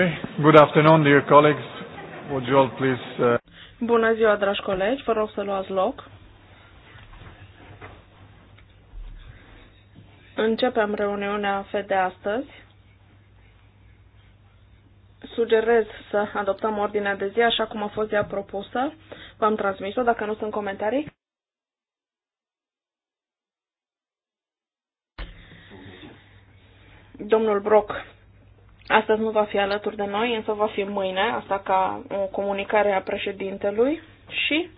Okay. Good afternoon, dear colleagues. Would you all please... Uh... Bună ziua, dragi colegi. Vă rog să luați loc. Începem reuniunea FED de astăzi. Sugerez să adoptăm ordinea de zi așa cum a fost ea propusă. V-am transmis-o, dacă nu sunt comentarii. Domnul Brock Astăzi nu va fi alături de noi, însă va fi mâine, asta ca o uh, comunicare a președintelui și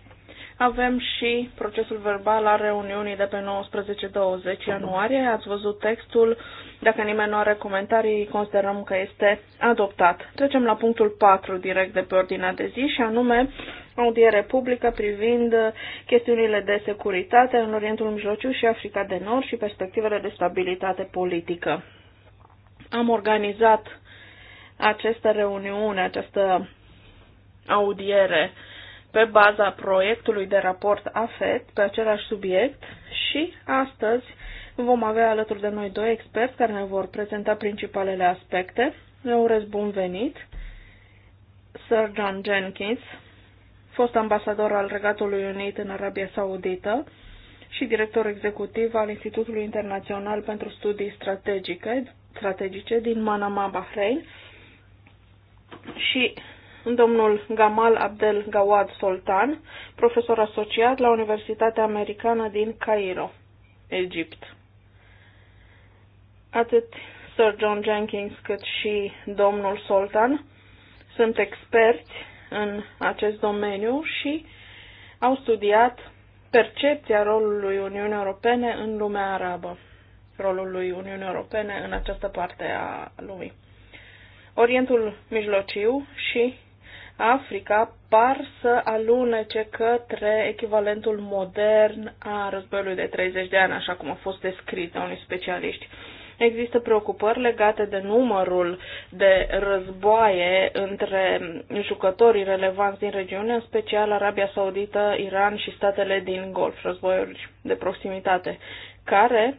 avem și procesul verbal al reuniunii de pe 19-20 ianuarie. Ați văzut textul. Dacă nimeni nu are comentarii, considerăm că este adoptat. Trecem la punctul 4 direct de pe ordinea de zi și anume audiere publică privind uh, chestiunile de securitate în Orientul Mijlociu și Africa de Nord și perspectivele de stabilitate politică. Am organizat această reuniune, această audiere pe baza proiectului de raport AFET pe același subiect și astăzi vom avea alături de noi doi experți care ne vor prezenta principalele aspecte. Le urez bun venit! Sir John Jenkins, fost ambasador al Regatului Unit în Arabia Saudită și director executiv al Institutului Internațional pentru Studii Strategice, strategice din Manama, Bahrain, și domnul Gamal Abdel Gawad Soltan, profesor asociat la Universitatea Americană din Cairo, Egipt. Atât Sir John Jenkins cât și domnul Soltan sunt experți în acest domeniu și au studiat percepția rolului Uniunii Europene în lumea arabă, rolul lui Uniunii Europene în această parte a lumii. Orientul Mijlociu și Africa par să alunece către echivalentul modern a războiului de 30 de ani, așa cum a fost descris de unii specialiști. Există preocupări legate de numărul de războaie între jucătorii relevanți din regiune, în special Arabia Saudită, Iran și statele din Golf, războiuri de proximitate, care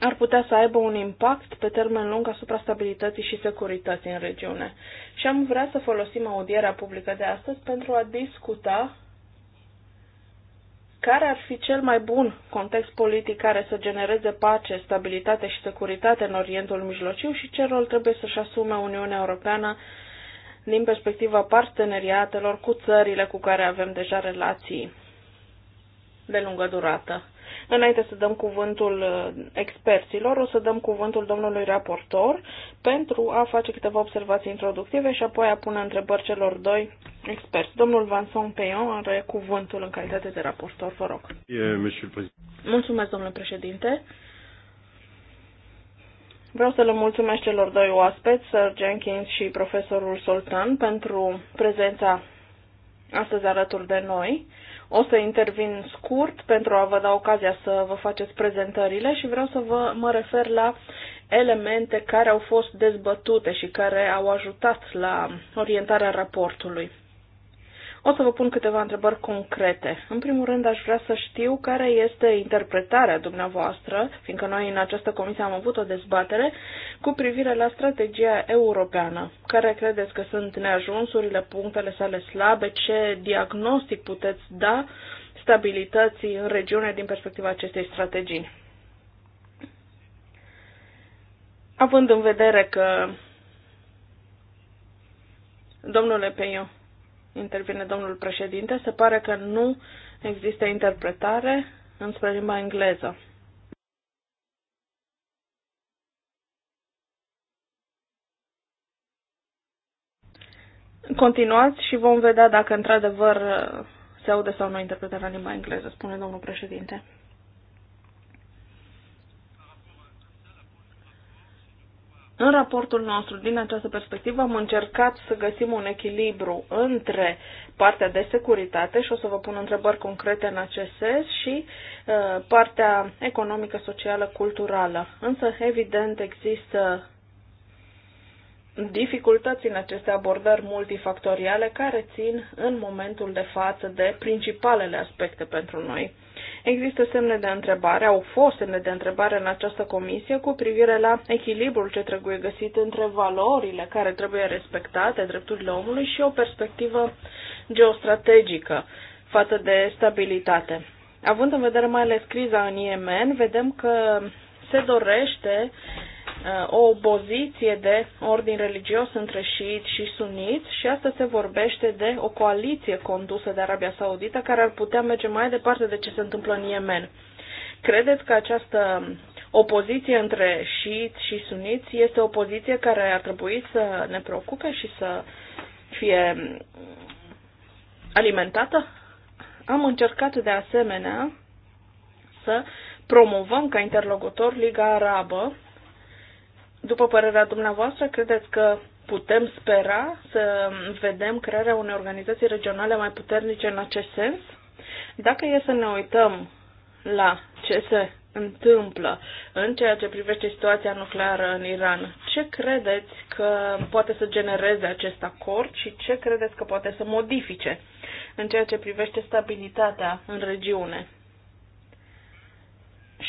ar putea să aibă un impact pe termen lung asupra stabilității și securității în regiune. Și am vrea să folosim audierea publică de astăzi pentru a discuta care ar fi cel mai bun context politic care să genereze pace, stabilitate și securitate în Orientul Mijlociu și ce rol trebuie să-și asume Uniunea Europeană din perspectiva parteneriatelor cu țările cu care avem deja relații de lungă durată. Înainte să dăm cuvântul uh, experților, o să dăm cuvântul domnului raportor pentru a face câteva observații introductive și apoi a pune întrebări celor doi experți. Domnul Vanson Peion are cuvântul în calitate de raportor, vă rog. Mulțumesc, domnule președinte. Vreau să le mulțumesc celor doi oaspeți, Sir Jenkins și profesorul Soltan, pentru prezența astăzi alături de noi. O să intervin scurt pentru a vă da ocazia să vă faceți prezentările și vreau să vă mă refer la elemente care au fost dezbătute și care au ajutat la orientarea raportului. O să vă pun câteva întrebări concrete. În primul rând, aș vrea să știu care este interpretarea dumneavoastră, fiindcă noi în această comisie am avut o dezbatere cu privire la strategia europeană. Care credeți că sunt neajunsurile, punctele sale slabe, ce diagnostic puteți da stabilității în regiune din perspectiva acestei strategii? Având în vedere că Domnule Peio, intervine domnul președinte. Se pare că nu există interpretare înspre limba engleză. Continuați și vom vedea dacă într-adevăr se aude sau nu interpretarea în limba engleză, spune domnul președinte. În raportul nostru, din această perspectivă, am încercat să găsim un echilibru între partea de securitate și o să vă pun întrebări concrete în acest sens și uh, partea economică, socială, culturală. Însă, evident, există dificultăți în aceste abordări multifactoriale care țin în momentul de față de principalele aspecte pentru noi. Există semne de întrebare, au fost semne de întrebare în această comisie cu privire la echilibrul ce trebuie găsit între valorile care trebuie respectate, drepturile omului și o perspectivă geostrategică față de stabilitate. Având în vedere mai ales criza în Yemen, vedem că se dorește Uh, o opoziție de ordin religios între șiiți și suniți și asta se vorbește de o coaliție condusă de Arabia Saudită care ar putea merge mai departe de ce se întâmplă în Yemen. Credeți că această opoziție între șiiți și suniți este o poziție care ar trebui să ne preocupe și să fie alimentată? Am încercat de asemenea să promovăm ca interlocutor Liga Arabă după părerea dumneavoastră, credeți că putem spera să vedem crearea unei organizații regionale mai puternice în acest sens? Dacă e să ne uităm la ce se întâmplă în ceea ce privește situația nucleară în Iran, ce credeți că poate să genereze acest acord și ce credeți că poate să modifice în ceea ce privește stabilitatea în regiune?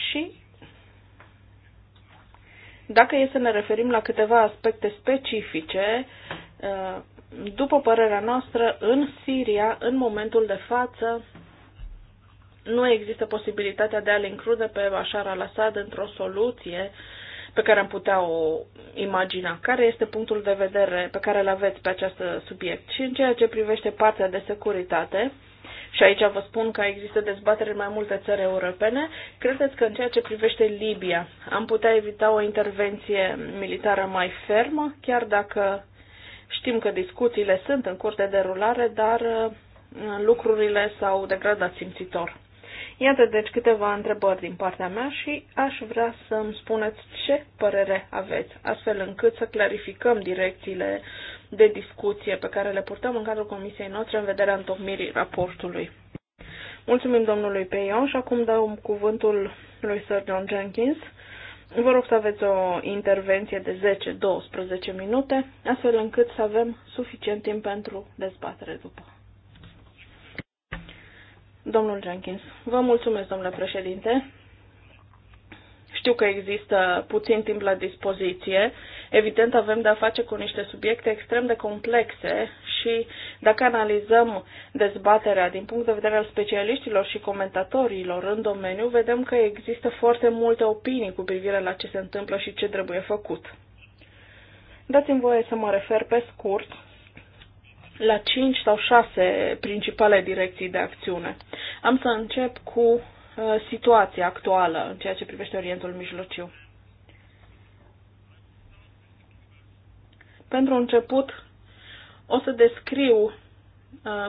Și dacă e să ne referim la câteva aspecte specifice, uh, după părerea noastră, în Siria, în momentul de față, nu există posibilitatea de a-l include pe Bashar al-Assad într-o soluție pe care am putea o imagina. Care este punctul de vedere pe care îl aveți pe acest subiect? Și în ceea ce privește partea de securitate, și aici vă spun că există dezbatere în mai multe țări europene, credeți că în ceea ce privește Libia am putea evita o intervenție militară mai fermă, chiar dacă știm că discuțiile sunt în curte de derulare, dar uh, lucrurile s-au degradat simțitor. Iată deci câteva întrebări din partea mea și aș vrea să îmi spuneți ce părere aveți, astfel încât să clarificăm direcțiile de discuție pe care le purtăm în cadrul comisiei noastre în vederea întocmirii raportului. Mulțumim domnului Peion și acum dau cuvântul lui Sir John Jenkins. Vă rog să aveți o intervenție de 10-12 minute, astfel încât să avem suficient timp pentru dezbatere după. Domnul Jenkins, vă mulțumesc, domnule președinte. Știu că există puțin timp la dispoziție Evident, avem de-a face cu niște subiecte extrem de complexe și dacă analizăm dezbaterea din punct de vedere al specialiștilor și comentatorilor în domeniu, vedem că există foarte multe opinii cu privire la ce se întâmplă și ce trebuie făcut. Dați-mi voie să mă refer pe scurt la 5 sau 6 principale direcții de acțiune. Am să încep cu uh, situația actuală în ceea ce privește Orientul Mijlociu. Pentru început, o să descriu uh,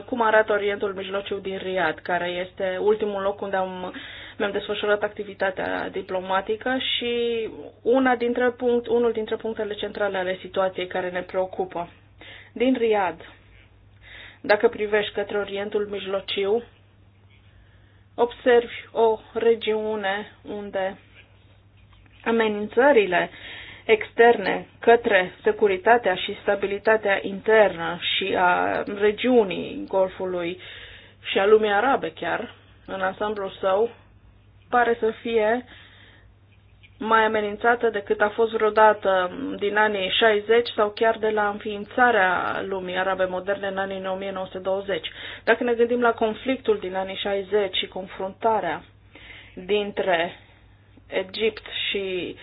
cum arată Orientul Mijlociu din Riad, care este ultimul loc unde am, mi-am desfășurat activitatea diplomatică și una dintre punct, unul dintre punctele centrale ale situației care ne preocupă. Din Riad, dacă privești către Orientul Mijlociu, observi o regiune unde amenințările externe către securitatea și stabilitatea internă și a regiunii Golfului și a lumii arabe chiar, în ansamblul său, pare să fie mai amenințată decât a fost vreodată din anii 60 sau chiar de la înființarea lumii arabe moderne în anii 1920. Dacă ne gândim la conflictul din anii 60 și confruntarea dintre Egipt și uh,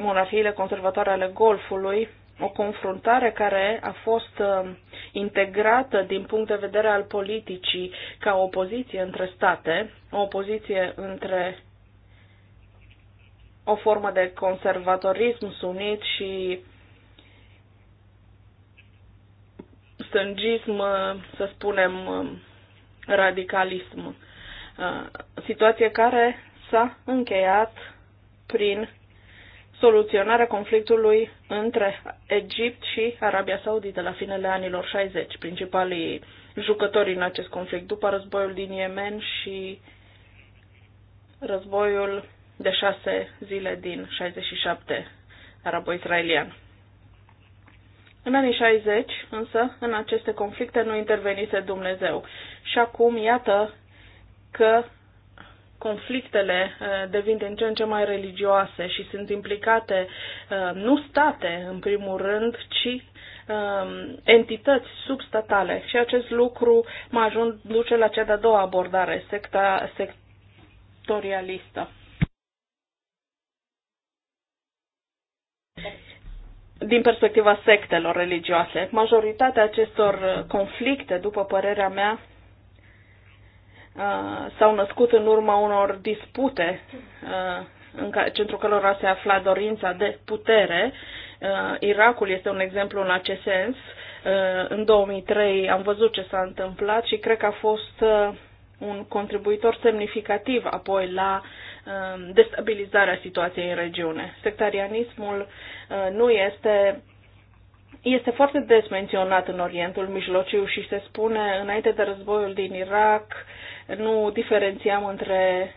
monarhiile conservatoare ale Golfului, o confruntare care a fost uh, integrată din punct de vedere al politicii ca o opoziție între state, o opoziție între o formă de conservatorism sunit și stângism, uh, să spunem, uh, radicalism. Situație care s-a încheiat prin soluționarea conflictului între Egipt și Arabia Saudită la finele anilor 60, principalii jucători în acest conflict, după războiul din Yemen și războiul de șase zile din 67 arabo-israelian. În anii 60, însă, în aceste conflicte nu intervenise Dumnezeu. Și acum, iată că conflictele uh, devin din ce în ce mai religioase și sunt implicate uh, nu state, în primul rând, ci um, entități substatale. Și acest lucru mă ajung, duce la cea de-a doua abordare, secta, sectorialistă. din perspectiva sectelor religioase. Majoritatea acestor conflicte, după părerea mea, Uh, s-au născut în urma unor dispute uh, în centrul cărora se afla dorința de putere. Uh, Irakul este un exemplu în acest sens. Uh, în 2003 am văzut ce s-a întâmplat și cred că a fost uh, un contribuitor semnificativ apoi la uh, destabilizarea situației în regiune. Sectarianismul uh, nu este este foarte des menționat în Orientul Mijlociu și se spune înainte de războiul din Irak nu diferențiam între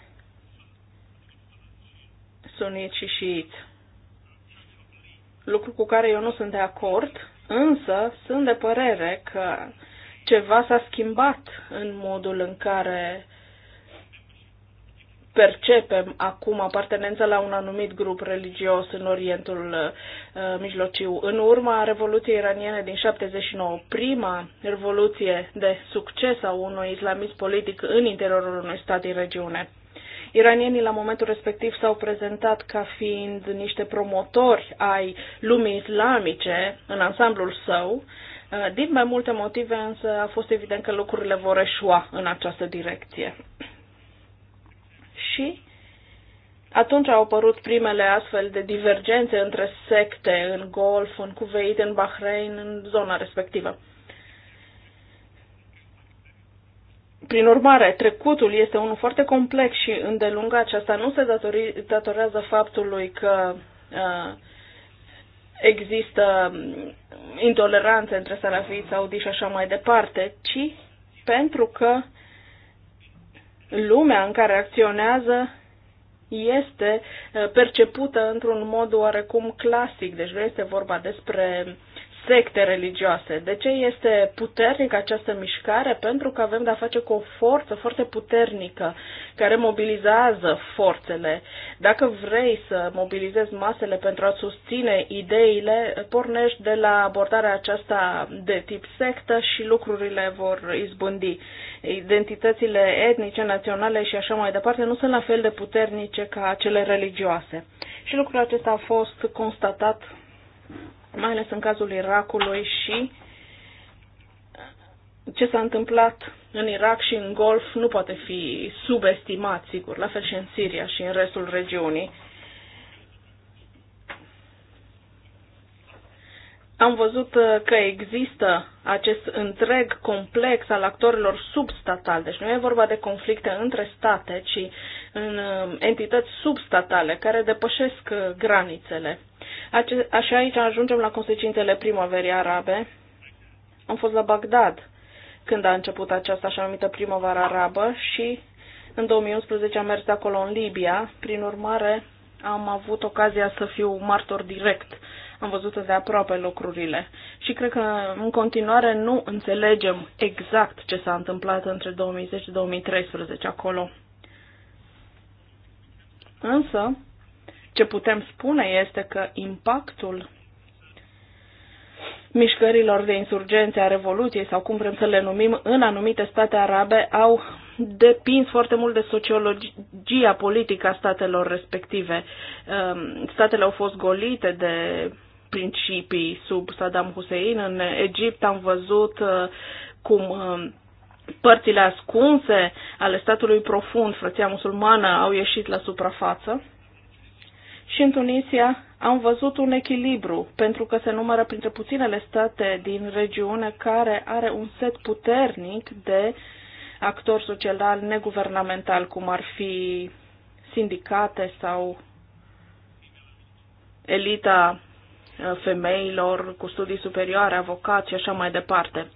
suniți și șiiți. Lucru cu care eu nu sunt de acord, însă sunt de părere că ceva s-a schimbat în modul în care percepem acum apartenența la un anumit grup religios în Orientul uh, uh Mijlociu. În urma Revoluției iraniene din 79, prima revoluție de succes a unui islamist politic în interiorul unui stat din regiune. Iranienii la momentul respectiv s-au prezentat ca fiind niște promotori ai lumii islamice în ansamblul său. Uh, din mai multe motive, însă, a fost evident că lucrurile vor eșua în această direcție și atunci au apărut primele astfel de divergențe între secte în Golf, în Kuwait, în Bahrain, în zona respectivă. Prin urmare, trecutul este unul foarte complex și îndelungat Aceasta asta nu se datori, datorează faptului că uh, există intoleranță între salafiți, saudi și așa mai departe, ci pentru că lumea în care acționează este uh, percepută într-un mod oarecum clasic, deci nu este vorba despre secte religioase. De ce este puternică această mișcare? Pentru că avem de-a face cu o forță foarte puternică care mobilizează forțele. Dacă vrei să mobilizezi masele pentru a susține ideile, pornești de la abordarea aceasta de tip sectă și lucrurile vor izbândi. Identitățile etnice, naționale și așa mai departe nu sunt la fel de puternice ca cele religioase. Și lucrul acesta a fost constatat mai ales în cazul Irakului și ce s-a întâmplat în Irak și în Golf nu poate fi subestimat, sigur, la fel și în Siria și în restul regiunii. Am văzut uh, că există acest întreg complex al actorilor substatali, deci nu e vorba de conflicte între state, ci în uh, entități substatale care depășesc uh, granițele Așa aici ajungem la consecințele primăverii arabe. Am fost la Bagdad când a început această așa numită primăvară arabă și în 2011 am mers de acolo în Libia. Prin urmare, am avut ocazia să fiu martor direct. Am văzut de aproape lucrurile. Și cred că în continuare nu înțelegem exact ce s-a întâmplat între 2010-2013 acolo. Însă, ce putem spune este că impactul mișcărilor de insurgențe a Revoluției sau cum vrem să le numim în anumite state arabe au depins foarte mult de sociologia politică a statelor respective. Um, statele au fost golite de principii sub Saddam Hussein. În Egipt am văzut uh, cum um, părțile ascunse ale statului profund, frăția musulmană, au ieșit la suprafață și în Tunisia am văzut un echilibru, pentru că se numără printre puținele state din regiune care are un set puternic de actor social neguvernamental, cum ar fi sindicate sau elita uh, femeilor cu studii superioare, avocați și așa mai departe.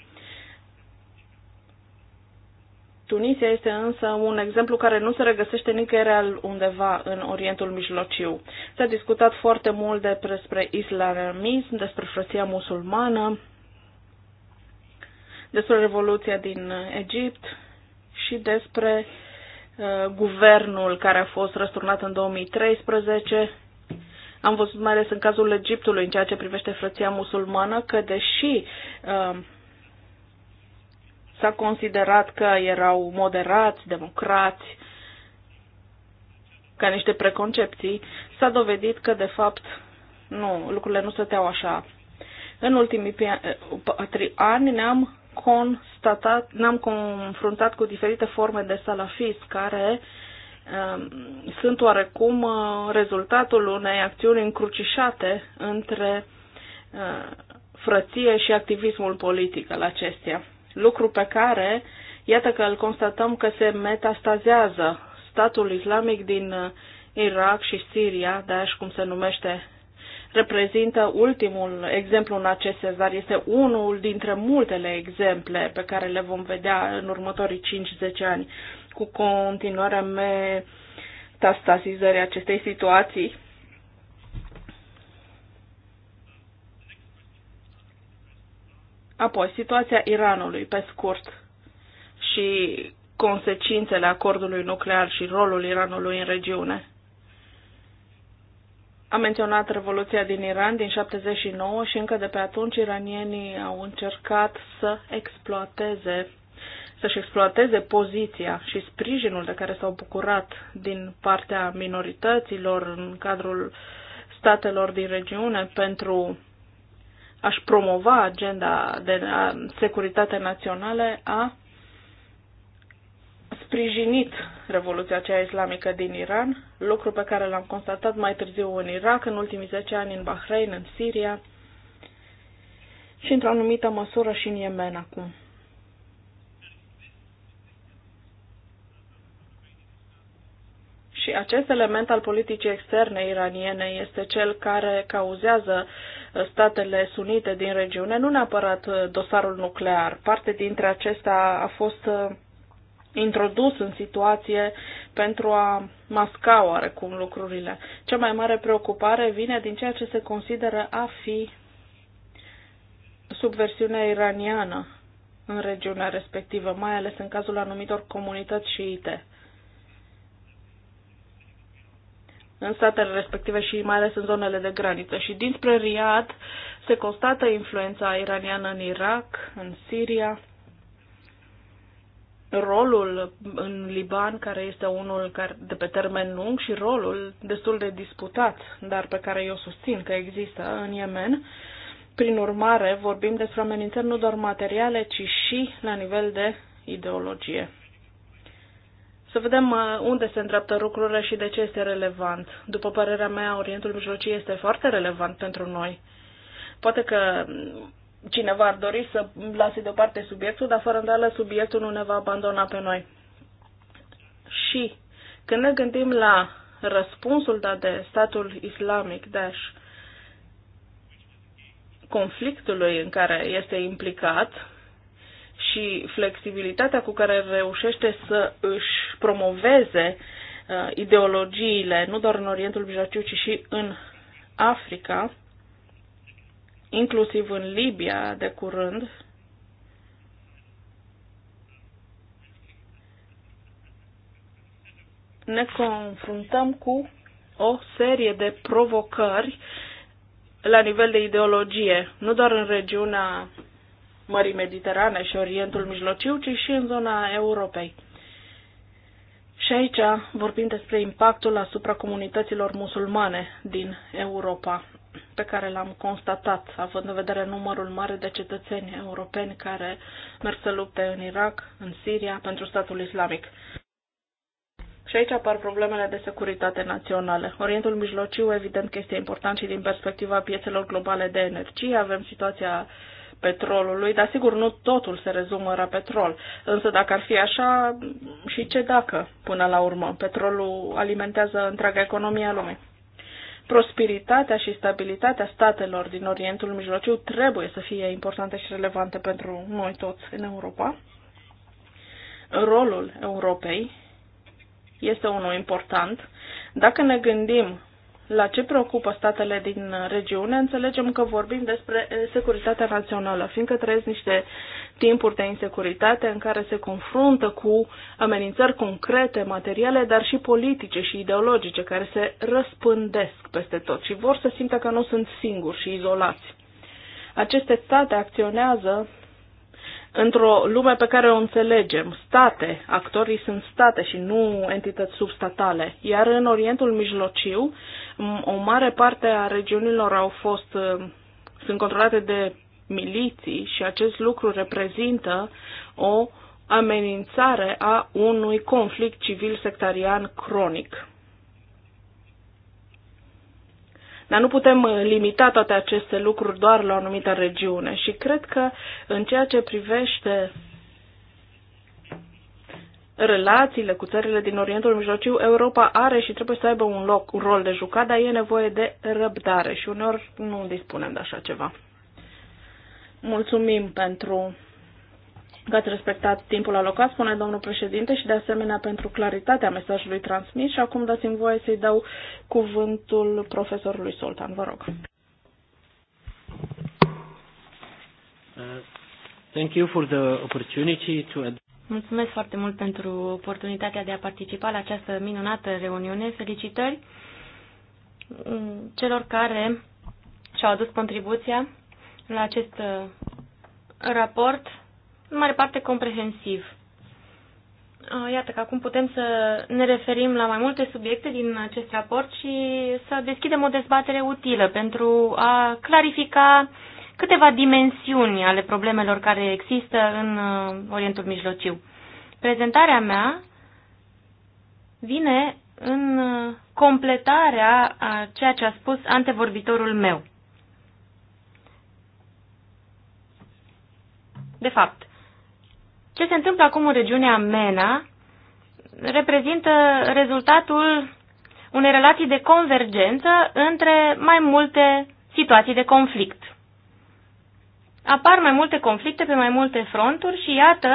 Tunisia este însă un exemplu care nu se regăsește nicăieri undeva în Orientul Mijlociu. S-a discutat foarte mult despre islamism, despre frăția musulmană, despre Revoluția din Egipt și despre uh, guvernul care a fost răsturnat în 2013. Am văzut mai ales în cazul Egiptului, în ceea ce privește frăția musulmană, că deși uh, S-a considerat că erau moderați, democrați, ca niște preconcepții. S-a dovedit că, de fapt, nu, lucrurile nu stăteau așa. În ultimii patru ani ne-am constatat, ne-am confruntat cu diferite forme de salafism care um, sunt oarecum uh, rezultatul unei acțiuni încrucișate între uh, frăție și activismul politic al acesteia lucru pe care, iată că îl constatăm că se metastazează statul islamic din uh, Irak și Siria, așa cum se numește, reprezintă ultimul exemplu în acest sens, dar este unul dintre multele exemple pe care le vom vedea în următorii 5-10 ani cu continuarea metastasizării acestei situații Apoi, situația Iranului, pe scurt, și consecințele acordului nuclear și rolul Iranului în regiune. A menționat Revoluția din Iran din 79 și încă de pe atunci iranienii au încercat să exploateze să-și exploateze poziția și sprijinul de care s-au bucurat din partea minorităților în cadrul statelor din regiune pentru aș promova agenda de securitate națională, a sprijinit Revoluția aceea islamică din Iran, lucru pe care l-am constatat mai târziu în Irak, în ultimii 10 ani în Bahrain, în Siria și într-o anumită măsură și în Yemen acum. Și acest element al politicii externe iraniene este cel care cauzează uh, statele sunite din regiune, nu neapărat uh, dosarul nuclear. Parte dintre acesta a fost uh, introdus în situație pentru a masca oarecum lucrurile. Cea mai mare preocupare vine din ceea ce se consideră a fi subversiunea iraniană în regiunea respectivă, mai ales în cazul anumitor comunități șiite. în statele respective și mai ales în zonele de graniță. Și dinspre Riyadh se constată influența iraniană în Irak, în Siria, rolul în Liban, care este unul de pe termen lung și rolul destul de disputat, dar pe care eu susțin că există în Yemen. Prin urmare, vorbim despre amenințări nu doar materiale, ci și la nivel de ideologie. Să vedem uh, unde se îndreaptă lucrurile și de ce este relevant. După părerea mea, Orientul Mijlociu este foarte relevant pentru noi. Poate că mm, cineva ar dori să lase deoparte subiectul, dar fără îndoială subiectul nu ne va abandona pe noi. Și când ne gândim la răspunsul dat de statul islamic Daesh conflictului în care este implicat, și flexibilitatea cu care reușește să își promoveze uh, ideologiile, nu doar în Orientul Mijlociu, ci și în Africa, inclusiv în Libia de curând, ne confruntăm cu o serie de provocări la nivel de ideologie, nu doar în regiunea Mării Mediterane și Orientul Mijlociu, ci și în zona Europei. Și aici vorbim despre impactul asupra comunităților musulmane din Europa, pe care l-am constatat, având în vedere numărul mare de cetățeni europeni care merg să lupte în Irak, în Siria, pentru statul islamic. Și aici apar problemele de securitate naționale. Orientul Mijlociu, evident că este important și din perspectiva piețelor globale de energie. Avem situația uh, petrolului, dar sigur nu totul se rezumă la petrol. Însă dacă ar fi așa, și ce dacă, până la urmă? Petrolul alimentează întreaga economie a lumii. Prosperitatea și stabilitatea statelor din Orientul Mijlociu trebuie să fie importante și relevante pentru noi toți în Europa. Rolul Europei este unul important. Dacă ne gândim la ce preocupă statele din regiune, înțelegem că vorbim despre eh, securitatea națională, fiindcă trăiesc niște timpuri de insecuritate în care se confruntă cu amenințări concrete, materiale, dar și politice și ideologice care se răspândesc peste tot și vor să simtă că nu sunt singuri și izolați. Aceste state acționează într-o lume pe care o înțelegem. State, actorii sunt state și nu entități substatale. Iar în Orientul Mijlociu, o mare parte a regiunilor au fost, uh, sunt controlate de miliții și acest lucru reprezintă o amenințare a unui conflict civil sectarian cronic. Dar nu putem uh, limita toate aceste lucruri doar la o anumită regiune și cred că în ceea ce privește relațiile cu țările din Orientul Mijlociu, Europa are și trebuie să aibă un loc, un rol de jucat, dar e nevoie de răbdare și uneori nu dispunem de așa ceva. Mulțumim pentru că ați respectat timpul alocat, spune domnul președinte, și de asemenea pentru claritatea mesajului transmis și acum dați-mi voie să-i dau cuvântul profesorului Soltan, vă rog. Uh, thank you for the opportunity to Mulțumesc foarte mult pentru oportunitatea de a participa la această minunată reuniune. Felicitări celor care și-au adus contribuția la acest uh, raport, în mare parte comprehensiv. Uh, iată că acum putem să ne referim la mai multe subiecte din acest raport și să deschidem o dezbatere utilă pentru a clarifica câteva dimensiuni ale problemelor care există în uh, Orientul Mijlociu. Prezentarea mea vine în uh, completarea a ceea ce a spus antevorbitorul meu. De fapt, ce se întâmplă acum în regiunea MENA reprezintă rezultatul unei relații de convergență între mai multe situații de conflict apar mai multe conflicte pe mai multe fronturi și iată,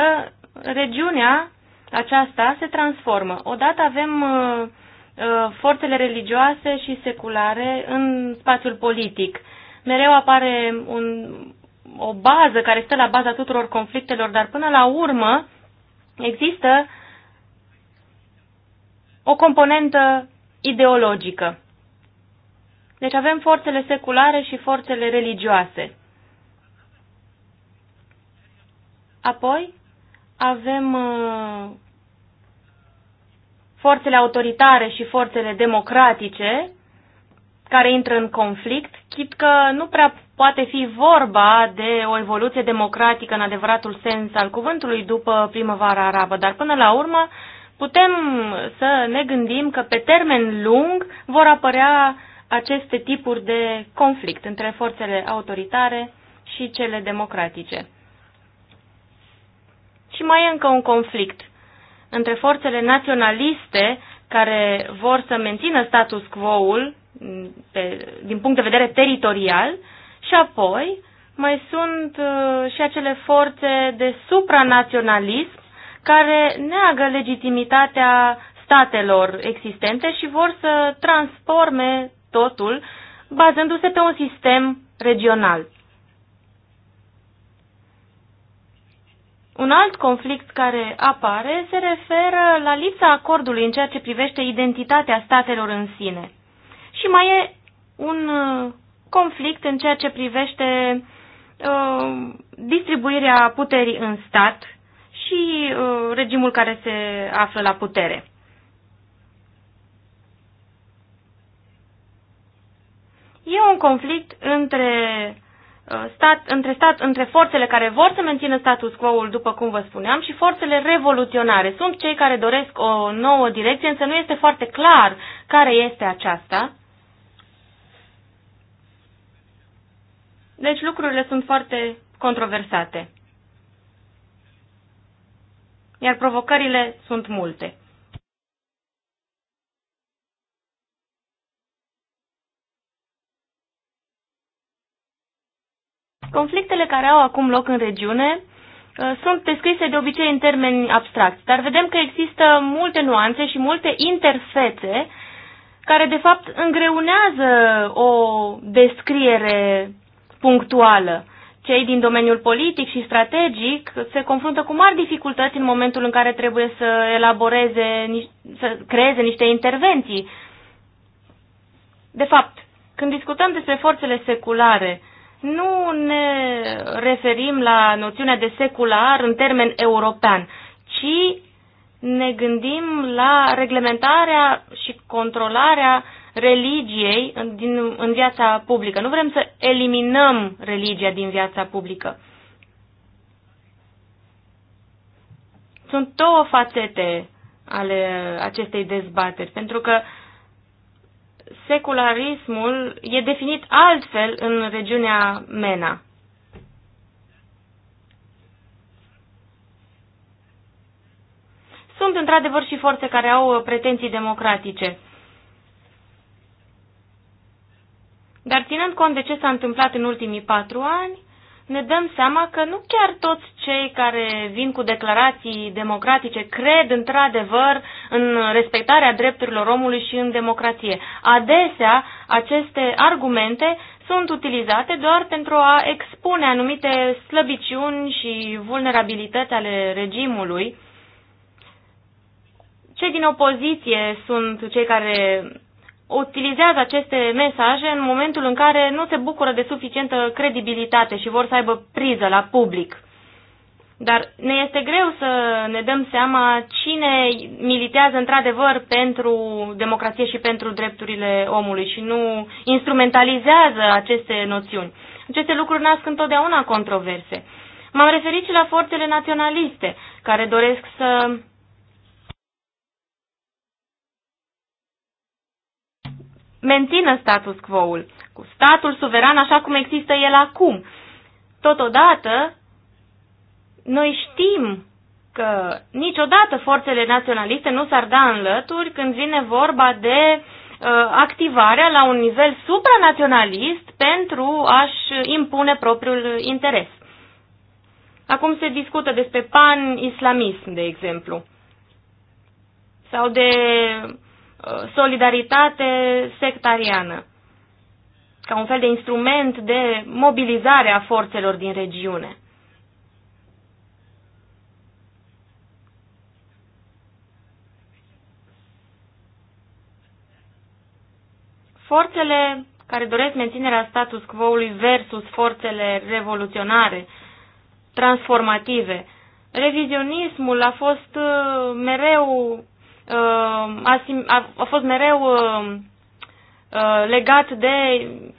regiunea aceasta se transformă. Odată avem uh, uh, forțele religioase și seculare în spațiul politic. Mereu apare un, o bază care stă la baza tuturor conflictelor, dar până la urmă există o componentă ideologică. Deci avem forțele seculare și forțele religioase. Apoi avem uh, forțele autoritare și forțele democratice care intră în conflict, chit că nu prea poate fi vorba de o evoluție democratică în adevăratul sens al cuvântului după primăvara arabă, dar până la urmă putem să ne gândim că pe termen lung vor apărea aceste tipuri de conflict între forțele autoritare și cele democratice și mai e încă un conflict între forțele naționaliste care vor să mențină status quo-ul mm, din punct de vedere teritorial și apoi mai sunt uh, și acele forțe de supranaționalism care neagă legitimitatea statelor existente și vor să transforme totul bazându-se pe un sistem regional. Un alt conflict care apare se referă la lipsa acordului în ceea ce privește identitatea statelor în sine. Și mai e un uh, conflict în ceea ce privește uh, distribuirea puterii în stat și uh, regimul care se află la putere. E un conflict între Uh, stat, între stat, între forțele care vor să mențină status quo-ul, după cum vă spuneam, și forțele revoluționare. Sunt cei care doresc o nouă direcție, însă nu este foarte clar care este aceasta. Deci lucrurile sunt foarte controversate. Iar provocările sunt multe. Conflictele care au acum loc în regiune uh, sunt descrise de obicei în termeni abstracti, dar vedem că există multe nuanțe și multe interfețe care de fapt îngreunează o descriere punctuală. Cei din domeniul politic și strategic se confruntă cu mari dificultăți în momentul în care trebuie să elaboreze, să creeze niște intervenții. De fapt, când discutăm despre forțele seculare nu ne referim la noțiunea de secular în termen european, ci ne gândim la reglementarea și controlarea religiei în, din, în viața publică. Nu vrem să eliminăm religia din viața publică. Sunt două fațete ale acestei dezbateri, pentru că uh, secularismul e definit altfel în regiunea MENA. Sunt într-adevăr și forțe care au uh, pretenții democratice. Dar ținând cont de ce s-a întâmplat în ultimii patru ani, ne dăm seama că nu chiar toți cei care vin cu declarații democratice cred într-adevăr în respectarea drepturilor omului și în democrație. Adesea, aceste argumente sunt utilizate doar pentru a expune anumite slăbiciuni și vulnerabilități ale regimului. Cei din opoziție sunt cei care utilizează aceste mesaje în momentul în care nu se bucură de suficientă credibilitate și vor să aibă priză la public. Dar ne este greu să ne dăm seama cine militează într-adevăr pentru democrație și pentru drepturile omului și nu instrumentalizează aceste noțiuni. Aceste lucruri nasc întotdeauna controverse. M-am referit și la forțele naționaliste, care doresc să mențină status quo-ul, cu statul suveran așa cum există el acum. Totodată, noi știm că niciodată forțele naționaliste nu s-ar da în lături când vine vorba de uh, activarea la un nivel supranaționalist pentru a-și impune propriul interes. Acum se discută despre pan-islamism, de exemplu, sau de Uh, solidaritate sectariană, ca un fel de instrument de mobilizare a forțelor din regiune. Forțele care doresc menținerea status quo-ului versus forțele revoluționare, transformative. Revizionismul a fost uh, mereu Uh, a fost mereu uh, uh, legat de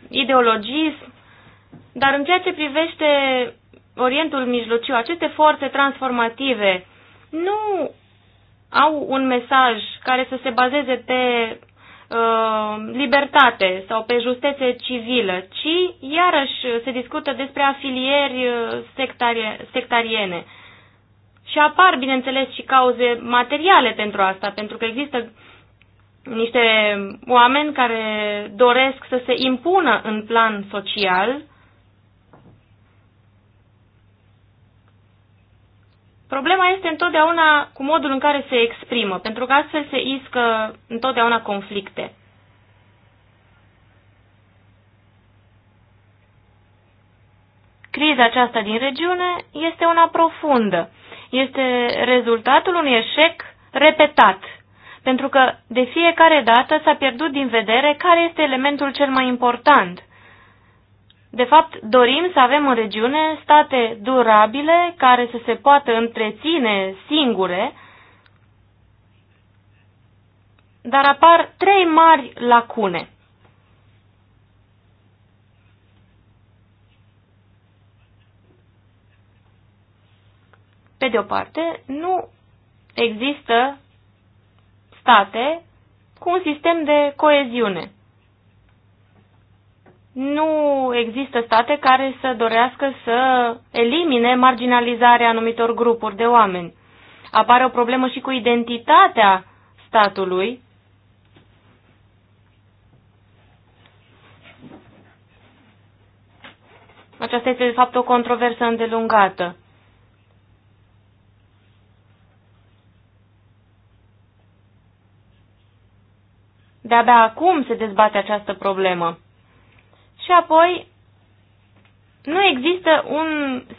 ideologism, dar în ceea ce privește Orientul Mijlociu, aceste forțe transformative nu au un mesaj care să se bazeze pe uh, libertate sau pe justețe civilă, ci iarăși se discută despre afilieri sectari sectariene. Și apar, bineînțeles, și cauze materiale pentru asta, pentru că există niște oameni care doresc să se impună în plan social Problema este întotdeauna cu modul în care se exprimă, pentru că astfel se iscă întotdeauna conflicte. Criza aceasta din regiune este una profundă este rezultatul unui eșec repetat, pentru că de fiecare dată s-a pierdut din vedere care este elementul cel mai important. De fapt, dorim să avem în regiune state durabile care să se poată întreține singure, dar apar trei mari lacune. Pe de o parte, nu există state cu un sistem de coeziune. Nu există state care să dorească să elimine marginalizarea anumitor grupuri de oameni. Apare o problemă și cu identitatea statului. Aceasta este, de fapt, o controversă îndelungată. de-abia acum se dezbate această problemă. Și apoi, nu există un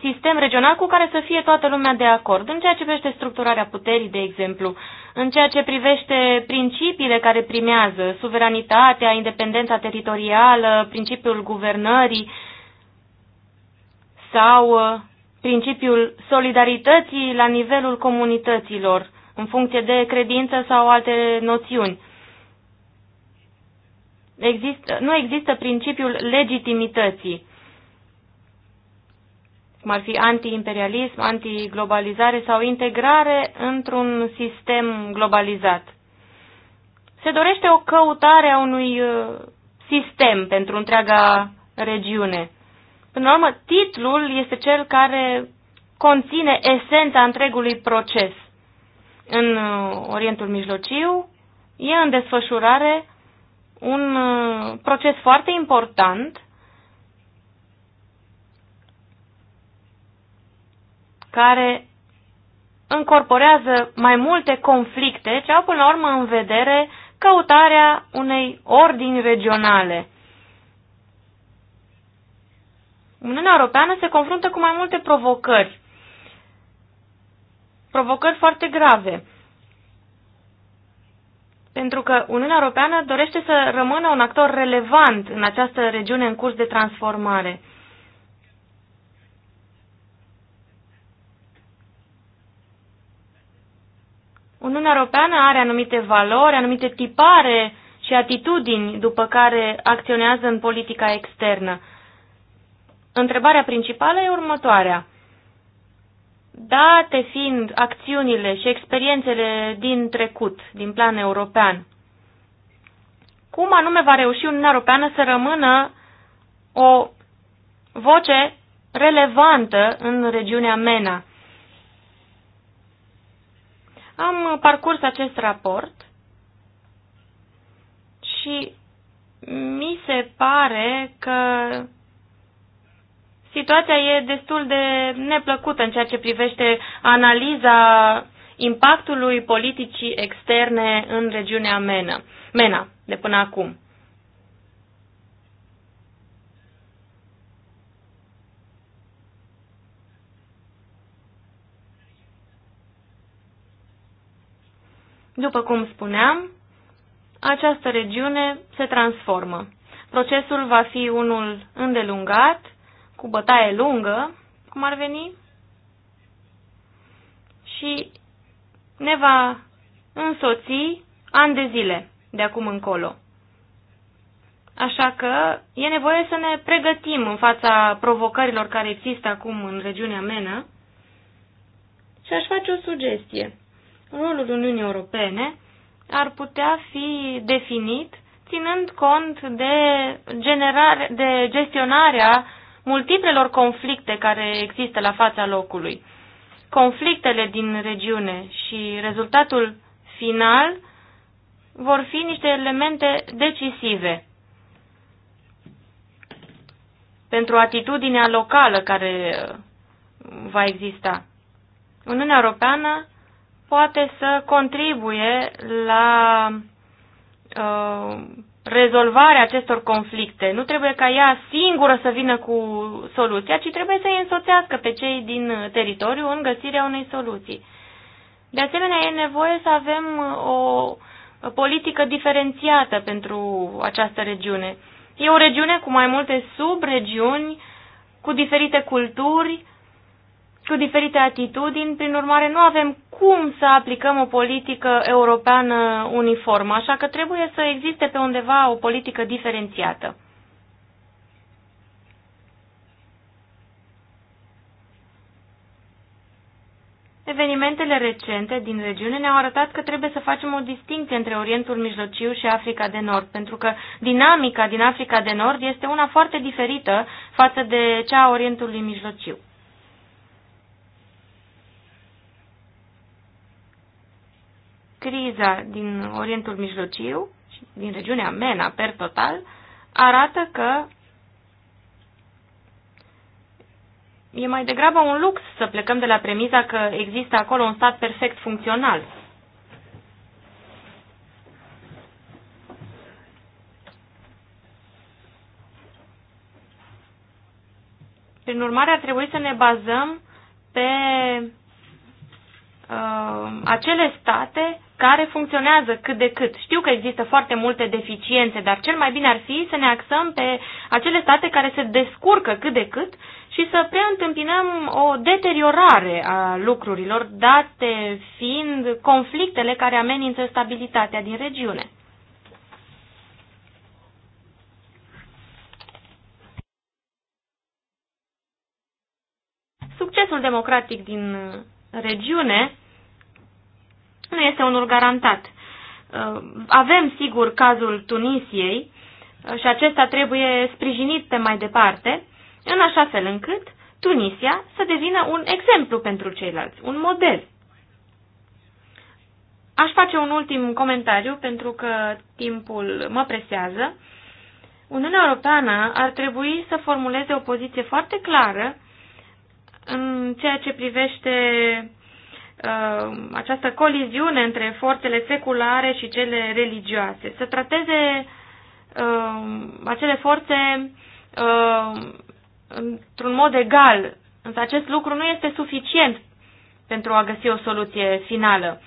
sistem regional cu care să fie toată lumea de acord, în ceea ce privește structurarea puterii, de exemplu, în ceea ce privește principiile care primează, suveranitatea, independența teritorială, principiul guvernării sau uh, principiul solidarității la nivelul comunităților, în funcție de credință sau alte noțiuni. Există, nu există principiul legitimității, cum ar fi antiimperialism, antiglobalizare sau integrare într-un sistem globalizat. Se dorește o căutare a unui uh, sistem pentru întreaga regiune. Până la urmă, titlul este cel care conține esența întregului proces. În uh, Orientul Mijlociu e în desfășurare un uh, proces foarte important care încorporează mai multe conflicte ce au până la urmă în vedere căutarea unei ordini regionale. Uniunea Europeană se confruntă cu mai multe provocări, provocări foarte grave pentru că Uniunea Europeană dorește să rămână un actor relevant în această regiune în curs de transformare. Uniunea Europeană are anumite valori, anumite tipare și atitudini după care acționează în politica externă. Întrebarea principală e următoarea date fiind acțiunile și experiențele din trecut, din plan european, cum anume va reuși Uniunea Europeană să rămână o voce relevantă în regiunea MENA? Am parcurs acest raport și mi se pare că situația e destul de neplăcută în ceea ce privește analiza impactului politicii externe în regiunea MENA, MENA de până acum. După cum spuneam, această regiune se transformă. Procesul va fi unul îndelungat cu bătaie lungă, cum ar veni, și ne va însoți ani de zile de acum încolo. Așa că e nevoie să ne pregătim în fața provocărilor care există acum în regiunea MENA și aș face o sugestie. Rolul Uniunii Europene ar putea fi definit ținând cont de, generare, de gestionarea multiplelor conflicte care există la fața locului. Conflictele din regiune și rezultatul final vor fi niște elemente decisive pentru atitudinea locală care uh, va exista. Uniunea Europeană poate să contribuie la uh, rezolvarea acestor conflicte. Nu trebuie ca ea singură să vină cu soluția, ci trebuie să îi însoțească pe cei din teritoriu în găsirea unei soluții. De asemenea, e nevoie să avem o politică diferențiată pentru această regiune. E o regiune cu mai multe subregiuni, cu diferite culturi, cu diferite atitudini, prin urmare nu avem cum să aplicăm o politică europeană uniformă, așa că trebuie să existe pe undeva o politică diferențiată. Evenimentele recente din regiune ne-au arătat că trebuie să facem o distinție între Orientul Mijlociu și Africa de Nord, pentru că dinamica din Africa de Nord este una foarte diferită față de cea a Orientului Mijlociu. criza din Orientul Mijlociu din regiunea MENA per total arată că e mai degrabă un lux să plecăm de la premiza că există acolo un stat perfect funcțional. Prin urmare, ar trebui să ne bazăm pe uh, acele state care funcționează cât de cât. Știu că există foarte multe deficiențe, dar cel mai bine ar fi să ne axăm pe acele state care se descurcă cât de cât și să preîntâmpinăm o deteriorare a lucrurilor, date fiind conflictele care amenință stabilitatea din regiune. Succesul democratic din regiune nu este unul garantat. Uh, avem, sigur, cazul Tunisiei uh, și acesta trebuie sprijinit pe mai departe, în așa fel încât Tunisia să devină un exemplu pentru ceilalți, un model. Aș face un ultim comentariu pentru că timpul mă presează. Uniunea Europeană ar trebui să formuleze o poziție foarte clară în ceea ce privește uh, această coliziune între forțele seculare și cele religioase. Să trateze uh, acele forțe uh, într-un mod egal, însă acest lucru nu este suficient pentru a găsi o soluție finală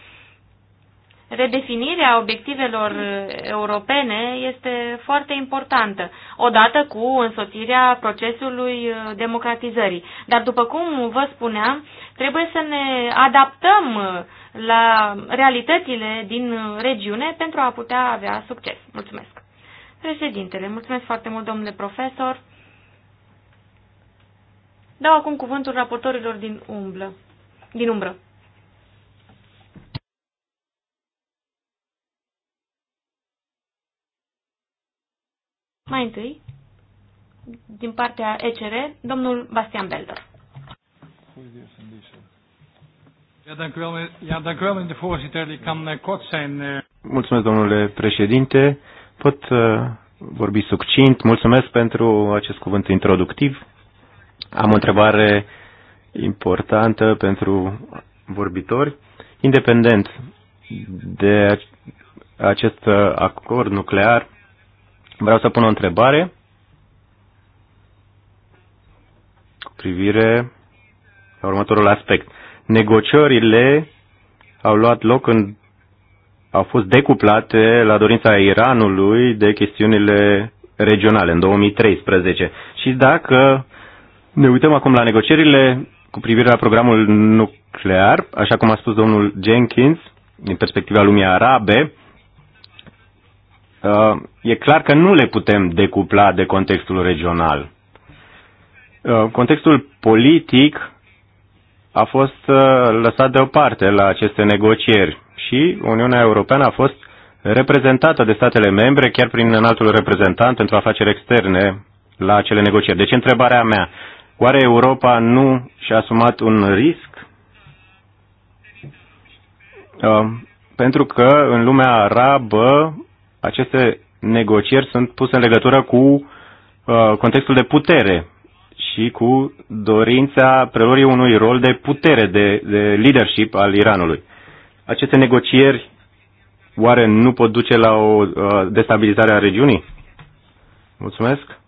redefinirea obiectivelor europene este foarte importantă, odată cu însoțirea procesului uh, democratizării. Dar, după cum vă spuneam, trebuie să ne adaptăm uh, la realitățile din uh, regiune pentru a putea avea succes. Mulțumesc. Președintele, mulțumesc foarte mult, domnule profesor. Dau acum cuvântul raportorilor din umbră. Din umbră. Mai întâi, din partea ECR, domnul Bastian Belder. Eh, eh. Mulțumesc, domnule președinte. Pot eh, vorbi succint. Mulțumesc pentru acest cuvânt introductiv. Am o întrebare importantă pentru vorbitori. Independent de acest acord nuclear, Vreau să pun o întrebare cu privire la următorul aspect. Negociările au luat loc în au fost decuplate la dorința Iranului de chestiunile regionale în 2013. Și dacă ne uităm acum la negocierile cu privire la programul nuclear, așa cum a spus domnul Jenkins, din perspectiva lumii arabe, Uh, e clar că nu le putem decupla de contextul regional. Uh, contextul politic a fost uh, lăsat deoparte la aceste negocieri și Uniunea Europeană a fost reprezentată de statele membre, chiar prin înaltul reprezentant pentru afaceri externe la acele negocieri. Deci întrebarea mea, oare Europa nu și-a asumat un risc? Pentru că în lumea arabă aceste negocieri sunt puse în legătură cu uh, contextul de putere și cu dorința preluării unui rol de putere, de, de leadership al Iranului. Aceste negocieri oare nu pot duce la o uh, destabilizare a regiunii? Mulțumesc.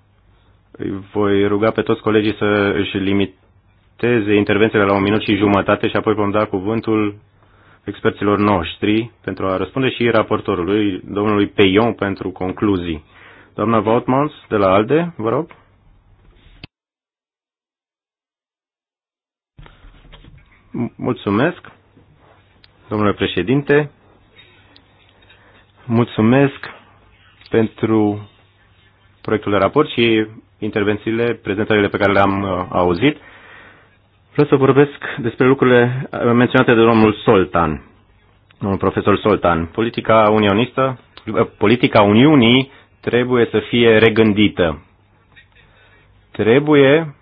Îi voi ruga pe toți colegii să își limiteze intervențiile la un minut și jumătate și apoi vom da cuvântul experților noștri pentru a răspunde și raportorului, domnului Peion, pentru concluzii. Doamna Vautmans, de la ALDE, vă rog. Mulțumesc, domnule președinte. Mulțumesc pentru proiectul de raport și intervențiile, prezentările pe care le-am uh, auzit. Vreau să vorbesc despre lucrurile uh, menționate de domnul Soltan, domnul profesor Soltan. Politica unionistă, uh, politica Uniunii trebuie să fie regândită. Trebuie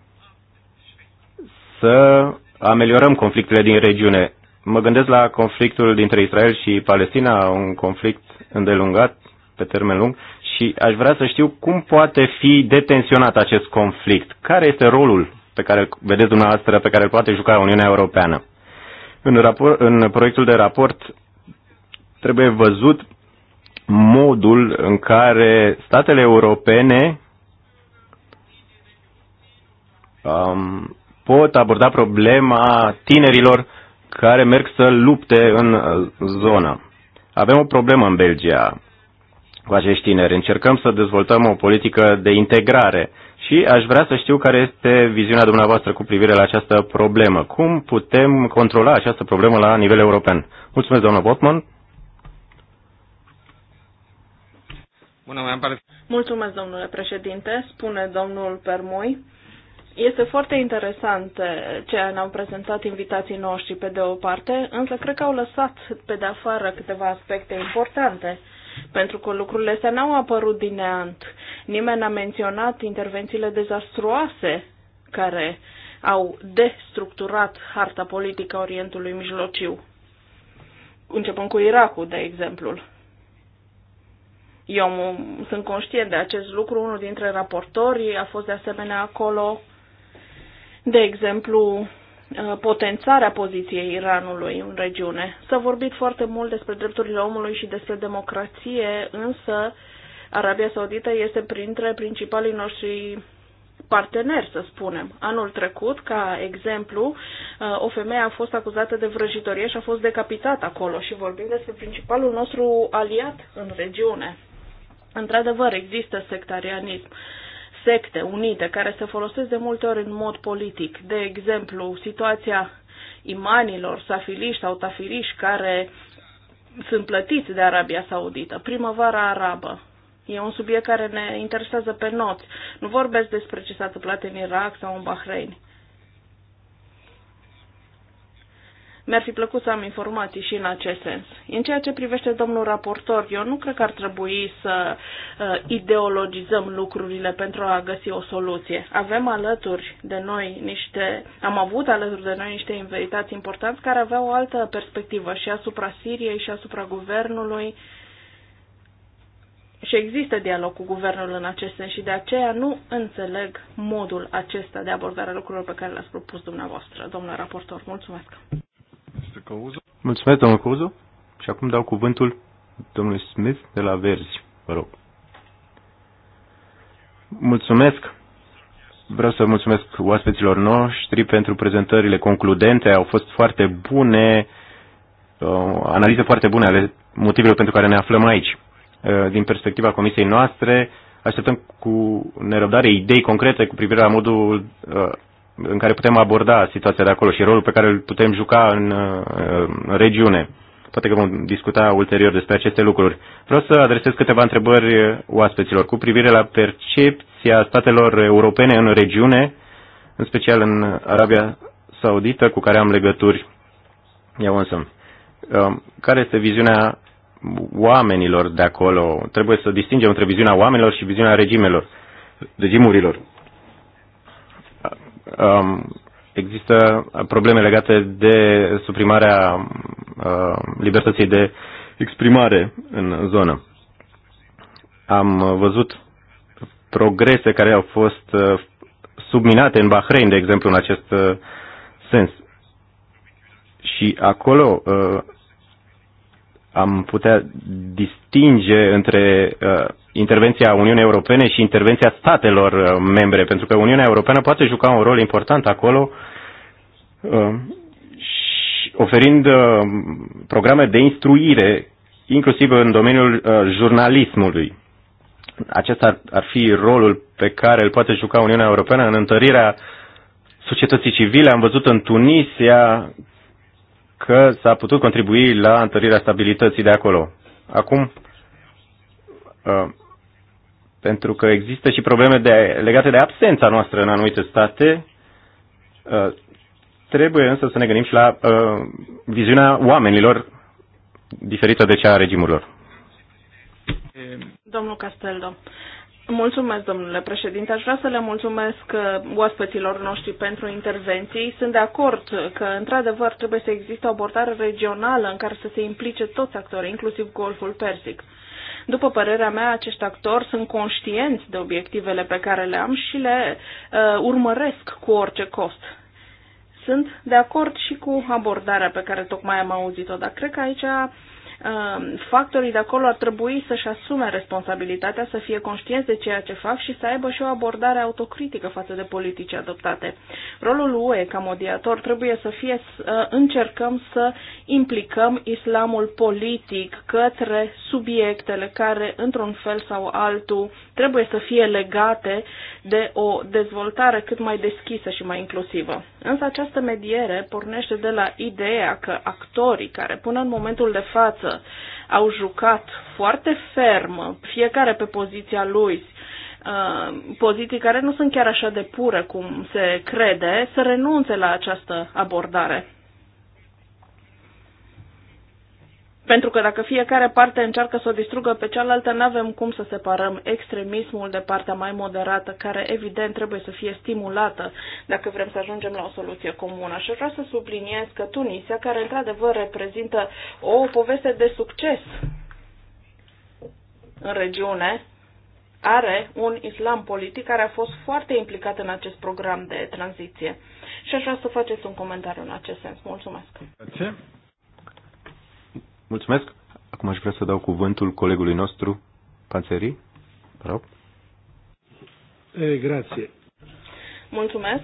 să ameliorăm conflictele din regiune. Mă gândesc la conflictul dintre Israel și Palestina, un conflict îndelungat, pe termen lung, și aș vrea să știu cum poate fi detenționat acest conflict. Care este rolul pe care vedeți dumneavoastră, pe care îl poate juca Uniunea Europeană. În, rapor, în proiectul de raport trebuie văzut modul în care statele europene um, pot aborda problema tinerilor care merg să lupte în uh, zonă. Avem o problemă în Belgia cu acești tineri. Încercăm să dezvoltăm o politică de integrare și aș vrea să știu care este viziunea dumneavoastră cu privire la această problemă. Cum putem controla această problemă la nivel european? Mulțumesc, doamnă Botman. Bună, mai am pare... Mulțumesc, domnule președinte, spune domnul Permoi. Este foarte interesant eh, ce ne-au prezentat invitații noștri pe de o parte, însă cred că au lăsat pe de afară câteva aspecte importante pentru că lucrurile astea n-au apărut din neant. Nimeni n-a menționat intervențiile dezastruoase care au destructurat harta politică a Orientului Mijlociu, începând cu Irakul, de exemplu. Eu sunt conștient de acest lucru, unul dintre raportori a fost de asemenea acolo. De exemplu, Uh, potențarea poziției Iranului în regiune. S-a vorbit foarte mult despre drepturile omului și despre democrație, însă Arabia Saudită este printre principalii noștri parteneri, să spunem. Anul trecut, ca exemplu, uh, o femeie a fost acuzată de vrăjitorie și a fost decapitată acolo și vorbim despre principalul nostru aliat în regiune. Într-adevăr, există sectarianism. Uh, secte unite care se folosesc de multe ori în mod politic. De exemplu, situația imanilor, safiliști sau tafiriști care sunt plătiți de Arabia Saudită, primăvara arabă. E un subiect care ne interesează pe noți. Nu vorbesc despre ce s-a întâmplat în Irak sau în Bahrain. Mi-ar fi plăcut să am informații și în acest sens. În ceea ce privește domnul raportor, eu nu cred că ar trebui să uh, ideologizăm lucrurile pentru a găsi o soluție. Avem alături de noi niște, am avut alături de noi niște invitați importanți care aveau o altă perspectivă și asupra Siriei și asupra guvernului. Și există dialog cu guvernul în acest sens și de aceea nu înțeleg modul acesta de abordare a lucrurilor pe care le-ați propus dumneavoastră, domnule raportor. Mulțumesc! Mulțumesc, domnul Cozo. Și acum dau cuvântul domnului Smith de la Verzi. Vă rog. Mulțumesc. Vreau să mulțumesc oaspeților noștri pentru prezentările concludente. Au fost foarte bune, uh, analize foarte bune ale motivelor pentru care ne aflăm aici. Uh, din perspectiva comisiei noastre, așteptăm cu nerăbdare idei concrete cu privire la modul uh, în care putem aborda situația de acolo și rolul pe care îl putem juca în, uh, în regiune. Poate că vom discuta ulterior despre aceste lucruri. Vreau să adresez câteva întrebări oaspeților cu privire la percepția statelor europene în regiune, în special în Arabia Saudită, cu care am legături Ia însă. Um, care este viziunea oamenilor de acolo? Trebuie să distingem între viziunea oamenilor și viziunea regimelor, regimurilor. Um, există probleme legate de suprimarea uh, libertății de exprimare în zonă. Am văzut progrese care au fost uh, subminate în Bahrain, de exemplu, în acest uh, sens. Și acolo am putea distinge între intervenția Uniunii Europene și intervenția statelor uh, membre, pentru că Uniunea Europeană poate juca un rol important acolo, uh, oferind uh, programe de instruire, inclusiv în domeniul jurnalismului. Acesta ar fi rolul pe care îl poate juca Uniunea Europeană în întărirea societății civile. Am văzut în Tunisia că s-a putut contribui la întărirea stabilității de acolo. Acum, pentru că există și probleme de, legate de absența noastră în anumite state. Uh, trebuie însă să ne gândim și la uh, viziunea oamenilor diferită de cea a regimurilor. Domnul Castello, Mulțumesc, domnule președinte. Aș vrea să le mulțumesc uh, oaspeților noștri pentru intervenții. Sunt de acord că, într-adevăr, trebuie să existe o abordare regională în care să se implice toți actorii, inclusiv Golful Persic. După părerea mea, acești actori sunt conștienți de obiectivele pe care le am și le uh, urmăresc cu orice cost. Sunt de acord și cu abordarea pe care tocmai am auzit-o, dar cred că aici Um, factorii de acolo ar trebui să-și asume responsabilitatea, să fie conștienți de ceea ce fac și să aibă și o abordare autocritică față de politici adoptate. Rolul UE ca mediator trebuie să fie să uh, încercăm să implicăm islamul politic către subiectele care, într-un fel sau altul, trebuie să fie legate de o dezvoltare cât mai deschisă și mai inclusivă. Însă această mediere pornește de la ideea că actorii care până în momentul de față față au jucat foarte ferm, fiecare pe poziția lui, uh, poziții care nu sunt chiar așa de pure cum se crede, să renunțe la această abordare. Pentru că dacă fiecare parte încearcă să o distrugă pe cealaltă, nu avem cum să separăm extremismul de partea mai moderată, care evident trebuie să fie stimulată dacă vrem să ajungem la o soluție comună. Și vreau să subliniez că Tunisia, care într-adevăr reprezintă o poveste de succes în regiune, are un islam politic care a fost foarte implicat în acest program de tranziție. Și aș vrea să faceți un comentariu în acest sens. Mulțumesc! Mulțumesc. Acum aș vrea să dau cuvântul colegului nostru, Panțeri. Vă E, grație. Mulțumesc.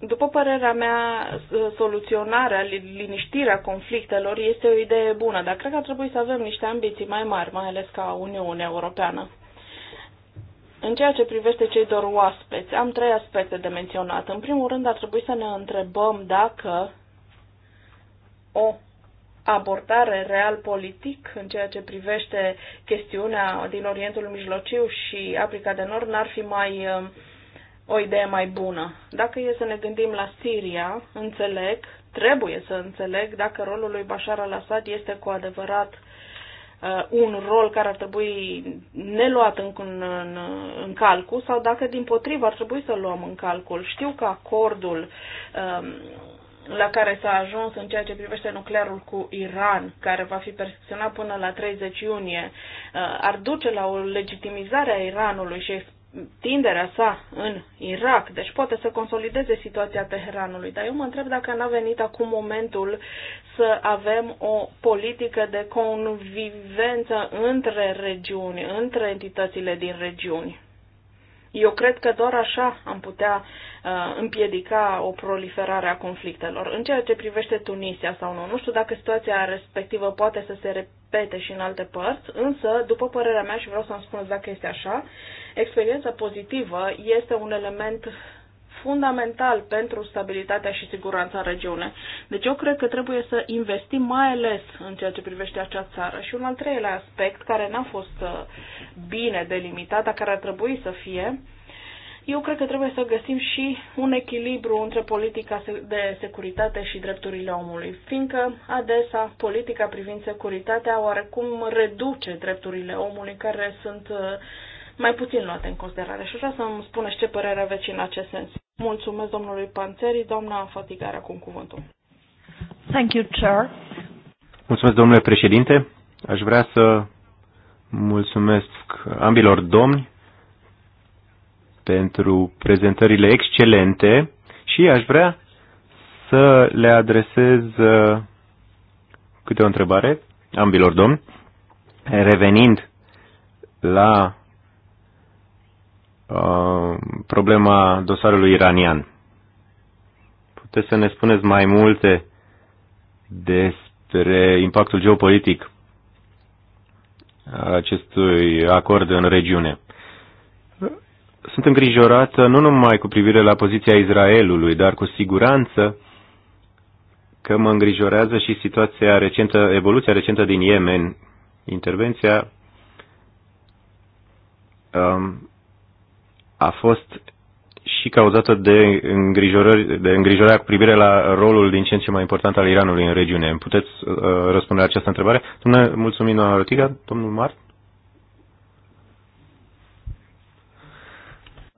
După părerea mea, soluționarea, liniștirea conflictelor este o idee bună, dar cred că ar trebui să avem niște ambiții mai mari, mai ales ca Uniunea Europeană. În ceea ce privește cei doar oaspeți, am trei aspecte de menționat. În primul rând, ar trebui să ne întrebăm dacă o abordare real politic în ceea ce privește chestiunea din Orientul Mijlociu și Africa de Nord n-ar fi mai um, o idee mai bună. Dacă e să ne gândim la Siria, înțeleg, trebuie să înțeleg dacă rolul lui Bashar al-Assad este cu adevărat uh, un rol care ar trebui neluat în, în, în, în calcul sau dacă din potrivă ar trebui să luăm în calcul. Știu că acordul uh, la care s-a ajuns în ceea ce privește nuclearul cu Iran, care va fi perfecționat până la 30 iunie, uh, ar duce la o legitimizare a Iranului și tinderea sa în Irak, deci poate să consolideze situația Teheranului. Dar eu mă întreb dacă n-a venit acum momentul să avem o politică de convivență între regiuni, între entitățile din regiuni. Eu cred că doar așa am putea Uh, împiedica o proliferare a conflictelor. În ceea ce privește Tunisia sau nu, nu știu dacă situația respectivă poate să se repete și în alte părți, însă, după părerea mea și vreau să-mi spuneți dacă este așa, experiența pozitivă este un element fundamental pentru stabilitatea și siguranța în regiune. Deci eu cred că trebuie să investim mai ales în ceea ce privește acea țară. Și un al treilea aspect care n-a fost uh, bine delimitat, dar care ar trebui să fie, uh, eu cred că trebuie să găsim și un echilibru între politica de securitate și drepturile omului, fiindcă adesea politica privind securitatea oarecum reduce drepturile omului care sunt uh, mai puțin luate în considerare. Și vreau să-mi spuneți ce părere aveți în acest sens. Mulțumesc domnului Panțeri, doamna Fatigare, acum cuvântul. Thank you, Chair. Mulțumesc, domnule președinte. Aș vrea să mulțumesc ambilor domni pentru prezentările excelente și aș vrea să le adresez uh, câte o întrebare ambilor domni, revenind la uh, problema dosarului iranian. Puteți să ne spuneți mai multe despre impactul geopolitic acestui acord în regiune sunt îngrijorată nu numai cu privire la poziția Israelului, dar cu siguranță că mă îngrijorează și situația recentă, evoluția recentă din Yemen, intervenția um, a fost și cauzată de, îngrijorări, de îngrijorarea cu privire la rolul din ce în ce mai important al Iranului în regiune. Puteți uh, răspunde la această întrebare? Domnule, mulțumim, doamna Rotiga. Domnul Mart?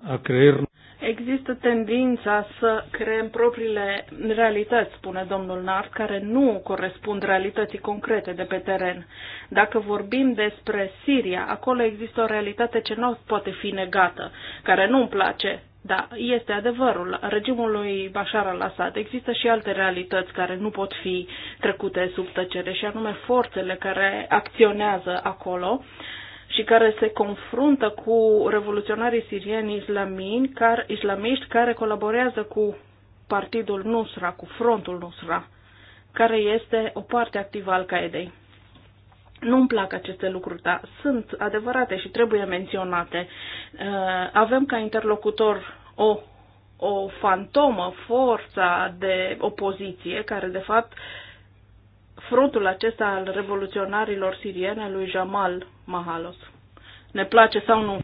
a creer. Există tendința să creăm propriile realități, spune domnul Nart, care nu corespund realității concrete de pe teren. Dacă vorbim despre Siria, acolo există o realitate ce nu poate fi negată, care nu-mi place, da, este adevărul. Regimul lui Bashar al-Assad există și alte realități care nu pot fi trecute sub tăcere, și anume forțele care acționează acolo și care se confruntă cu revoluționarii sirieni islamini, care, islamiști care colaborează cu partidul Nusra, cu frontul Nusra, care este o parte activă al Qaedei. Nu-mi plac aceste lucruri, dar sunt adevărate și trebuie menționate. Uh, avem ca interlocutor o o fantomă, forța de opoziție, care de fapt frontul acesta al revoluționarilor siriene lui Jamal Mahalos. Ne place sau nu.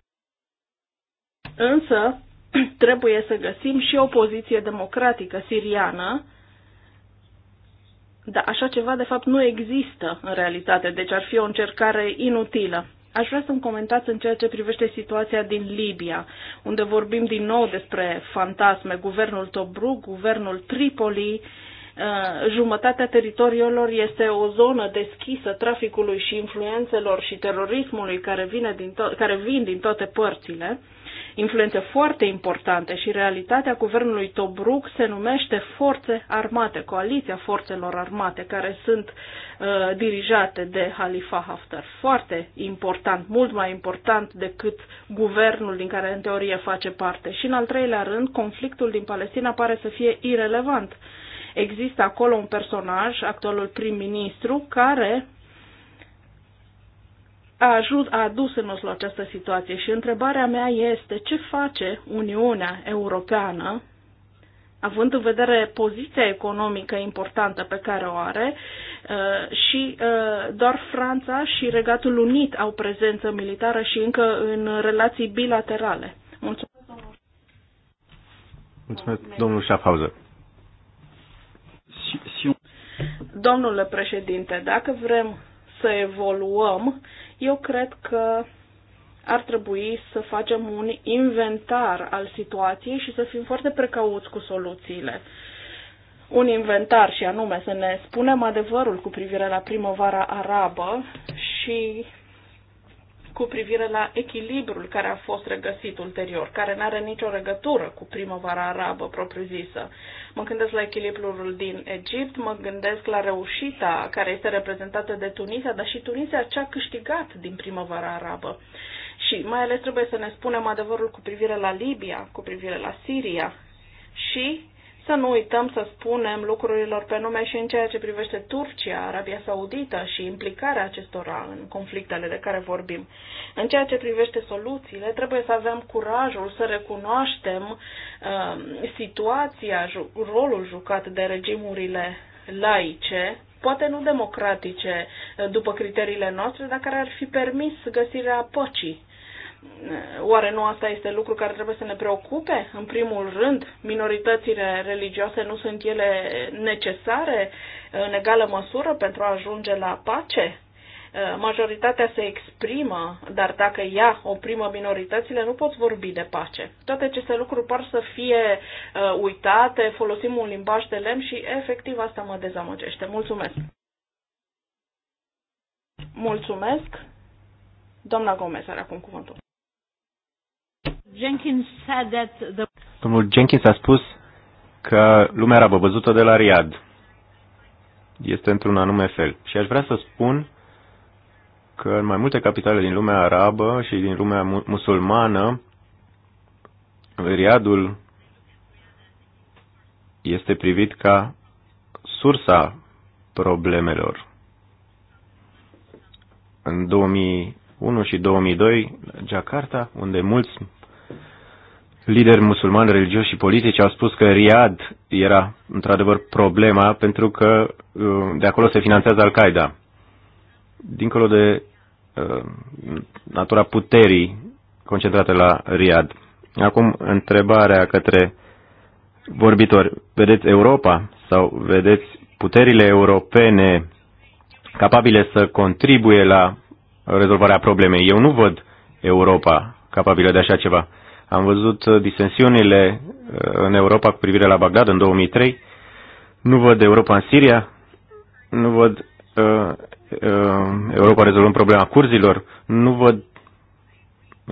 Însă, trebuie să găsim și o poziție democratică siriană, dar așa ceva de fapt nu există în realitate, deci ar fi o încercare inutilă. Aș vrea să-mi comentați în ceea ce privește situația din Libia, unde vorbim din nou despre fantasme, guvernul Tobruk, guvernul Tripoli, Eh, jumătatea teritoriilor este o zonă deschisă traficului și influențelor și terorismului care, vine din to- care vin din toate părțile, influențe foarte importante și realitatea guvernului Tobruk se numește forțe armate, coaliția forțelor armate care sunt uh, dirijate de Halifa Haftar. Foarte important, mult mai important decât guvernul din care în teorie face parte. Și în al treilea rând, conflictul din Palestina pare să fie irelevant. Uh, Există acolo un personaj, actualul prim-ministru, care a, ajut, a adus în la această situație și întrebarea mea este ce face Uniunea Europeană, având în vedere poziția economică importantă pe care o are, uh, și uh, doar Franța și Regatul Unit au prezență militară și încă în relații bilaterale. Mulțumesc, domnul Schaffhauser. Domnule președinte, dacă vrem să evoluăm, eu cred că ar trebui să facem un inventar al situației și să fim foarte precauți cu soluțiile. Un inventar și anume să ne spunem adevărul cu privire la primăvara arabă și cu privire la echilibrul care a fost regăsit ulterior, care nu are nicio legătură cu primăvara arabă propriu-zisă. Mă gândesc la echilibrul din Egipt, mă gândesc la reușita care este reprezentată de Tunisia, dar și Tunisia ce a câștigat din primăvara arabă. Și mai ales trebuie să ne spunem adevărul cu privire la Libia, cu privire la Siria și să nu uităm să spunem lucrurilor pe nume și în ceea ce privește Turcia, Arabia Saudită și implicarea acestora în conflictele de care vorbim. În ceea ce privește soluțiile, trebuie să avem curajul să recunoaștem uh, situația, rolul jucat de regimurile laice, poate nu democratice după criteriile noastre, dar care ar fi permis găsirea păcii Oare nu asta este lucru care trebuie să ne preocupe? În primul rând, minoritățile religioase nu sunt ele necesare în egală măsură pentru a ajunge la pace? Uh, majoritatea se exprimă, dar dacă ea oprimă minoritățile, nu poți vorbi de pace. Toate aceste lucruri par să fie uh, uitate, folosim un limbaj de lemn și efectiv asta mă dezamăgește. Mulțumesc! Mulțumesc! Doamna Gomez are acum cuvântul. Jenkins said that the... Domnul Jenkins a spus că lumea arabă văzută de la Riad este într-un anume fel. Și aș vrea să spun că în mai multe capitale din lumea arabă și din lumea musulmană, Riadul este privit ca sursa problemelor. În 2001 și 2002, Jakarta, unde mulți lideri musulmani, religioși și politici au spus că Riad era într-adevăr problema pentru că uh, de acolo se finanțează Al-Qaeda. Dincolo de uh, natura puterii concentrate la Riad. Acum, întrebarea către vorbitori. Vedeți Europa sau vedeți puterile europene capabile să contribuie la rezolvarea problemei? Eu nu văd Europa capabilă de așa ceva. Am văzut uh, disensiunile uh, în Europa cu privire la Bagdad în 2003. Nu văd Europa în Siria. Nu văd uh, uh, Europa rezolvând problema curzilor. Nu văd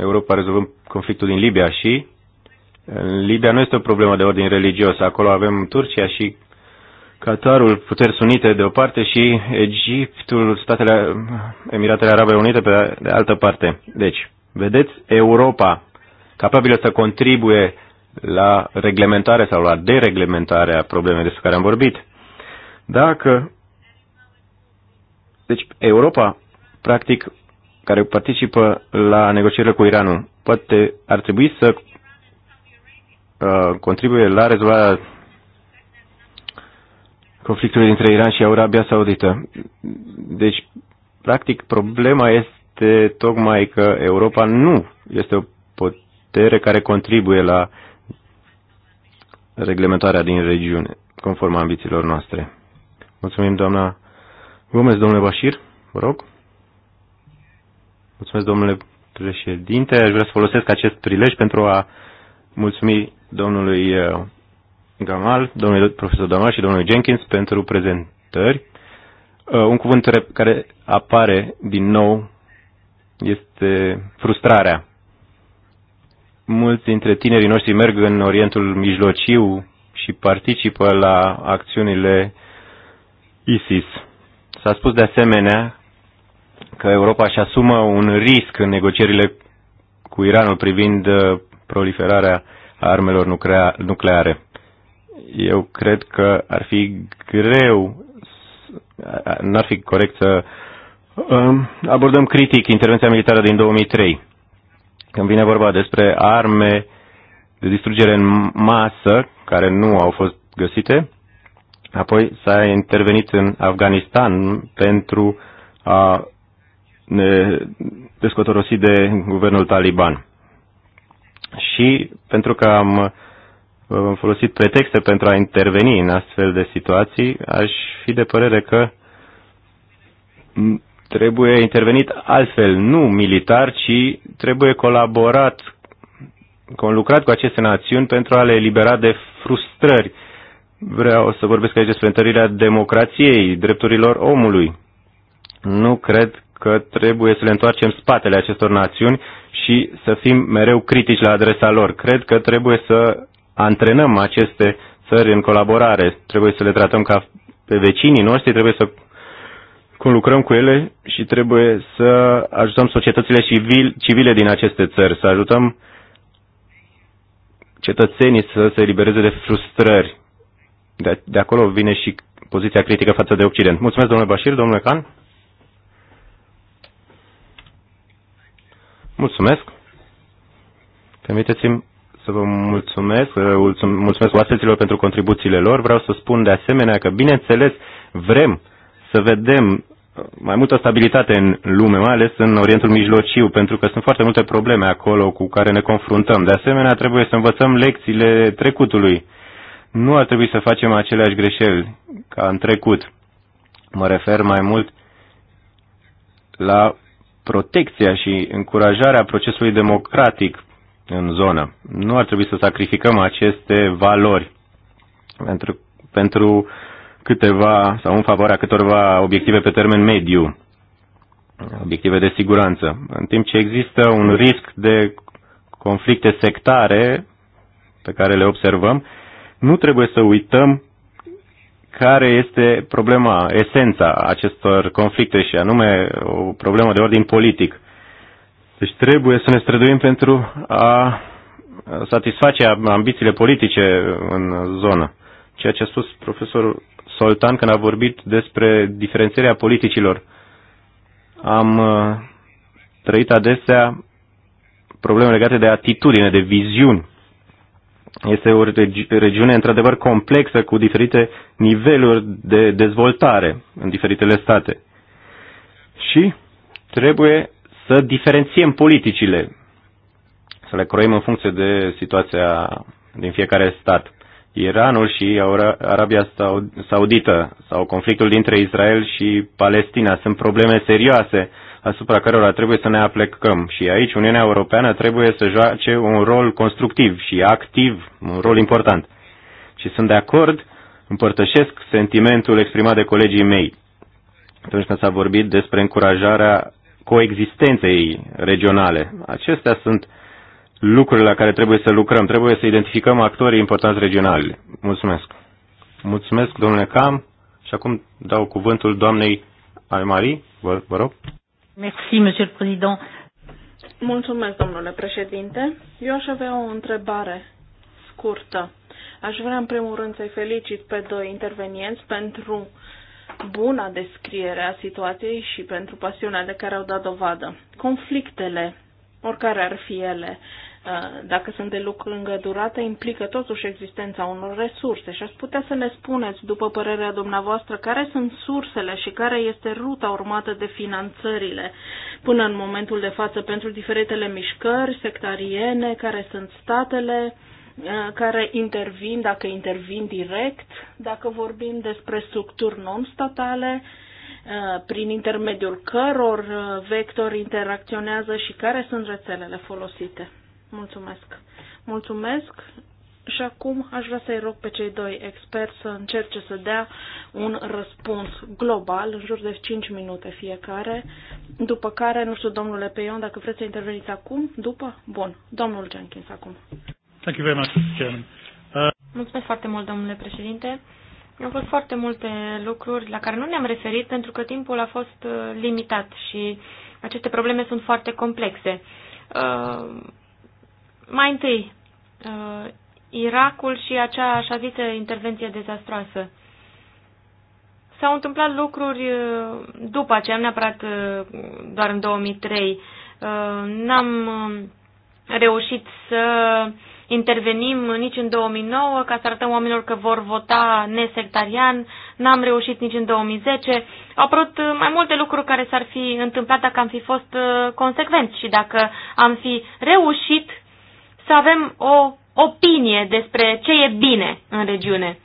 Europa rezolvând conflictul din Libia și uh, Libia nu este o problemă de ordin religios. Acolo avem Turcia și Qatarul, puteri sunite de o parte și Egiptul, Statele, Emiratele Arabe Unite pe de altă parte. Deci, vedeți, Europa capabilă să contribuie la reglementarea sau la dereglementarea problemei despre care am vorbit. Dacă deci Europa, practic, care participă la negocierile cu Iranul, poate ar trebui să uh, contribuie la rezolvarea conflictului dintre Iran și Arabia Saudită. Deci, practic, problema este tocmai că Europa nu este o putere care contribuie la reglementarea din regiune, conform ambițiilor noastre. Mulțumim, doamna Gomez, domnule Bașir, vă rog. Mulțumesc, domnule președinte. Aș vrea să folosesc acest prilej pentru a mulțumi domnului uh, Gamal, domnului profesor Gamal și domnului Jenkins pentru prezentări. Uh, un cuvânt care apare din nou este frustrarea mulți dintre tinerii noștri merg în Orientul Mijlociu și participă la acțiunile ISIS. S-a spus de asemenea că Europa își asumă un risc în negocierile cu Iranul privind uh, proliferarea armelor nucleare. Eu cred că ar fi greu, n-ar fi corect să um, abordăm critic intervenția militară din 2003. Când vine vorba despre arme de distrugere în masă, care nu au fost găsite, apoi s-a intervenit în Afganistan pentru a ne descotorosi de guvernul taliban. Și pentru că am folosit pretexte pentru a interveni în astfel de situații, aș fi de părere că trebuie intervenit altfel, nu militar, ci trebuie colaborat, conlucrat cu aceste națiuni pentru a le elibera de frustrări. Vreau să vorbesc aici despre întărirea democrației, drepturilor omului. Nu cred că trebuie să le întoarcem spatele acestor națiuni și să fim mereu critici la adresa lor. Cred că trebuie să antrenăm aceste țări în colaborare, trebuie să le tratăm ca pe vecinii noștri, trebuie să cum lucrăm cu ele și trebuie să ajutăm societățile civil, civile din aceste țări, să ajutăm cetățenii să se elibereze de frustrări. De, de acolo vine și poziția critică față de Occident. Mulțumesc, domnule Bashir, domnule Can. Mulțumesc. Permiteți-mi să vă mulțumesc, mulțumesc oaspeților pentru contribuțiile lor. Vreau să spun de asemenea că, bineînțeles, vrem să vedem mai multă stabilitate în lume, mai ales în Orientul Mijlociu, pentru că sunt foarte multe probleme acolo cu care ne confruntăm. De asemenea, trebuie să învățăm lecțiile trecutului. Nu ar trebui să facem aceleași greșeli ca în trecut. Mă refer mai mult la protecția și încurajarea procesului democratic în zonă. Nu ar trebui să sacrificăm aceste valori pentru, pentru uh, câteva sau în favoarea câtorva obiective pe termen mediu, obiective de siguranță, în timp ce există un risc de conflicte sectare pe care le observăm, nu trebuie să uităm care este problema, esența acestor conflicte și anume o problemă de ordin politic. Deci trebuie să ne străduim pentru a satisface ambițiile politice în zonă. Ceea ce a spus profesorul Soltan când a vorbit despre diferențierea politicilor. Am uh, trăit adesea probleme legate de atitudine, de viziuni. Este o regi regiune într-adevăr complexă cu diferite niveluri de dezvoltare în diferitele state. Și trebuie să diferențiem politicile, să le croim în funcție de situația din fiecare stat. Iranul și Arabia Saudită sau conflictul dintre Israel și Palestina. Sunt probleme serioase asupra cărora trebuie să ne aplecăm și aici Uniunea Europeană trebuie să joace un rol constructiv și activ, un rol important. Și sunt de acord, împărtășesc sentimentul exprimat de colegii mei atunci când s-a vorbit despre încurajarea coexistenței regionale. Acestea sunt uh, lucrurile la care trebuie să lucrăm. Trebuie să identificăm actorii importanți regionali. Mulțumesc. Mulțumesc, domnule Cam. Și acum dau cuvântul doamnei Almarie. Vă, vă rog. Merci, monsieur le président. Mulțumesc, domnule președinte. Eu aș avea o întrebare scurtă. Aș vrea, în primul rând, să-i felicit pe doi intervenienți pentru buna descriere a situației și pentru pasiunea de care au dat dovadă. Conflictele oricare ar fi ele, Uh, dacă sunt de lucru lungă durată, implică totuși existența unor resurse și ați putea să ne spuneți, după părerea dumneavoastră, care sunt sursele și care este ruta urmată de finanțările până în momentul de față pentru diferitele mișcări sectariene, care sunt statele uh, care intervin, dacă intervin direct, dacă vorbim despre structuri non-statale, uh, prin intermediul căror vector interacționează și care sunt rețelele folosite. Mulțumesc. Mulțumesc și acum aș vrea să-i rog pe cei doi experți să încerce să dea un răspuns global, în jur de 5 minute fiecare, după care, nu știu, domnule Peion, dacă vreți să interveniți acum, după? Bun. Domnul Jenkins acum. Thank you very much, Chairman. Uh... Mulțumesc foarte mult, domnule președinte. Au fost foarte multe lucruri la care nu ne-am referit pentru că timpul a fost uh, limitat și aceste probleme sunt foarte complexe. Uh mai întâi, uh, Irakul și acea așa zisă intervenție dezastroasă. S-au întâmplat lucruri uh, după aceea, am neapărat uh, doar în 2003. N-am reușit să intervenim nici în 2009 ca să arătăm oamenilor că vor vota nesectarian, n-am reușit nici în 2010. Au apărut mai multe lucruri care s-ar fi întâmplat dacă am fi fost consecvenți și dacă am fi reușit să avem o opinie despre ce e bine în regiune.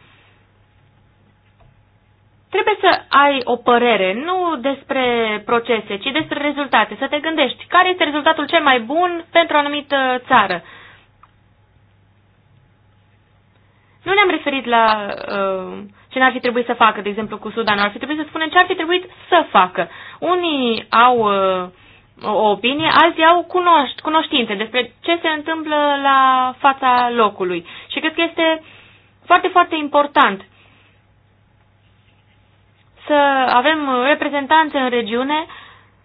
Trebuie să ai o părere, nu despre procese, ci despre rezultate. Să te gândești care este rezultatul cel mai bun pentru o anumită țară. Nu ne-am referit la uh, ce n-ar fi trebuit să facă, de exemplu, cu Sudanul. Ar fi trebuit să spunem ce ar fi trebuit să facă. Unii au uh, o opinie, alții au cunoștințe despre ce se întâmplă la fața locului. Și cred că este foarte, foarte important să avem reprezentanțe în regiune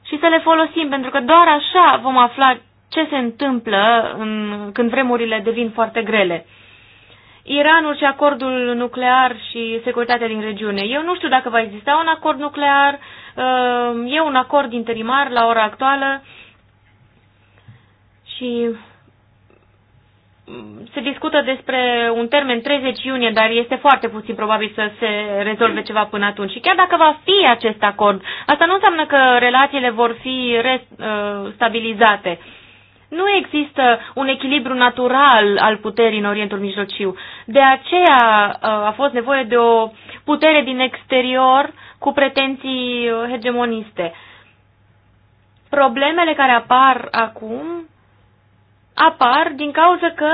și să le folosim, pentru că doar așa vom afla ce se întâmplă în, când vremurile devin foarte grele. Iranul și acordul nuclear și securitatea din regiune. Eu nu știu dacă va exista un acord nuclear, uh, e un acord interimar la ora actuală și se discută despre un termen 30 iunie, dar este foarte puțin probabil să se rezolve ceva până atunci. Și chiar dacă va fi acest acord, asta nu înseamnă că relațiile vor fi restabilizate. Uh, nu există un echilibru natural al puterii în Orientul Mijlociu. De aceea uh, a fost nevoie de o putere din exterior cu pretenții uh, hegemoniste. Problemele care apar acum apar din cauza că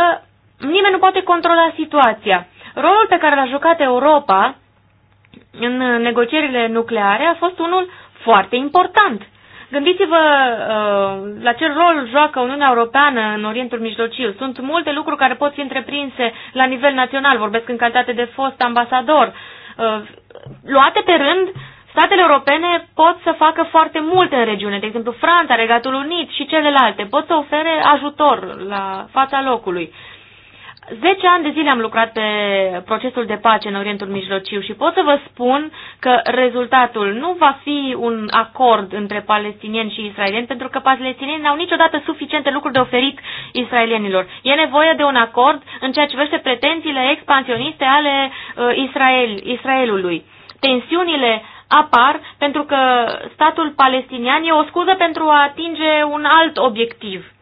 nimeni nu poate controla situația. Rolul pe care l-a jucat Europa în negocierile nucleare a fost unul foarte important. Gândiți-vă uh, la ce rol joacă Uniunea Europeană în Orientul Mijlociu. Sunt multe lucruri care pot fi întreprinse la nivel național, vorbesc în calitate de fost ambasador. Uh, luate pe rând, statele europene pot să facă foarte multe în regiune, de exemplu Franța, Regatul Unit și celelalte, pot să ofere ajutor la fața locului. Uh, Zece ani de zile am lucrat pe procesul de pace în Orientul Mijlociu și pot să vă spun că rezultatul nu va fi un acord între palestinieni și israelieni, pentru că palestinienii n-au niciodată suficiente lucruri de oferit israelienilor. E nevoie de un acord în ceea ce vește pretențiile expansioniste ale uh, Israel, Israelului. Tensiunile apar pentru că statul palestinian e o scuză pentru a atinge un alt obiectiv –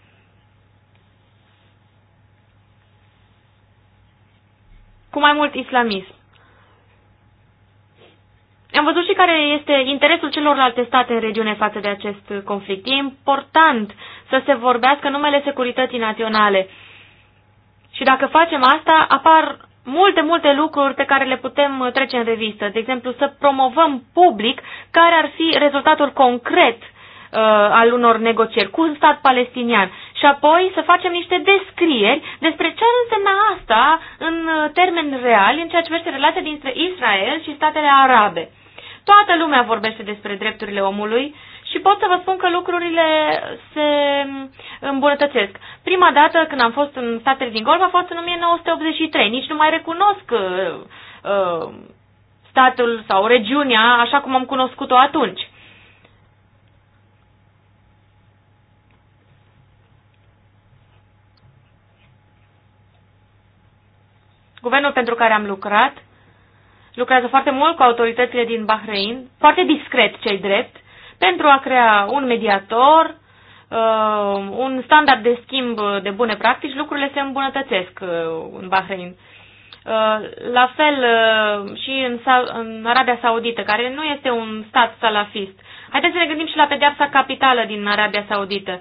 cu mai mult islamism. Am văzut și care este interesul celorlalte state în regiune față de acest conflict. E important să se vorbească numele securității naționale. Și dacă facem asta, apar multe, multe lucruri pe care le putem trece în revistă. De exemplu, să promovăm public care ar fi rezultatul concret uh, al unor negocieri cu un stat palestinian și apoi să facem niște descrieri despre ce ar însemna asta în uh, termeni reali în ceea ce privește relația dintre Israel și statele arabe. Toată lumea vorbește despre drepturile omului și pot să vă spun că lucrurile se um, îmbunătățesc. Prima dată când am fost în statele din Golf a fost în 1983. Nici nu mai recunosc uh, uh, statul sau regiunea așa cum am cunoscut-o atunci. Guvernul pentru care am lucrat lucrează foarte mult cu autoritățile din Bahrein, foarte discret cei drept, pentru a crea un mediator, uh, un standard de schimb de bune practici, lucrurile se îmbunătățesc uh, în Bahrein. Uh, la fel și în, în Arabia Saudită, care nu este un stat salafist. Haideți să ne gândim și la pedeapsa capitală din Arabia Saudită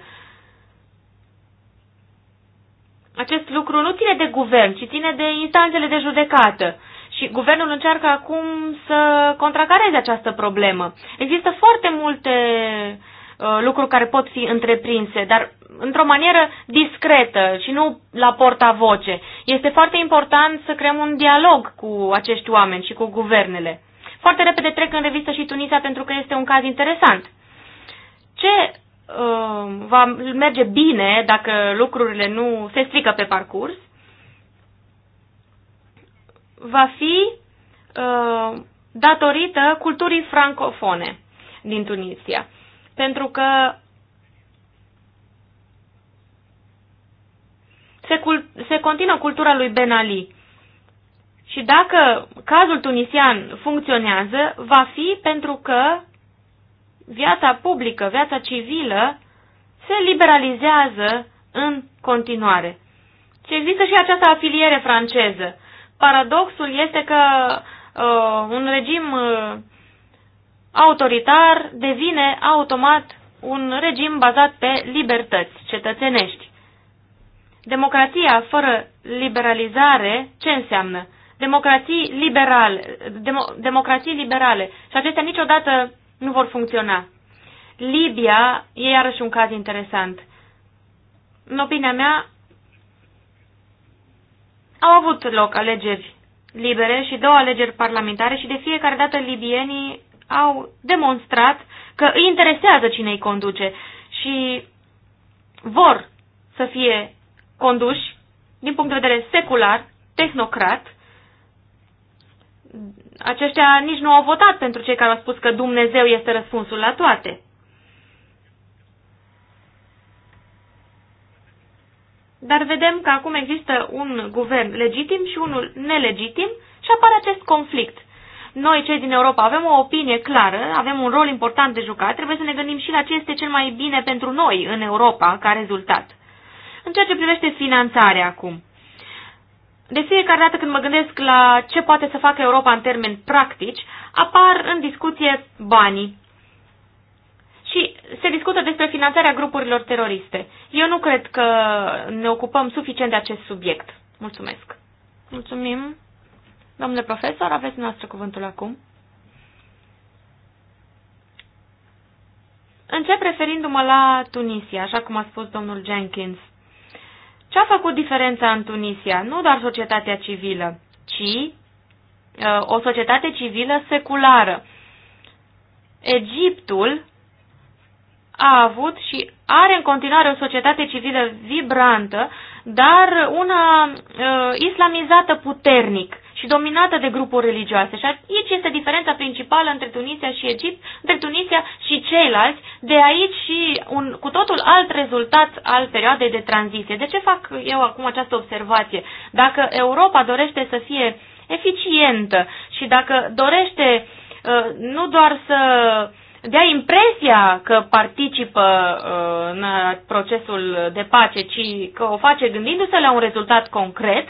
acest lucru nu ține de guvern, ci ține de instanțele de judecată. Și guvernul încearcă acum să contracareze această problemă. Există foarte multe uh, lucruri care pot fi întreprinse, dar într-o manieră discretă și nu la porta voce. Este foarte important să creăm un dialog cu acești oameni și cu guvernele. Foarte repede trec în revistă și Tunisia pentru că este un caz interesant. Ce Um, va merge bine dacă lucrurile nu se strică pe parcurs, va fi uh, datorită culturii francofone din Tunisia. Pentru că se, cult- se continuă cultura lui Ben Ali. Și dacă cazul tunisian funcționează, va fi pentru că viața publică, viața civilă se liberalizează în continuare. Și există și această afiliere franceză. Paradoxul este că uh, un regim uh, autoritar devine automat un regim bazat pe libertăți cetățenești. Democrația fără liberalizare ce înseamnă? Democrații liberale, demo, democrații liberale și acestea niciodată nu vor funcționa. Libia e iarăși un caz interesant. În opinia mea, au avut loc alegeri libere și două alegeri parlamentare și de fiecare dată libienii au demonstrat că îi interesează cine îi conduce și vor să fie conduși din punct de vedere secular, tehnocrat, aceștia nici nu au votat pentru cei care au spus că Dumnezeu este răspunsul la toate. Dar vedem că acum există un guvern legitim și unul nelegitim și apare acest conflict. Noi, cei din Europa, avem o opinie clară, avem un rol important de jucat, trebuie să ne gândim și la ce este cel mai bine pentru noi în Europa ca rezultat. În ceea ce privește finanțarea acum, de fiecare dată când mă gândesc la ce poate să facă Europa în termeni practici, apar în discuție banii. Și se discută despre finanțarea grupurilor teroriste. Eu nu cred că ne ocupăm suficient de acest subiect. Mulțumesc. Mulțumim. Domnule profesor, aveți noastră cuvântul acum. Încep referindu-mă la Tunisia, așa cum a spus domnul Jenkins. Ce a făcut diferența în Tunisia? Nu doar societatea civilă, ci uh, o societate civilă seculară. Egiptul a avut și are în continuare o societate civilă vibrantă, dar una uh, islamizată puternic și dominată de grupuri religioase. Și aici este diferența principală între Tunisia și Egipt, între Tunisia și ceilalți, de aici și un cu totul alt rezultat al perioadei de tranziție. De ce fac eu acum această observație? Dacă Europa dorește să fie eficientă și dacă dorește uh, nu doar să dea impresia că participă uh, în procesul de pace, ci că o face gândindu-se la un rezultat concret,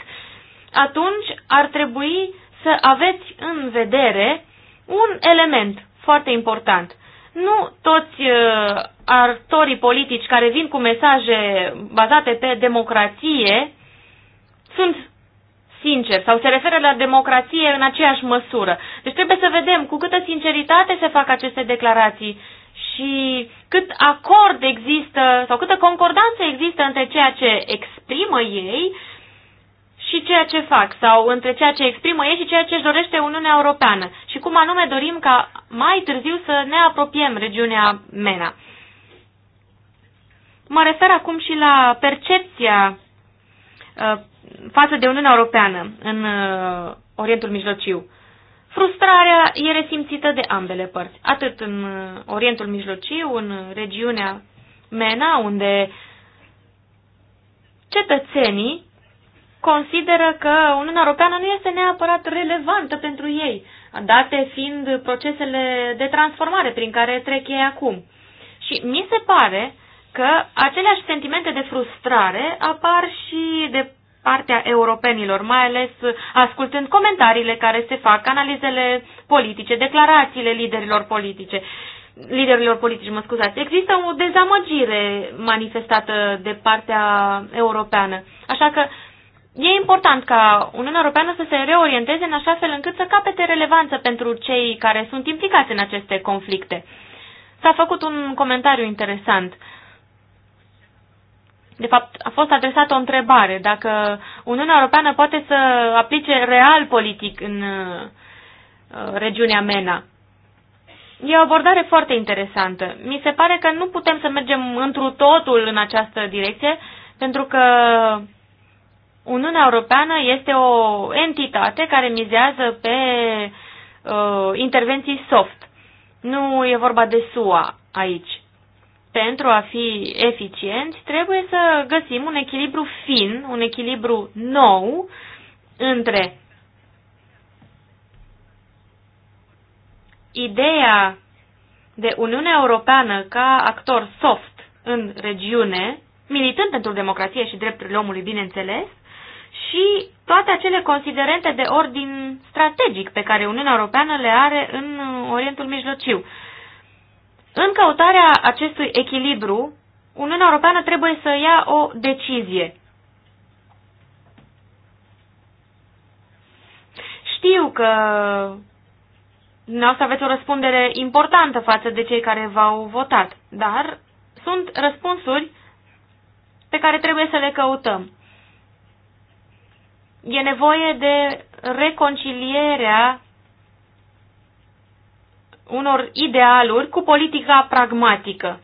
atunci ar trebui să aveți în vedere un element foarte important. Nu toți uh, artorii politici care vin cu mesaje bazate pe democrație sunt sinceri sau se referă la democrație în aceeași măsură. Deci trebuie să vedem cu câtă sinceritate se fac aceste declarații și cât acord există sau câtă concordanță există între ceea ce exprimă ei și ceea ce fac sau între ceea ce exprimă ei și ceea ce își dorește Uniunea Europeană și cum anume dorim ca mai târziu să ne apropiem regiunea MENA. Mă refer acum și la percepția uh, față de Uniunea Europeană în uh, Orientul Mijlociu. Frustrarea e resimțită de ambele părți, atât în uh, Orientul Mijlociu, în regiunea MENA, unde cetățenii consideră că Uniunea Europeană nu este neapărat relevantă pentru ei, date fiind procesele de transformare prin care trec ei acum. Și mi se pare că aceleași sentimente de frustrare apar și de partea europenilor, mai ales ascultând comentariile care se fac, analizele politice, declarațiile liderilor politice liderilor politici, mă scuzați. Există o dezamăgire manifestată de partea europeană. Așa că E important ca Uniunea Europeană să se reorienteze în așa fel încât să capete relevanță pentru cei care sunt implicați în aceste conflicte. S-a făcut un comentariu interesant. De fapt, a fost adresată o întrebare dacă Uniunea Europeană poate să aplice real politic în uh, regiunea MENA. E o abordare foarte interesantă. Mi se pare că nu putem să mergem întru totul în această direcție, pentru că Uniunea Europeană este o entitate care mizează pe uh, intervenții soft. Nu e vorba de SUA aici. Pentru a fi eficienți, trebuie să găsim un echilibru fin, un echilibru nou între ideea de Uniunea Europeană ca actor soft în regiune, militând pentru democrație și drepturile omului, bineînțeles, și toate acele considerente de ordin strategic pe care Uniunea Europeană le are în Orientul Mijlociu. În căutarea acestui echilibru, Uniunea Europeană trebuie să ia o decizie. Știu că dumneavoastră aveți o răspundere importantă față de cei care v-au votat, dar sunt răspunsuri pe care trebuie să le căutăm e nevoie de reconcilierea unor idealuri cu politica pragmatică.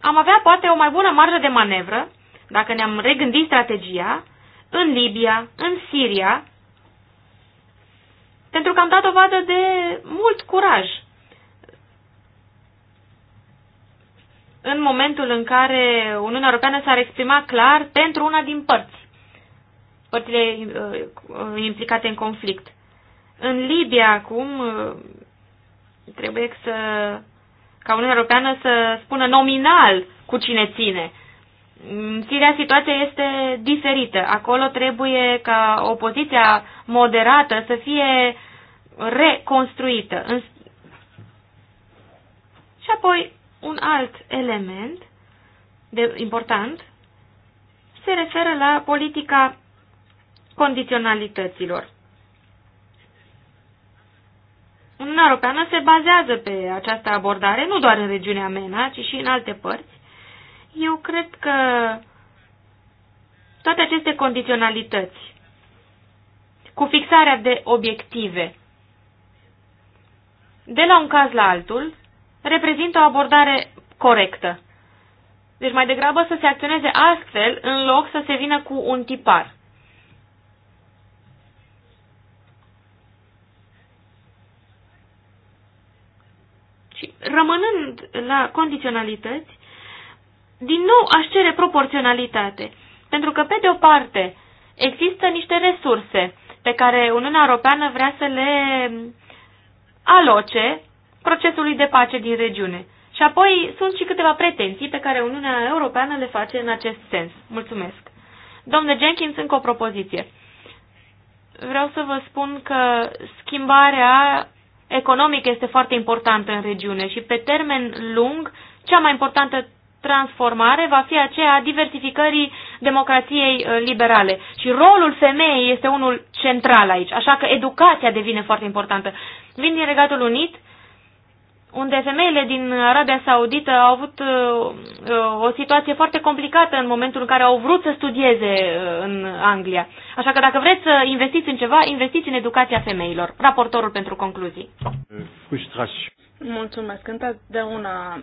Am avea poate o mai bună marjă de manevră dacă ne-am regândit strategia în Libia, în Siria, pentru că am dat dovadă de mult curaj în momentul în care Uniunea Europeană s-ar exprima clar pentru una din părți, părțile uh, implicate în conflict. În Libia acum uh, trebuie să, ca Uniunea Europeană să spună nominal cu cine ține. În Siria situația este diferită. Acolo trebuie ca opoziția moderată să fie reconstruită. Și apoi un alt element de, important se referă la politica condiționalităților. Uniunea Europeană se bazează pe această abordare, nu doar în regiunea MENA, ci și în alte părți. Eu cred că toate aceste condiționalități, cu fixarea de obiective, de la un caz la altul, reprezintă o abordare corectă. Deci mai degrabă să se acționeze astfel în loc să se vină cu un tipar. Și rămânând la condiționalități, din nou aș cere proporționalitate, pentru că, pe de o parte, există niște resurse pe care Uniunea Europeană vrea să le aloce procesului de pace din regiune. Și apoi sunt și câteva pretenții pe care Uniunea Europeană le face în acest sens. Mulțumesc. Domnule Jenkins, încă o propoziție. Vreau să vă spun că schimbarea economică este foarte importantă în regiune și pe termen lung cea mai importantă transformare va fi aceea a diversificării democrației uh, liberale. Și rolul femeii este unul central aici, așa că educația devine foarte importantă. Vin din Regatul Unit unde femeile din Arabia Saudită au avut uh, o situație foarte complicată în momentul în care au vrut să studieze uh, în Anglia. Așa că dacă vreți să investiți în ceva, investiți în educația femeilor. Raportorul pentru concluzii. Frustrați. Mulțumesc. Întotdeauna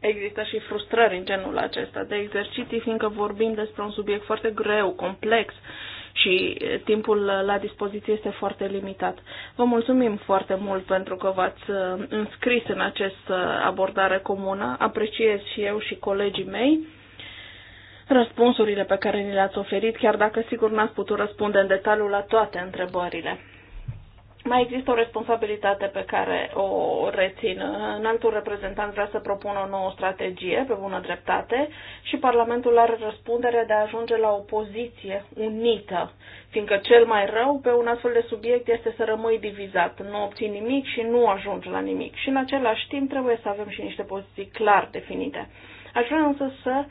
există și frustrări în genul acesta de exerciții, fiindcă vorbim despre un subiect foarte greu, complex și timpul la dispoziție este foarte limitat. Vă mulțumim foarte mult pentru că v-ați uh, înscris în această abordare comună. Apreciez și eu și colegii mei răspunsurile pe care ni le-ați oferit, chiar dacă sigur n-ați putut răspunde în detaliu la toate întrebările mai există o responsabilitate pe care o rețin. În altul reprezentant vrea să propună o nouă strategie pe bună dreptate și Parlamentul are răspunderea de a ajunge la o poziție unită, fiindcă cel mai rău pe un astfel de subiect este să rămâi divizat, nu obții nimic și nu ajungi la nimic. Și în același timp trebuie să avem și niște poziții clar definite. Aș vrea însă să uh,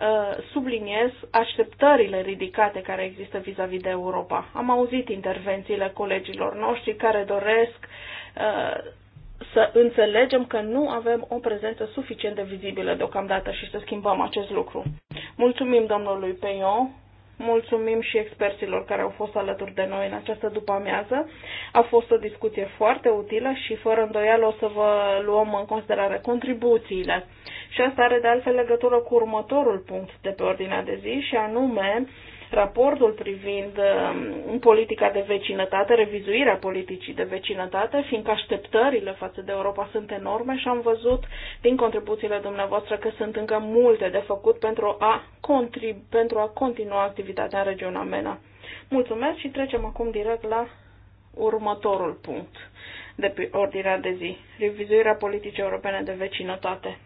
Uh, subliniez așteptările ridicate care există vis-a-vis -vis de Europa. Am auzit intervențiile colegilor noștri care doresc uh, să înțelegem că nu avem o prezență suficient de vizibilă deocamdată și să schimbăm acest lucru. Mulțumim domnului Peion, mulțumim și experților care au fost alături de noi în această după-amiază. A fost o discuție foarte utilă și fără îndoială o să vă luăm în considerare contribuțiile și asta are de altfel legătură cu următorul punct de pe ordinea de zi și anume raportul privind um, politica de vecinătate, revizuirea politicii de vecinătate, fiindcă așteptările față de Europa sunt enorme și am văzut din contribuțiile dumneavoastră că sunt încă multe de făcut pentru a, pentru a continua activitatea în regiunea MENA. Mulțumesc și trecem acum direct la următorul punct de pe ordinea de zi, revizuirea politicii europene de vecinătate.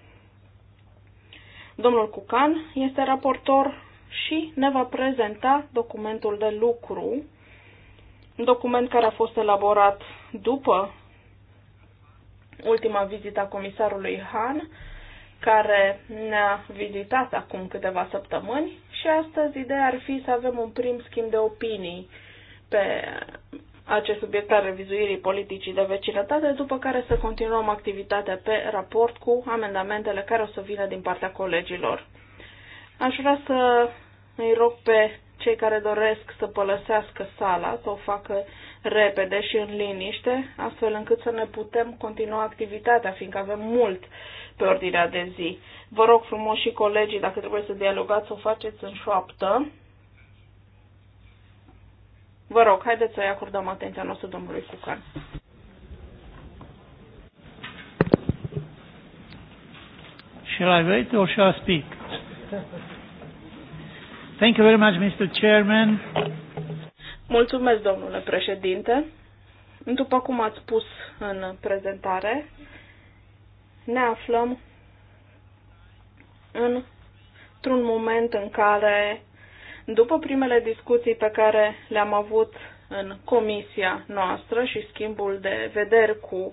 Domnul Cucan este raportor și ne va prezenta documentul de lucru, un document care a fost elaborat după ultima vizită a comisarului Han, care ne-a vizitat acum câteva săptămâni și astăzi ideea ar fi să avem un prim schimb de opinii pe acest subiect al revizuirii politicii de vecinătate, după care să continuăm activitatea pe raport cu amendamentele care o să vină din partea colegilor. Aș vrea să îi rog pe cei care doresc să părăsească sala, să o facă repede și în liniște, astfel încât să ne putem continua activitatea, fiindcă avem mult pe ordinea de zi. Vă rog frumos și colegii, dacă trebuie să dialogați, să o faceți în șoaptă, Vă rog, haideți să-i acordăm atenția noastră domnului Cucan. Shall I wait or shall I speak? Thank you very much, Mr. Chairman. Mulțumesc, domnule președinte. După cum ați spus în prezentare, ne aflăm într-un moment în care după primele discuții pe care le-am avut în comisia noastră și schimbul de vederi cu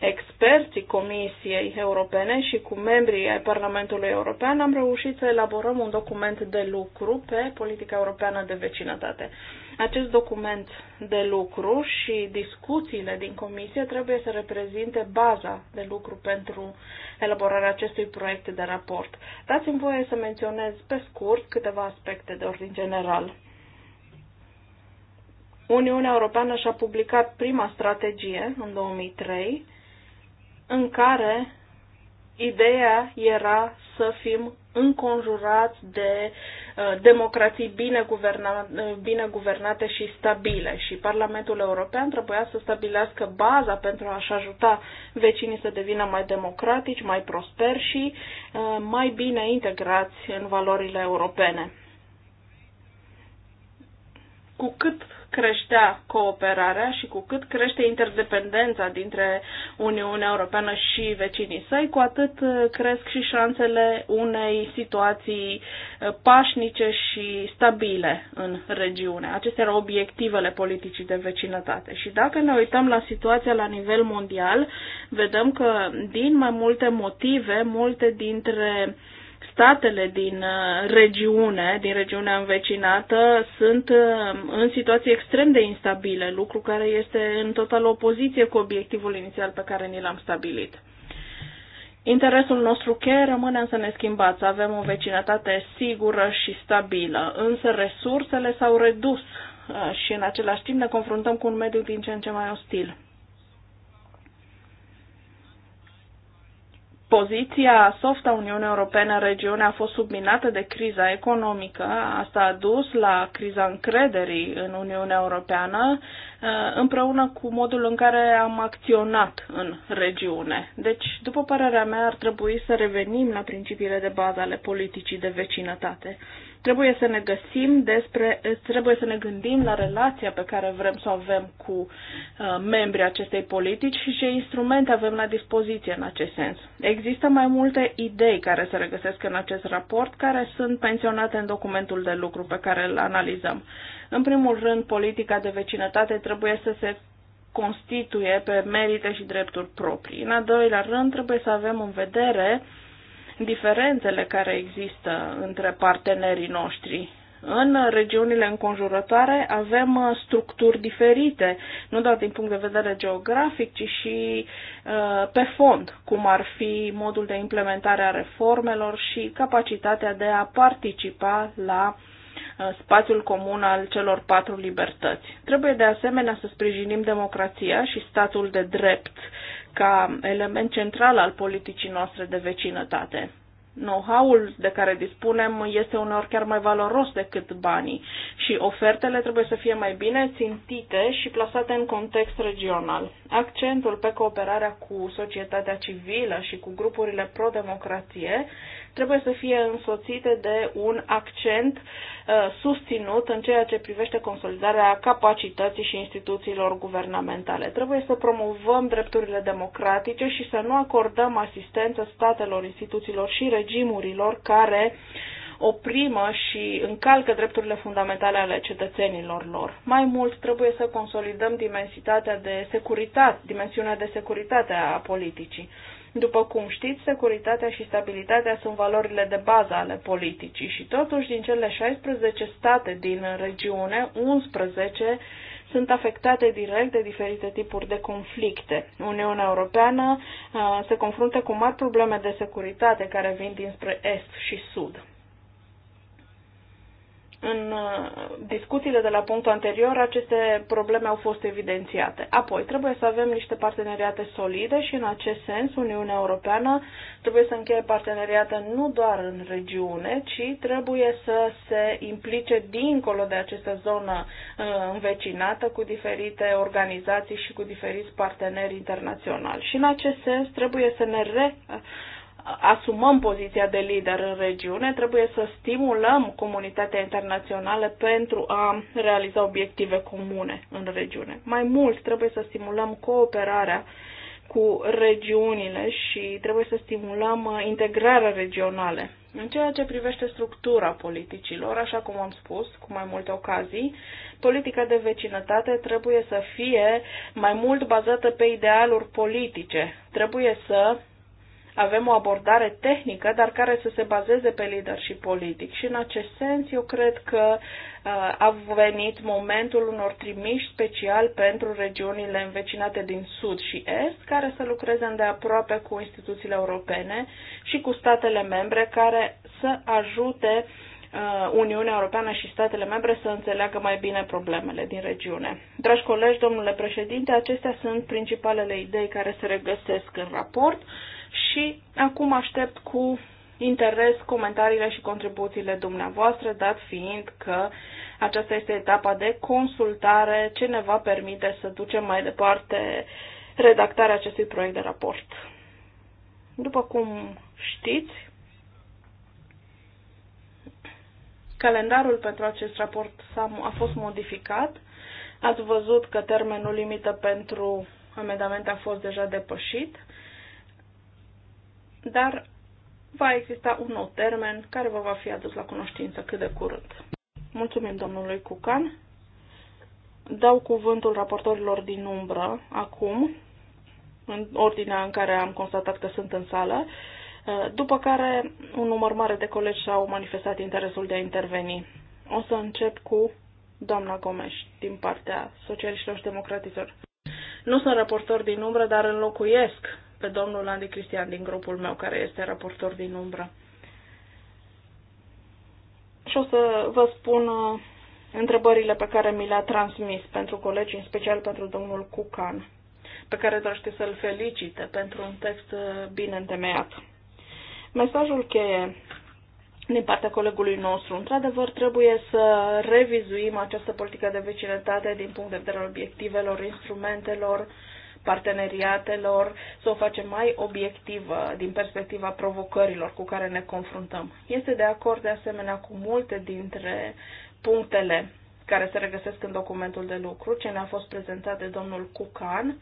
experții Comisiei Europene și cu membrii ai Parlamentului European, am reușit să elaborăm un document de lucru pe politica europeană de vecinătate. Acest document de lucru și discuțiile din comisie trebuie să reprezinte baza de lucru pentru elaborarea acestui proiect de raport. Dați-mi voie să menționez pe scurt câteva aspecte de ordin general. Uniunea Europeană și-a publicat prima strategie în 2003 în care ideea era să fim înconjurați de uh, democrații bine, guverna, uh, bine guvernate și stabile și Parlamentul European trebuia să stabilească baza pentru a-și ajuta vecinii să devină mai democratici, mai prosperi și uh, mai bine integrați în valorile europene. Cu cât creștea cooperarea și cu cât crește interdependența dintre Uniunea Europeană și vecinii săi, cu atât uh, cresc și șansele unei situații uh, pașnice și stabile în regiune. Acestea erau obiectivele politicii de vecinătate. Și dacă ne uităm la situația la nivel mondial, vedem că din mai multe motive, multe dintre uh, statele din uh, regiune, din regiunea învecinată, sunt uh, în situații extrem de instabile, lucru care este în totală opoziție cu obiectivul inițial pe care ni l-am stabilit. Interesul nostru cheie rămâne să ne schimbați, să avem o vecinătate sigură și stabilă, însă resursele s-au redus uh, și în același timp ne confruntăm cu un mediu din ce în ce mai ostil. Poziția soft a Uniunii Europene în regiune a fost subminată de criza economică. Asta a dus la criza încrederii în Uniunea Europeană, eh, împreună cu modul în care am acționat în regiune. Deci, după părerea mea, ar trebui să revenim la principiile de bază ale politicii de vecinătate. Trebuie să ne găsim despre, trebuie să ne gândim la relația pe care vrem să o avem cu uh, membrii acestei politici și ce instrumente avem la dispoziție în acest sens. Există mai multe idei care se regăsesc în acest raport, care sunt pensionate în documentul de lucru pe care îl analizăm. În primul rând, politica de vecinătate trebuie să se constituie pe merite și drepturi proprii. În al doilea rând, trebuie să avem în vedere uh, diferențele care există între partenerii noștri. În regiunile înconjurătoare avem structuri diferite, nu doar din punct de vedere geografic, ci și uh, pe fond, cum ar fi modul de implementare a reformelor și capacitatea de a participa la uh, spațiul comun al celor patru libertăți. Trebuie de asemenea să sprijinim democrația și statul de drept ca element central al politicii noastre de vecinătate. Know-how-ul de care dispunem este uneori chiar mai valoros decât banii și ofertele trebuie să fie mai bine țintite și plasate în context regional. Accentul pe cooperarea cu societatea civilă și cu grupurile pro-democrație trebuie să fie însoțite de un accent uh, susținut în ceea ce privește consolidarea capacității și instituțiilor guvernamentale. Trebuie să promovăm drepturile democratice și să nu acordăm asistență statelor, instituțiilor și regimurilor care oprimă și încalcă drepturile fundamentale ale cetățenilor lor. Mai mult, trebuie să consolidăm dimensitatea de securitate, dimensiunea de securitate a politicii. După cum știți, securitatea și stabilitatea sunt valorile de bază ale politicii și totuși din cele 16 state din regiune, 11 sunt afectate direct de diferite tipuri de conflicte. Uniunea Europeană uh, se confruntă cu mari probleme de securitate care vin dinspre est și sud. În uh, discuțiile de la punctul anterior, aceste probleme au fost evidențiate. Apoi, trebuie să avem niște parteneriate solide și, în acest sens, Uniunea Europeană trebuie să încheie parteneriate nu doar în regiune, ci trebuie să se implice dincolo de această zonă uh, învecinată cu diferite organizații și cu diferiți parteneri internaționali. Și, în acest sens, trebuie să ne re- asumăm poziția de lider în regiune, trebuie să stimulăm comunitatea internațională pentru a realiza obiective comune în regiune. Mai mult, trebuie să stimulăm cooperarea cu regiunile și trebuie să stimulăm uh, integrarea regională. În ceea ce privește structura politicilor, așa cum am spus cu mai multe ocazii, politica de vecinătate trebuie să fie mai mult bazată pe idealuri politice. Trebuie să avem o abordare tehnică, dar care să se bazeze pe leadership politic. Și în acest sens, eu cred că uh, a venit momentul unor trimiși special pentru regiunile învecinate din sud și est, care să lucreze îndeaproape cu instituțiile europene și cu statele membre care să ajute uh, Uniunea Europeană și statele membre să înțeleagă mai bine problemele din regiune. Dragi colegi, domnule președinte, acestea sunt principalele idei care se regăsesc în raport și acum aștept cu interes comentariile și contribuțiile dumneavoastră, dat fiind că aceasta este etapa de consultare ce ne va permite să ducem mai departe redactarea acestui proiect de raport. După cum știți, calendarul pentru acest raport a fost modificat. Ați văzut că termenul limită pentru amendamente a fost deja depășit dar va exista un nou termen care vă va fi adus la cunoștință cât de curând. Mulțumim domnului Cucan. Dau cuvântul raportorilor din umbră acum, în ordinea în care am constatat că sunt în sală, după care un număr mare de colegi și-au manifestat interesul de a interveni. O să încep cu doamna Gomes din partea socialiștilor și democratizor. Nu sunt raportor din umbră, dar înlocuiesc pe domnul Andy Cristian din grupul meu, care este raportor din umbră. Și o să vă spun uh, întrebările pe care mi le-a transmis pentru colegi, în special pentru domnul Cucan, pe care dorește să-l felicite pentru un text uh, bine întemeiat. Mesajul cheie din partea colegului nostru. Într-adevăr, trebuie să revizuim această politică de vecinătate din punct de vedere al obiectivelor, instrumentelor, uh, parteneriatelor, să o facem mai obiectivă din perspectiva provocărilor cu care ne confruntăm. Este de acord de asemenea cu multe dintre punctele care se regăsesc în documentul de lucru, ce ne-a fost prezentat de domnul Cucan,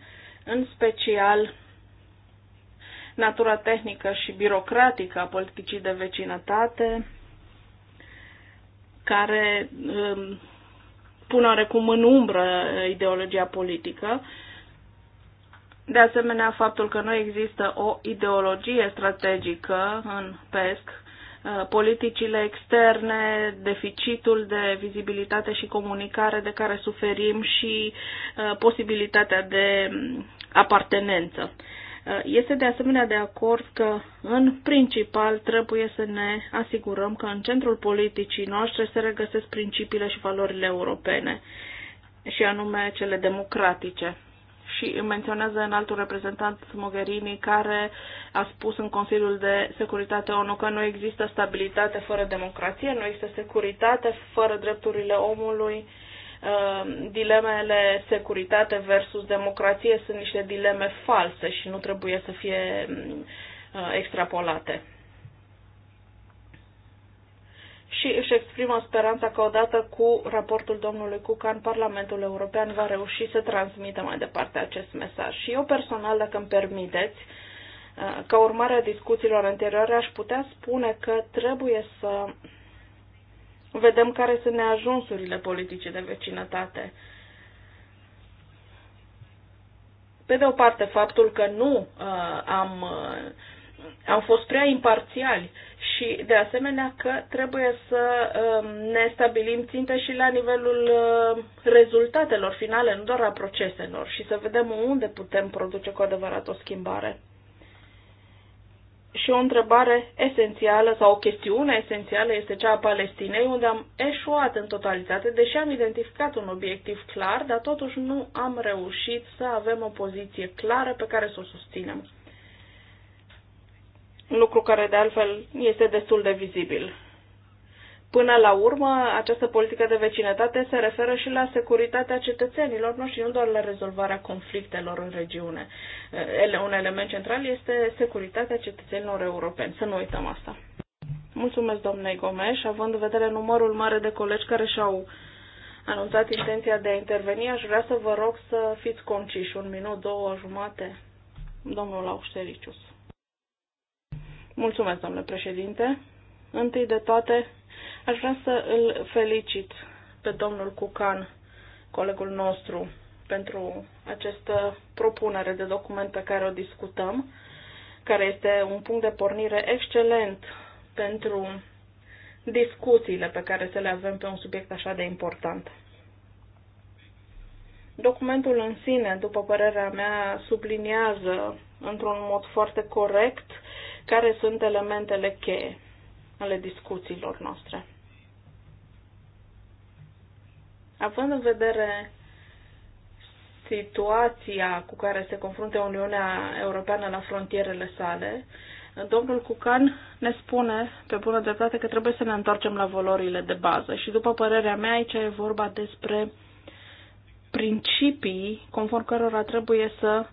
în special natura tehnică și birocratică a politicii de vecinătate, care pun um, pune oarecum în umbră ideologia politică de asemenea, faptul că nu există o ideologie strategică în PESC, uh, politicile externe, deficitul de vizibilitate și comunicare de care suferim și uh, posibilitatea de mm, apartenență. Uh, este de asemenea de acord că, în principal, trebuie să ne asigurăm că în centrul politicii noastre se regăsesc principiile și valorile europene, și anume cele democratice și menționează în altul reprezentant Mogherini care a spus în Consiliul de Securitate ONU că nu există stabilitate fără democrație, nu există securitate fără drepturile omului. Ehm, dilemele securitate versus democrație sunt niște dileme false și nu trebuie să fie mm, extrapolate și își exprimă speranța că odată cu raportul domnului Cucan, Parlamentul European va reuși să transmită mai departe acest mesaj. Și eu personal, dacă îmi permiteți, uh, ca urmare a discuțiilor anterioare, aș putea spune că trebuie să vedem care sunt neajunsurile politice de vecinătate. Pe de o parte, faptul că nu uh, am, uh, am fost prea imparțiali uh, și, de asemenea, că trebuie să um, ne stabilim ținte și la nivelul um, rezultatelor finale, nu doar a proceselor, și să vedem unde putem produce cu adevărat o schimbare. Și o întrebare esențială sau o chestiune esențială este cea a Palestinei, unde am eșuat în totalitate, deși am identificat un obiectiv clar, dar totuși nu am reușit să avem o poziție clară pe care să o susținem lucru care de altfel este destul de vizibil. Până la urmă, această politică de vecinătate se referă și la securitatea cetățenilor noștri, nu doar la rezolvarea conflictelor în regiune. Un element central este securitatea cetățenilor europeni. Să nu uităm asta. Mulțumesc, domnule Gomes, având în vedere numărul mare de colegi care și-au anunțat intenția de a interveni, aș vrea să vă rog să fiți conciși. Un minut, două, jumate. Domnul Auștericius. Mulțumesc, domnule președinte. Întâi de toate, aș vrea să îl felicit pe domnul Cucan, colegul nostru, pentru această propunere de document pe care o discutăm, care este un punct de pornire excelent pentru discuțiile pe care să le avem pe un subiect așa de important. Documentul în sine, după părerea mea, subliniază într-un mod foarte corect care sunt elementele cheie ale discuțiilor noastre. Având în vedere situația cu care se confruntă Uniunea Europeană la frontierele sale, domnul Cucan ne spune pe bună dreptate că trebuie să ne întoarcem la valorile de bază și după părerea mea aici e vorba despre principii conform cărora trebuie să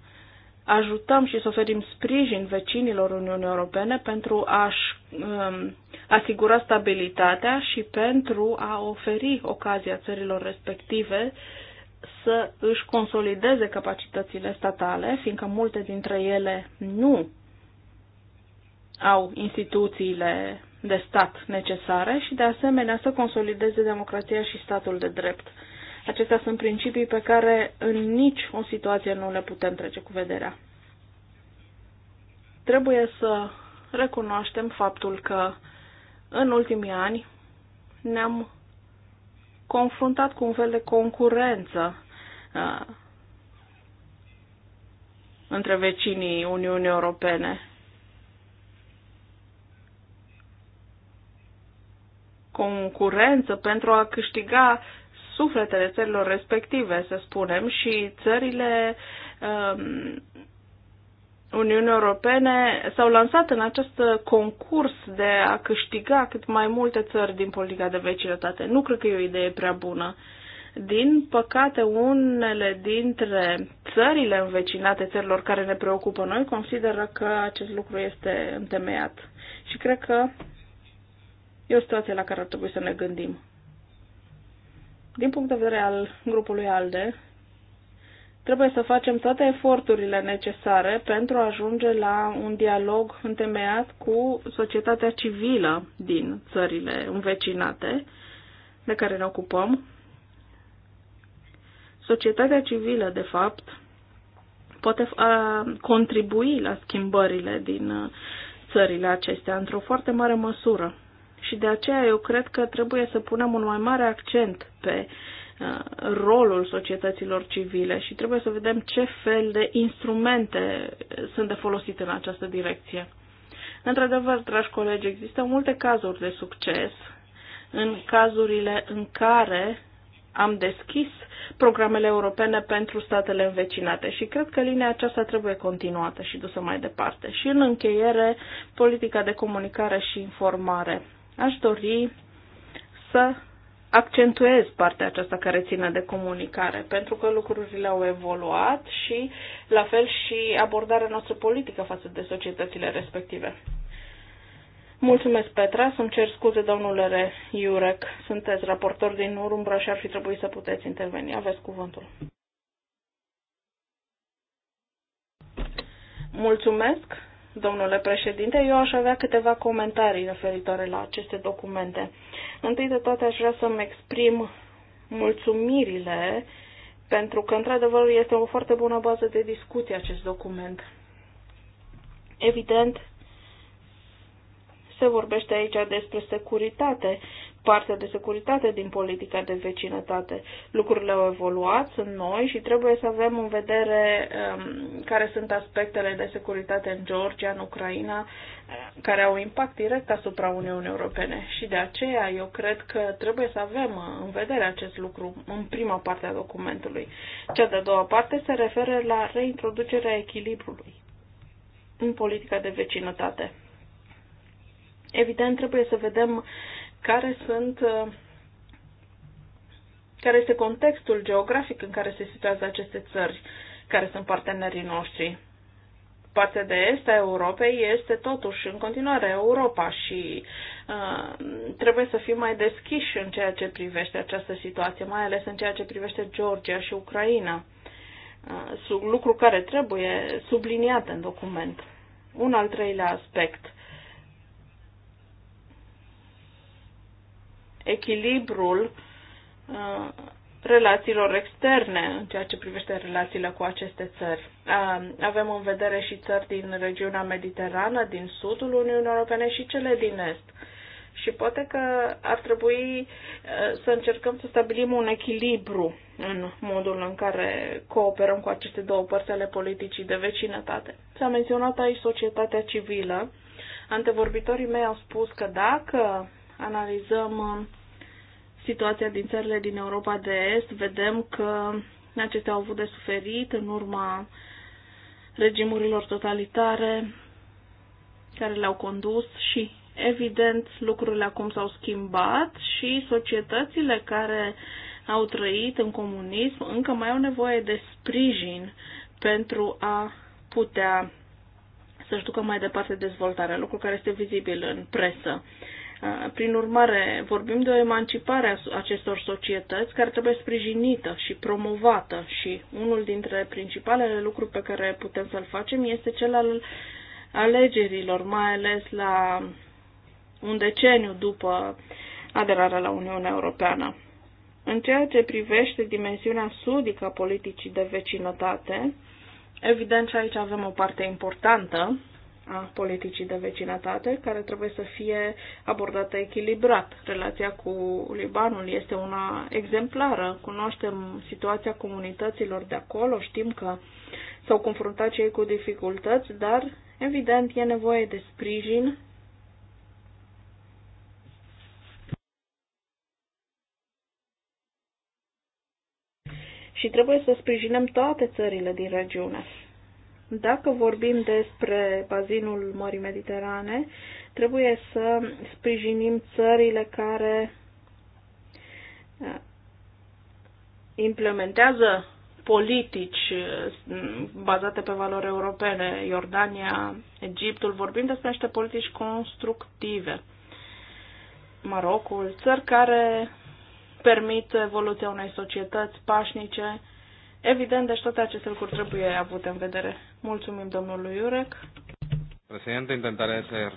ajutăm și să oferim sprijin vecinilor Uniunii Europene pentru a-și um, asigura stabilitatea și pentru a oferi ocazia țărilor respective să își consolideze capacitățile statale, fiindcă multe dintre ele nu au instituțiile de stat necesare și, de asemenea, să consolideze democrația și statul de drept. Acestea sunt principii pe care în nici o situație nu le putem trece cu vederea. Trebuie să recunoaștem faptul că în ultimii ani ne-am confruntat cu un fel de concurență uh, între vecinii Uniunii Europene. Concurență pentru a câștiga sufletele țărilor respective, să spunem, și țările um, Uniunii Europene s-au lansat în acest concurs de a câștiga cât mai multe țări din politica de vecinătate. Nu cred că e o idee prea bună. Din păcate, unele dintre țările învecinate țărilor care ne preocupă noi consideră că acest lucru este întemeiat. Și cred că e o situație la care ar trebui să ne gândim din punct de vedere al grupului ALDE, trebuie să facem toate eforturile necesare pentru a ajunge la un dialog întemeiat cu societatea civilă din țările învecinate de care ne ocupăm. Societatea civilă, de fapt, poate contribui la schimbările din uh, țările acestea într-o foarte mare măsură. Și de aceea eu cred că trebuie să punem un mai mare accent pe uh, rolul societăților civile și trebuie să vedem ce fel de instrumente uh, sunt de folosit în această direcție. Într-adevăr, dragi colegi, există multe cazuri de succes în cazurile în care am deschis programele europene pentru statele învecinate și cred că linia aceasta trebuie continuată și dusă mai departe. Și în încheiere, politica de comunicare și informare. Aș dori să accentuez partea aceasta care ține de comunicare, pentru că lucrurile au evoluat și la fel și abordarea noastră politică față de societățile respective. Mulțumesc, Petra. Să-mi cer scuze, domnule Iurec. Sunteți raportor din Urumbră și ar fi trebuit să puteți interveni. Aveți cuvântul. Mulțumesc domnule președinte. Eu aș avea câteva comentarii referitoare la aceste documente. Întâi de toate aș vrea să-mi exprim mulțumirile pentru că, într-adevăr, este o foarte bună bază de discuție acest document. Evident, se vorbește aici despre securitate partea de securitate din politica de vecinătate. Lucrurile au evoluat, sunt noi și trebuie să avem în vedere um, care sunt aspectele de securitate în Georgia, în Ucraina, uh, care au impact direct asupra Uniunii Europene. Și de aceea eu cred că trebuie să avem uh, în vedere acest lucru în prima parte a documentului. Cea de-a doua parte se referă la reintroducerea echilibrului în politica de vecinătate. Evident, trebuie să vedem care sunt uh, care este contextul geografic în care se situează aceste țări care sunt partenerii noștri. Partea de est a Europei este totuși în continuare Europa și uh, trebuie să fim mai deschiși în ceea ce privește această situație, mai ales în ceea ce privește Georgia și Ucraina, uh, lucru care trebuie subliniat în document. Un al treilea aspect echilibrul uh, relațiilor externe în ceea ce privește relațiile cu aceste țări. Uh, avem în vedere și țări din regiunea mediterană, din sudul Uniunii Europene și cele din est. Și poate că ar trebui uh, să încercăm să stabilim un echilibru în modul în care cooperăm cu aceste două părți ale politicii de vecinătate. S-a menționat aici societatea civilă. Antevorbitorii mei au spus că dacă analizăm uh, situația din țările din Europa de Est, vedem că acestea au avut de suferit în urma regimurilor totalitare care le-au condus și, evident, lucrurile acum s-au schimbat și societățile care au trăit în comunism încă mai au nevoie de sprijin pentru a putea să-și ducă mai departe dezvoltarea, lucru care este vizibil în presă. Uh, prin urmare, vorbim de o emancipare a acestor societăți care trebuie sprijinită și promovată și unul dintre principalele lucruri pe care putem să-l facem este cel al alegerilor, mai ales la un deceniu după aderarea la Uniunea Europeană. În ceea ce privește dimensiunea sudică a politicii de vecinătate, evident și aici avem o parte importantă, a politicii de vecinătate, care trebuie să fie abordată echilibrat. Relația cu Libanul este una exemplară. Cunoaștem situația comunităților de acolo, știm că s-au confruntat cei cu dificultăți, dar evident e nevoie de sprijin și trebuie să sprijinăm toate țările din regiune. Dacă vorbim despre bazinul Mării Mediterane, trebuie să sprijinim țările care eh, implementează politici eh, bazate pe valori europene, Iordania, Egiptul, vorbim despre niște politici constructive. Marocul, țări care permit evoluția unei societăți pașnice Evident, deci toate aceste lucruri trebuie avute în vedere. Mulțumim domnului Iurec. Președinte, intentare ser,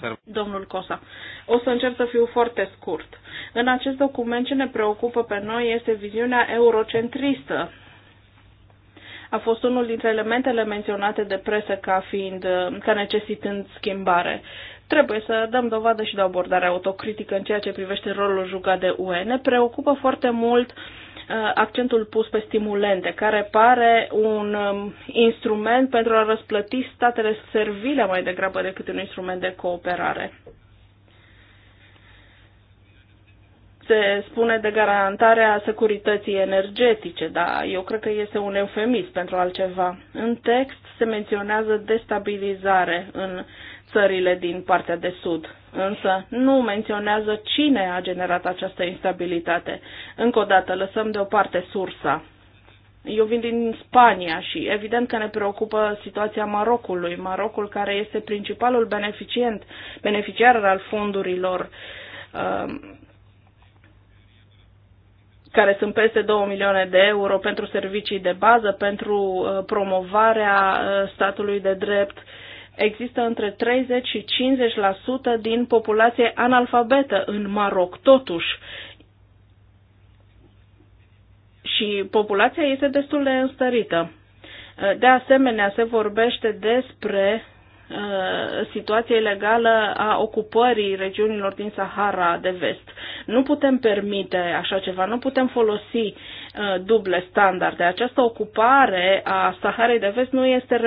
ser... Domnul Cosa, o să încerc să fiu foarte scurt. În acest document ce ne preocupă pe noi este viziunea eurocentristă a fost unul dintre elementele menționate de presă ca fiind, ca necesitând schimbare. Trebuie să dăm dovadă și de abordare autocritică în ceea ce privește rolul jucat de UE. Ne preocupă foarte mult uh, Uh, accentul pus pe stimulente, care pare un um, instrument pentru a răsplăti statele servile mai degrabă decât un instrument de cooperare. se spune de garantarea securității energetice, dar eu cred că este un eufemism pentru altceva. În text se menționează destabilizare în țările din partea de sud, însă nu menționează cine a generat această instabilitate. Încă o dată, lăsăm deoparte sursa. Eu vin din Spania și evident că ne preocupă situația Marocului, Marocul care este principalul beneficient, beneficiar al fondurilor um, care sunt peste 2 milioane de euro pentru servicii de bază, pentru uh, promovarea uh, statului de drept, există între 30 și 50% din populație analfabetă în Maroc, totuși. Și populația este destul de înstărită. De asemenea, se vorbește despre uh, situație ilegală a ocupării regiunilor din Sahara de vest. Nu putem permite așa ceva, nu putem folosi Uh, duble standarde. Această ocupare a Saharei de Vest nu este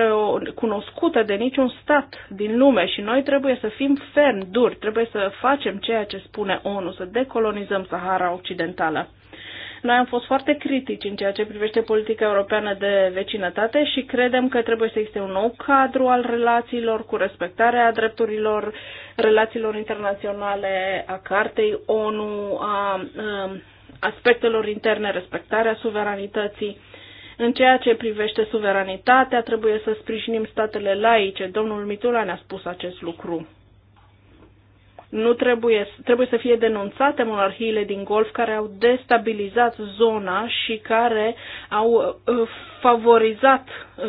cunoscută de niciun stat din lume și noi trebuie să fim ferm, duri, trebuie să facem ceea ce spune ONU, să decolonizăm Sahara Occidentală. Noi am fost foarte critici în ceea ce privește politica europeană de vecinătate și credem că trebuie să existe un nou cadru al relațiilor cu respectarea drepturilor, relațiilor internaționale, a cartei ONU, a, a um, aspectelor interne, respectarea suveranității. În ceea ce privește suveranitatea, trebuie să sprijinim statele laice. Domnul Mitula ne-a spus acest lucru. Nu trebuie, trebuie să fie denunțate monarhiile din Golf care au destabilizat zona și care au uh, favorizat uh,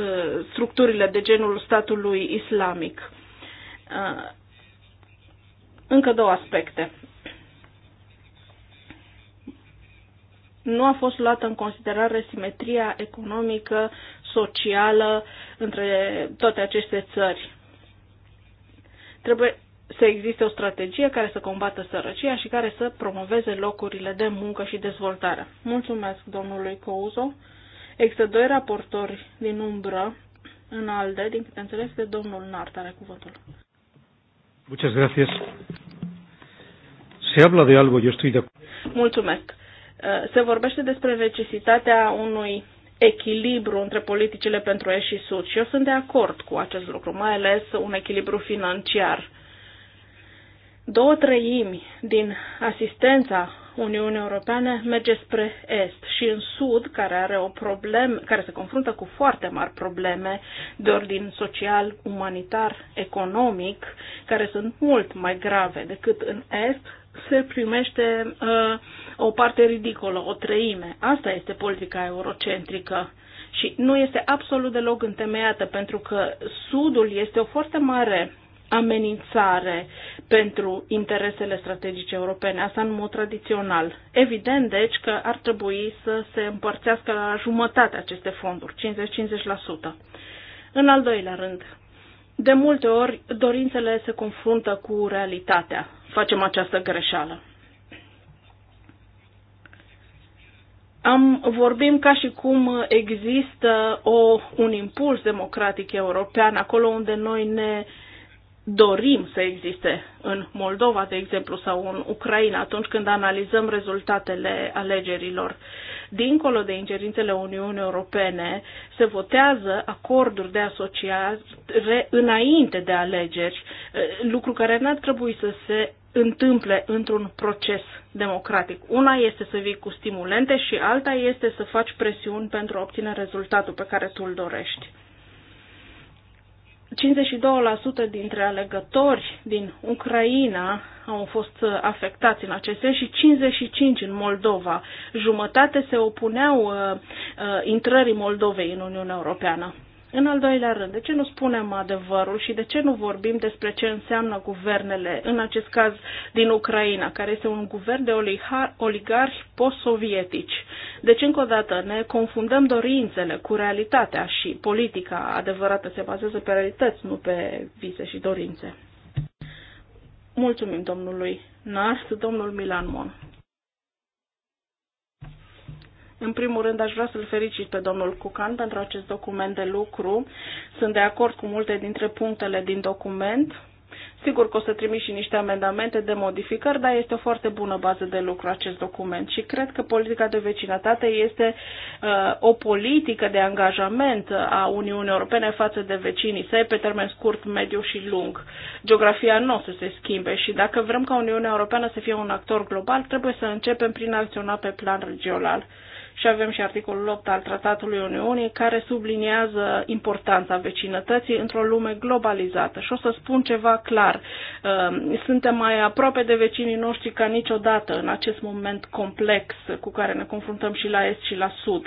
structurile de genul statului islamic uh, încă două aspecte. nu a fost luată în considerare simetria economică, socială între toate aceste țări. Trebuie să existe o strategie care să combată sărăcia și care să promoveze locurile de muncă și dezvoltare. Mulțumesc domnului Couzo. Există doi raportori din umbră în ALDE, din câte înțeles de domnul Nart are cuvântul. Muchas gracias. Se habla de algo, yo estoy de Mulțumesc. Eh, se vorbește despre necesitatea unui echilibru între politicile pentru est și sud și eu sunt de acord cu acest lucru, mai ales un echilibru financiar. Două treimi din asistența Uniunii Europene merge spre est și în sud, care are o problem, care se confruntă cu foarte mari probleme de ordin social, umanitar, economic, care sunt mult mai grave decât în est, se primește uh, o parte ridicolă, o treime. Asta este politica eurocentrică și nu este absolut deloc întemeiată pentru că Sudul este o foarte mare amenințare pentru interesele strategice europene, asta în mod tradițional. Evident, deci, că ar trebui să se împărțească la jumătate aceste fonduri, 50-50%. În al doilea rând, de multe ori, dorințele se confruntă cu realitatea facem această greșeală. Am, vorbim ca și cum există o, un impuls democratic european acolo unde noi ne dorim să existe în Moldova, de exemplu, sau în Ucraina, atunci când analizăm rezultatele alegerilor. Dincolo de ingerințele Uniunii Europene, se votează acorduri de asociare înainte de alegeri, lucru care n-ar trebui să se întâmple într-un proces democratic. Una este să vii cu stimulente și alta este să faci presiuni pentru a obține rezultatul pe care tu îl dorești. 52% dintre alegători din Ucraina au fost afectați în acest sens și 55% în Moldova. Jumătate se opuneau uh, uh, intrării Moldovei în Uniunea Europeană. În al doilea rând, de ce nu spunem adevărul și de ce nu vorbim despre ce înseamnă guvernele, în acest caz din Ucraina, care este un guvern de oligarhi post-sovietici? Deci, încă o dată, ne confundăm dorințele cu realitatea și politica adevărată se bazează pe realități, nu pe vise și dorințe. Mulțumim domnului Nart, domnul Milan Mon. În primul rând, aș vrea să-l felicit pe domnul Cucan pentru acest document de lucru. Sunt de acord cu multe dintre punctele din document. Sigur că o să trimit și niște amendamente de modificări, dar este o foarte bună bază de lucru acest document și cred că politica de vecinătate este uh, o politică de angajament a Uniunii Europene față de vecinii săi pe termen scurt, mediu și lung. Geografia nu o să se schimbe și dacă vrem ca Uniunea Europeană să fie un actor global, trebuie să începem prin a acționa pe plan regional și avem și articolul 8 al Tratatului Uniunii care subliniază importanța vecinătății într-o lume globalizată. Și o să spun ceva clar, ehm, suntem mai aproape de vecinii noștri ca niciodată în acest moment complex cu care ne confruntăm și la est și la sud.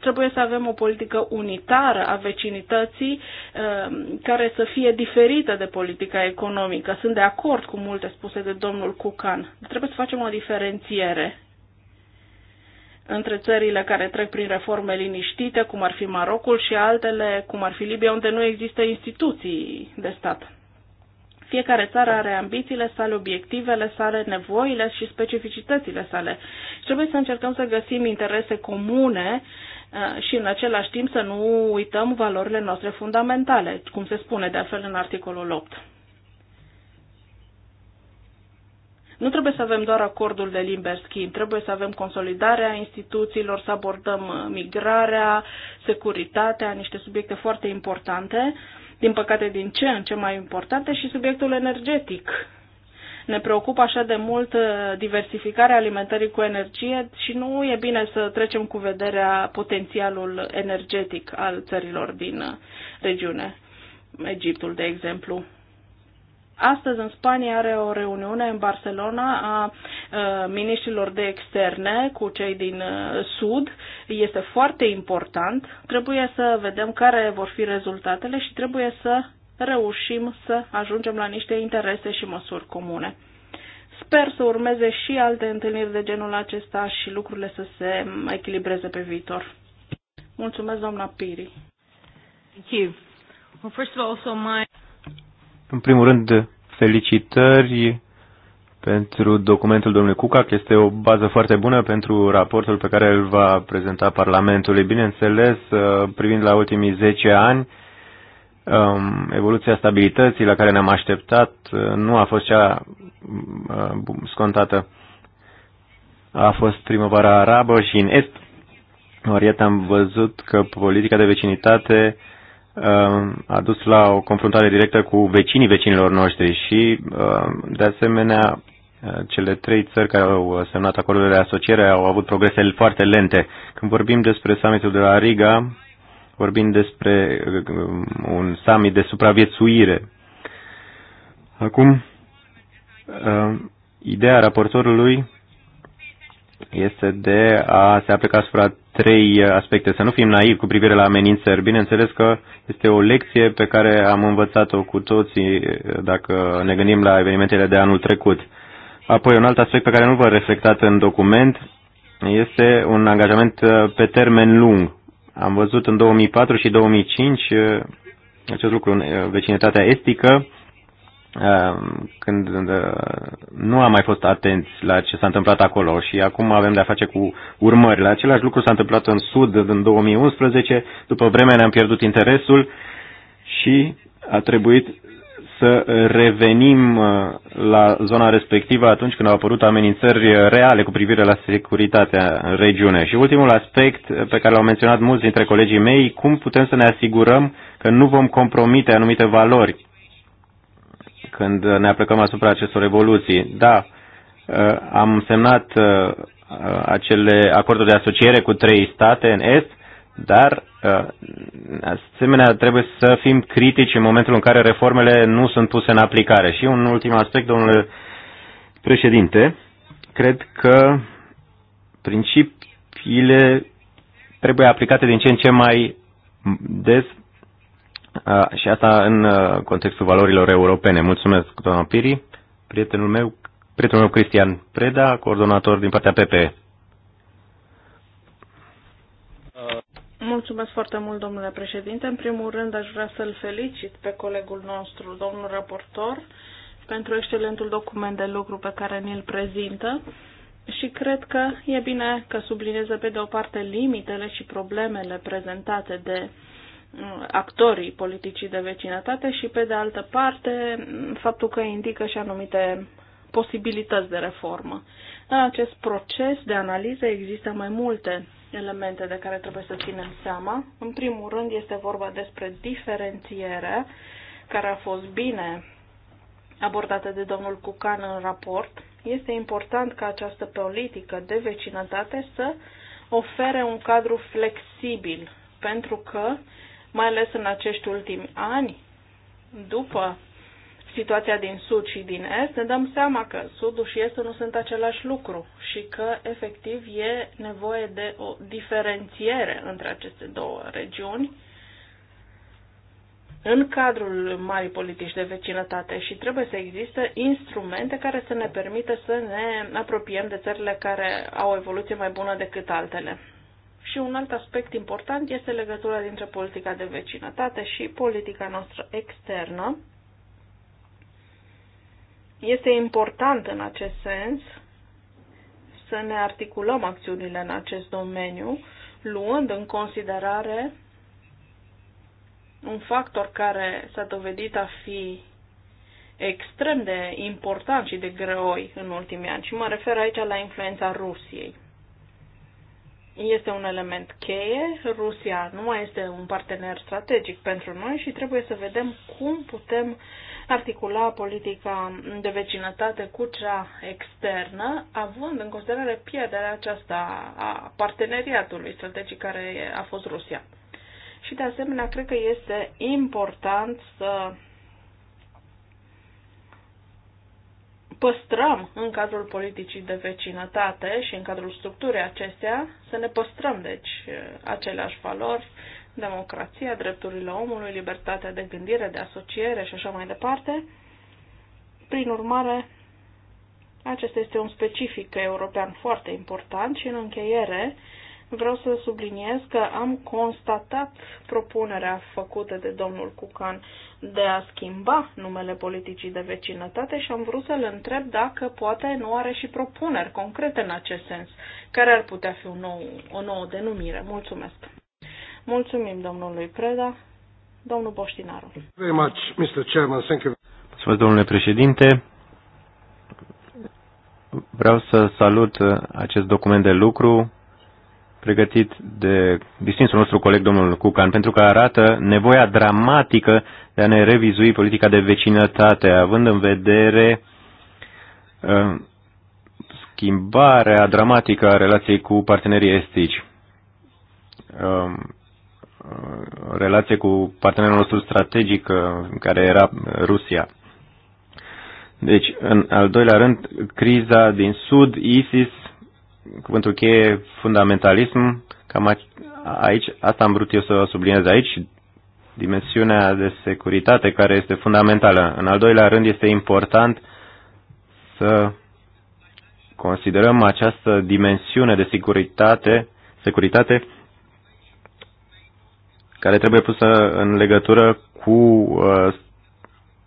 Trebuie să avem o politică unitară a vecinității ehm, care să fie diferită de politica economică. Sunt de acord cu multe spuse de domnul Cucan. Trebuie să facem o diferențiere între țările care trec prin reforme liniștite, cum ar fi Marocul, și altele, cum ar fi Libia, unde nu există instituții de stat. Fiecare țară are ambițiile sale, obiectivele sale, nevoile și specificitățile sale. Și trebuie să încercăm să găsim interese comune uh, și în același timp să nu uităm valorile noastre fundamentale, cum se spune de altfel în articolul 8. Nu trebuie să avem doar acordul de liber schimb, trebuie să avem consolidarea instituțiilor, să abordăm uh, migrarea, securitatea, niște subiecte foarte importante, din păcate din ce în ce mai importante și subiectul energetic. Ne preocupă așa de mult uh, diversificarea alimentării cu energie și nu e bine să trecem cu vederea potențialul energetic al țărilor din uh, regiune. Egiptul, de exemplu. Astăzi în Spania are o reuniune în Barcelona a uh, miniștrilor de externe cu cei din uh, Sud. Este foarte important. Trebuie să vedem care vor fi rezultatele și trebuie să reușim să ajungem la niște interese și măsuri comune. Sper să urmeze și alte întâlniri de genul acesta și lucrurile să se echilibreze pe viitor. Mulțumesc, doamna Piri. Thank you. Well, first of all, so my... În primul rând, felicitări pentru documentul domnului că Este o bază foarte bună pentru raportul pe care îl va prezenta Parlamentului. Bineînțeles, uh, privind la ultimii 10 ani, um, evoluția stabilității la care ne-am așteptat uh, nu a fost cea uh, scontată. A fost primăvara arabă și în est. Ori am văzut că politica de vecinitate uh, Um, a dus la o confruntare directă cu vecinii vecinilor noștri și, um, de asemenea, uh, cele trei țări care au semnat acordurile de asociere au avut progrese foarte lente. Când vorbim despre summitul de la Riga, vorbim despre um, un summit de supraviețuire. Acum, ideea raportorului este de a se aplica asupra trei uh, aspecte. Să nu fim naivi cu privire la amenințări. Bineînțeles că este o lecție pe care am învățat-o cu toții uh, dacă ne gândim la evenimentele de anul trecut. Apoi, un alt aspect pe care nu vă reflectat în document este un angajament uh, pe termen lung. Am văzut în 2004 și 2005 acest lucru în vecinătatea estică Ehm, când uh, nu am mai fost atenți la ce s-a întâmplat acolo și acum avem de-a face cu urmările. Același lucru s-a întâmplat în Sud în 2011, după vreme ne-am pierdut interesul și a trebuit să revenim uh, la zona respectivă atunci când au apărut amenințări reale cu privire la securitatea în regiune. Și ultimul aspect pe care l-au menționat mulți dintre colegii mei, cum putem să ne asigurăm că nu vom compromite anumite valori când ne aplicăm asupra acestor evoluții. Da, uh, am semnat uh, uh, acele acorduri de asociere cu trei state în Est, dar asemenea trebuie să fim critici în momentul în care reformele nu sunt puse în aplicare. Și un ultim aspect, domnule președinte, cred că principiile trebuie aplicate din ce în ce mai des și asta în uh, contextul valorilor europene. Mulțumesc, doamna Piri, prietenul meu, prietenul meu Cristian Preda, coordonator din partea PP. Mulțumesc foarte mult, domnule președinte. În primul rând, aș vrea să-l felicit pe colegul nostru, domnul raportor, pentru excelentul document de lucru pe care ni-l prezintă și cred că e bine că sublinează pe de o parte limitele și problemele prezentate de uh, actorii politicii de vecinătate și, pe de altă parte, faptul că indică și anumite posibilități de reformă. În acest proces de analiză există mai multe elemente de care trebuie să ținem seama. În primul rând este vorba despre diferențiere, care a fost bine abordată de domnul Cucan în raport. Este important ca această politică de vecinătate să ofere un cadru flexibil, pentru că uh, mai ales în acești ultimi ani, după situația din sud și din est, ne dăm seama că sudul și estul nu sunt același lucru și că efectiv e nevoie de o diferențiere între aceste două regiuni în cadrul marii politici de vecinătate și trebuie să existe instrumente care să ne permită să ne apropiem de țările care au o evoluție mai bună decât altele. Și un alt aspect important este legătura dintre politica de vecinătate și politica noastră externă. Este important în acest sens să ne articulăm acțiunile în acest domeniu, luând în considerare un factor care s-a dovedit a fi extrem de important și de greoi în ultimii ani. Și mă refer aici la influența Rusiei este un element cheie. Rusia nu mai este un partener strategic pentru noi și trebuie să vedem cum putem articula politica de vecinătate cu cea externă, având în considerare pierderea aceasta a parteneriatului strategic care a fost Rusia. Și de asemenea, cred că este important să păstrăm în cadrul politicii de vecinătate și în cadrul structurii acestea, să ne păstrăm, deci, eh, aceleași valori, democrația, drepturile omului, libertatea de gândire, de asociere și așa mai departe. Prin urmare, acesta este un specific european foarte important și în încheiere vreau să subliniez că am constatat propunerea făcută de domnul Cucan de a schimba numele politicii de vecinătate și am vrut să-l întreb dacă poate nu are și propuneri concrete în acest sens, care ar putea fi o nouă, o nouă denumire. Mulțumesc! Mulțumim domnului Preda. Domnul Boștinaru. Very much, Mr. Chairman. Thank you. Mulțumesc, domnule președinte. Vreau să salut uh, acest document de lucru pregătit de distinsul nostru coleg domnul Cucan, pentru că arată nevoia dramatică de a ne revizui politica de vecinătate, având în vedere uh, schimbarea dramatică a relației cu partenerii estici. Um, uh, relație cu partenerul nostru strategic, uh, care era Rusia. Deci, în al doilea rând, criza din Sud, ISIS cuvântul cheie fundamentalism, cam aici, asta am vrut eu să o subliniez aici, dimensiunea de securitate care este fundamentală. În al doilea rând este important să considerăm această dimensiune de securitate, securitate care trebuie pusă în legătură cu uh,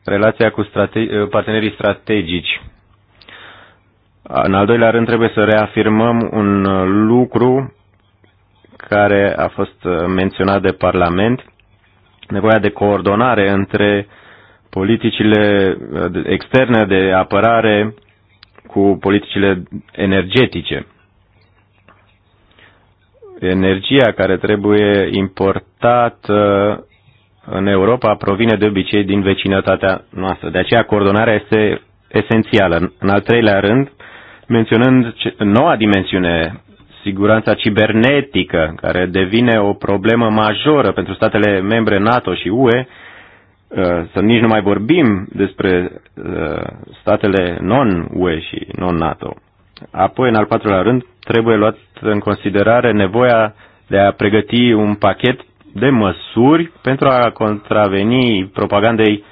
relația cu strate- uh, partenerii strategici în al doilea rând, trebuie să reafirmăm un uh, lucru care a fost uh, menționat de Parlament, nevoia de coordonare între politicile uh, externe de apărare cu politicile energetice. Energia care trebuie importată în Europa provine de obicei din vecinătatea noastră. De aceea coordonarea este esențială. În al treilea rând, menționând noua dimensiune, siguranța cibernetică, care devine o problemă majoră pentru statele membre NATO și UE, uh, să nici nu mai vorbim despre uh, statele non-UE și non-NATO. Apoi, în al patrulea rând, trebuie luat în considerare nevoia de a pregăti un pachet de măsuri pentru a contraveni propagandei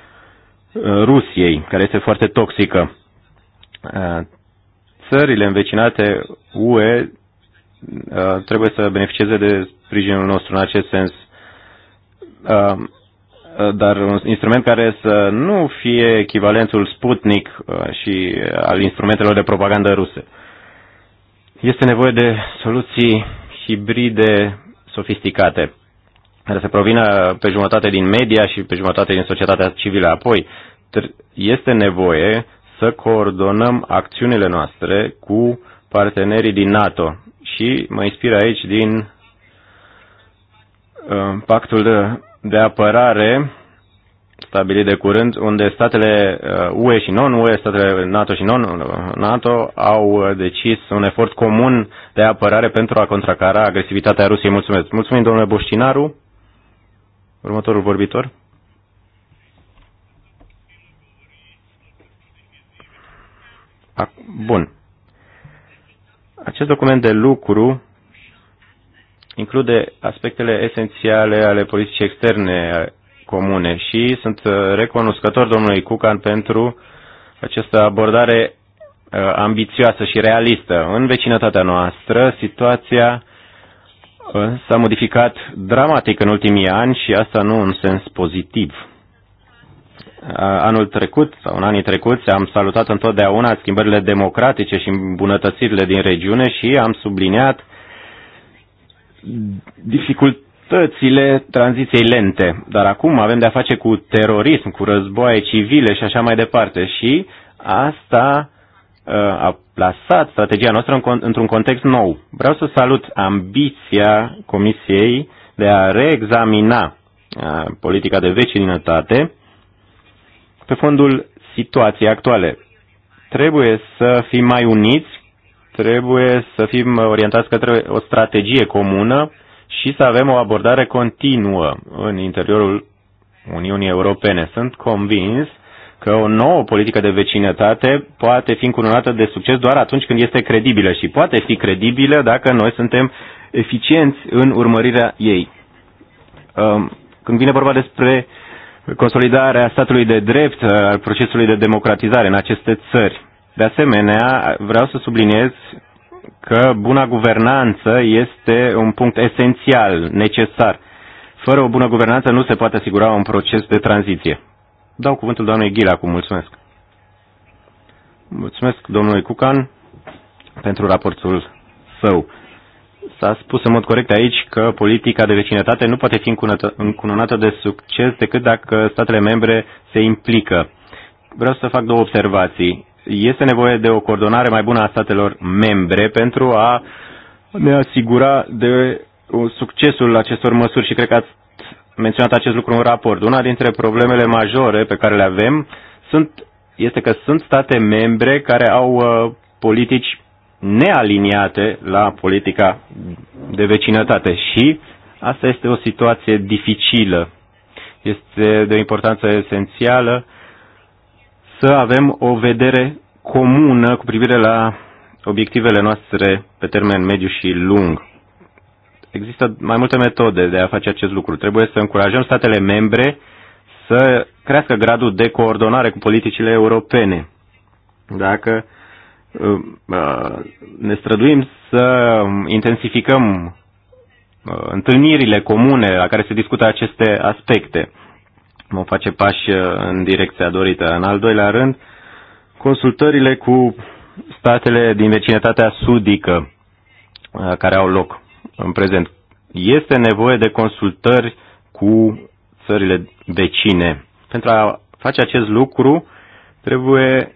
uh, Rusiei, care este foarte toxică țările învecinate UE uh, trebuie să beneficieze de sprijinul nostru în acest sens. Uh, uh, dar un instrument care să nu fie echivalentul Sputnik și al instrumentelor de propagandă ruse. Este nevoie de soluții hibride sofisticate, care să provină pe jumătate din media și pe jumătate din societatea civilă. Apoi, este nevoie să coordonăm acțiunile noastre cu partenerii din NATO. Și mă inspir aici din uh, pactul de, de apărare stabilit de curând, unde statele uh, UE și non-UE, statele NATO și non-NATO au uh, decis un efort comun de apărare pentru a contracara agresivitatea Rusiei. Mulțumesc. Mulțumim, domnule Boștinaru. Următorul vorbitor. Bun. Acest document de lucru include aspectele esențiale ale politicii externe comune și sunt uh, recunoscător domnului Cucan pentru această abordare uh, ambițioasă și realistă. În vecinătatea noastră, situația uh, s-a modificat dramatic în ultimii ani și asta nu în sens pozitiv anul trecut sau în anii trecuți am salutat întotdeauna schimbările democratice și îmbunătățirile din regiune și am subliniat dificultățile tranziției lente. Dar acum avem de-a face cu terorism, cu războaie civile și așa mai departe și asta a plasat strategia noastră într-un context nou. Vreau să salut ambiția Comisiei de a reexamina politica de vecinătate pe fondul situației actuale. Trebuie să fim mai uniți, trebuie să fim orientați către o strategie comună și să avem o abordare continuă în interiorul Uniunii Europene. Sunt convins că o nouă politică de vecinătate poate fi încununată de succes doar atunci când este credibilă și poate fi credibilă dacă noi suntem eficienți în urmărirea ei. Când vine vorba despre consolidarea statului de drept, al procesului de democratizare în aceste țări. De asemenea, vreau să subliniez că buna guvernanță este un punct esențial, necesar. Fără o bună guvernanță nu se poate asigura un proces de tranziție. Dau cuvântul doamnei Ghila acum, mulțumesc. Mulțumesc domnului Cucan pentru raportul său. S-a spus în mod corect aici că politica de vecinătate nu poate fi încununată de succes decât dacă statele membre se implică. Vreau să fac două observații. Este nevoie de o coordonare mai bună a statelor membre pentru a ne asigura de succesul acestor măsuri și cred că ați menționat acest lucru în raport. Una dintre problemele majore pe care le avem sunt, este că sunt state membre care au uh, politici nealiniate la politica de vecinătate și asta este o situație dificilă. Este de o importanță esențială să avem o vedere comună cu privire la obiectivele noastre pe termen mediu și lung. Există mai multe metode de a face acest lucru. Trebuie să încurajăm statele membre să crească gradul de coordonare cu politicile europene. Dacă ne străduim să intensificăm întâlnirile comune la care se discută aceste aspecte. Vom face pași în direcția dorită. În al doilea rând, consultările cu statele din vecinătatea sudică care au loc în prezent. Este nevoie de consultări cu țările vecine. Pentru a face acest lucru, trebuie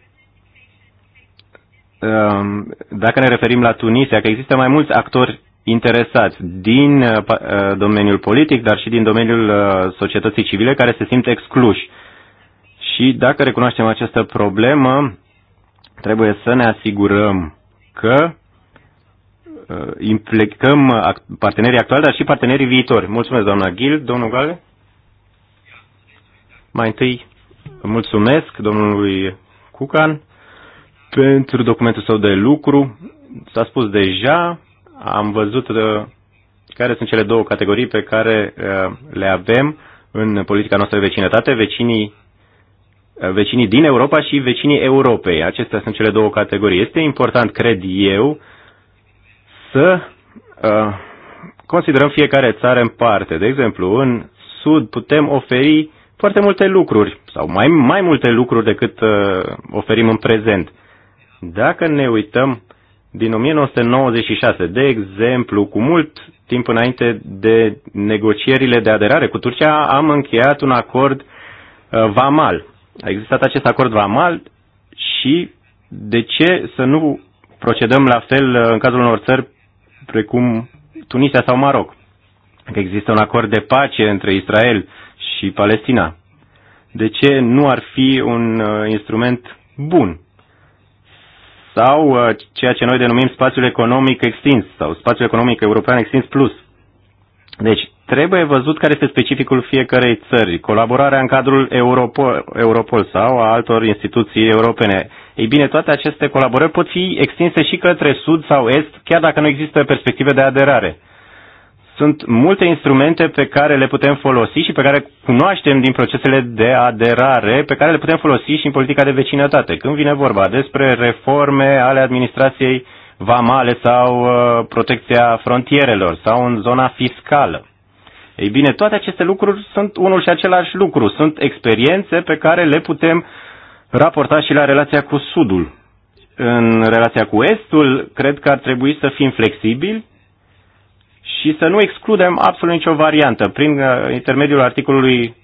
Ehm, dacă ne referim la Tunisia, că există mai mulți actori interesați din eh, eh, domeniul politic, dar și din domeniul eh, societății civile care se simt excluși. Și dacă recunoaștem această problemă, trebuie să ne asigurăm că implicăm partenerii actuali, dar și partenerii viitori. Mulțumesc, doamna Gil. Domnul Gale? Mai întâi, mulțumesc domnului Cucan pentru documentul său de lucru, s-a spus deja, am văzut uh, care sunt cele două categorii pe care uh, le avem în politica noastră de vecinătate, vecinii uh, vecinii din Europa și vecinii Europei. Acestea sunt cele două categorii. Este important, cred eu, să uh, considerăm fiecare țară în parte. De exemplu, în Sud putem oferi foarte multe lucruri, sau mai, mai multe lucruri decât uh, oferim în prezent. Dacă ne uităm din 1996, de exemplu, cu mult timp înainte de negocierile de aderare cu Turcia, am încheiat un acord uh, vamal. A existat acest acord vamal și de ce să nu procedăm la fel uh, în cazul unor țări precum Tunisia sau Maroc? Că există un acord de pace între Israel și Palestina. De ce nu ar fi un uh, instrument bun sau uh, ceea ce noi denumim spațiul economic extins sau spațiul economic european extins plus. Deci trebuie văzut care este specificul fiecarei țări, colaborarea în cadrul Europol, Europol sau a altor instituții europene. Ei bine, toate aceste colaborări pot fi extinse și către sud sau est, chiar dacă nu există perspective de aderare. Sunt multe instrumente pe care le putem folosi și pe care cunoaștem din procesele de aderare, pe care le putem folosi și în politica de vecinătate. Când vine vorba despre reforme ale administrației vamale sau uh, protecția frontierelor sau în zona fiscală. Ei bine, toate aceste lucruri sunt unul și același lucru, sunt experiențe pe care le putem raporta și la relația cu Sudul. În relația cu Estul, cred că ar trebui să fim flexibili și să nu excludem absolut nicio variantă. Prin uh, intermediul articolului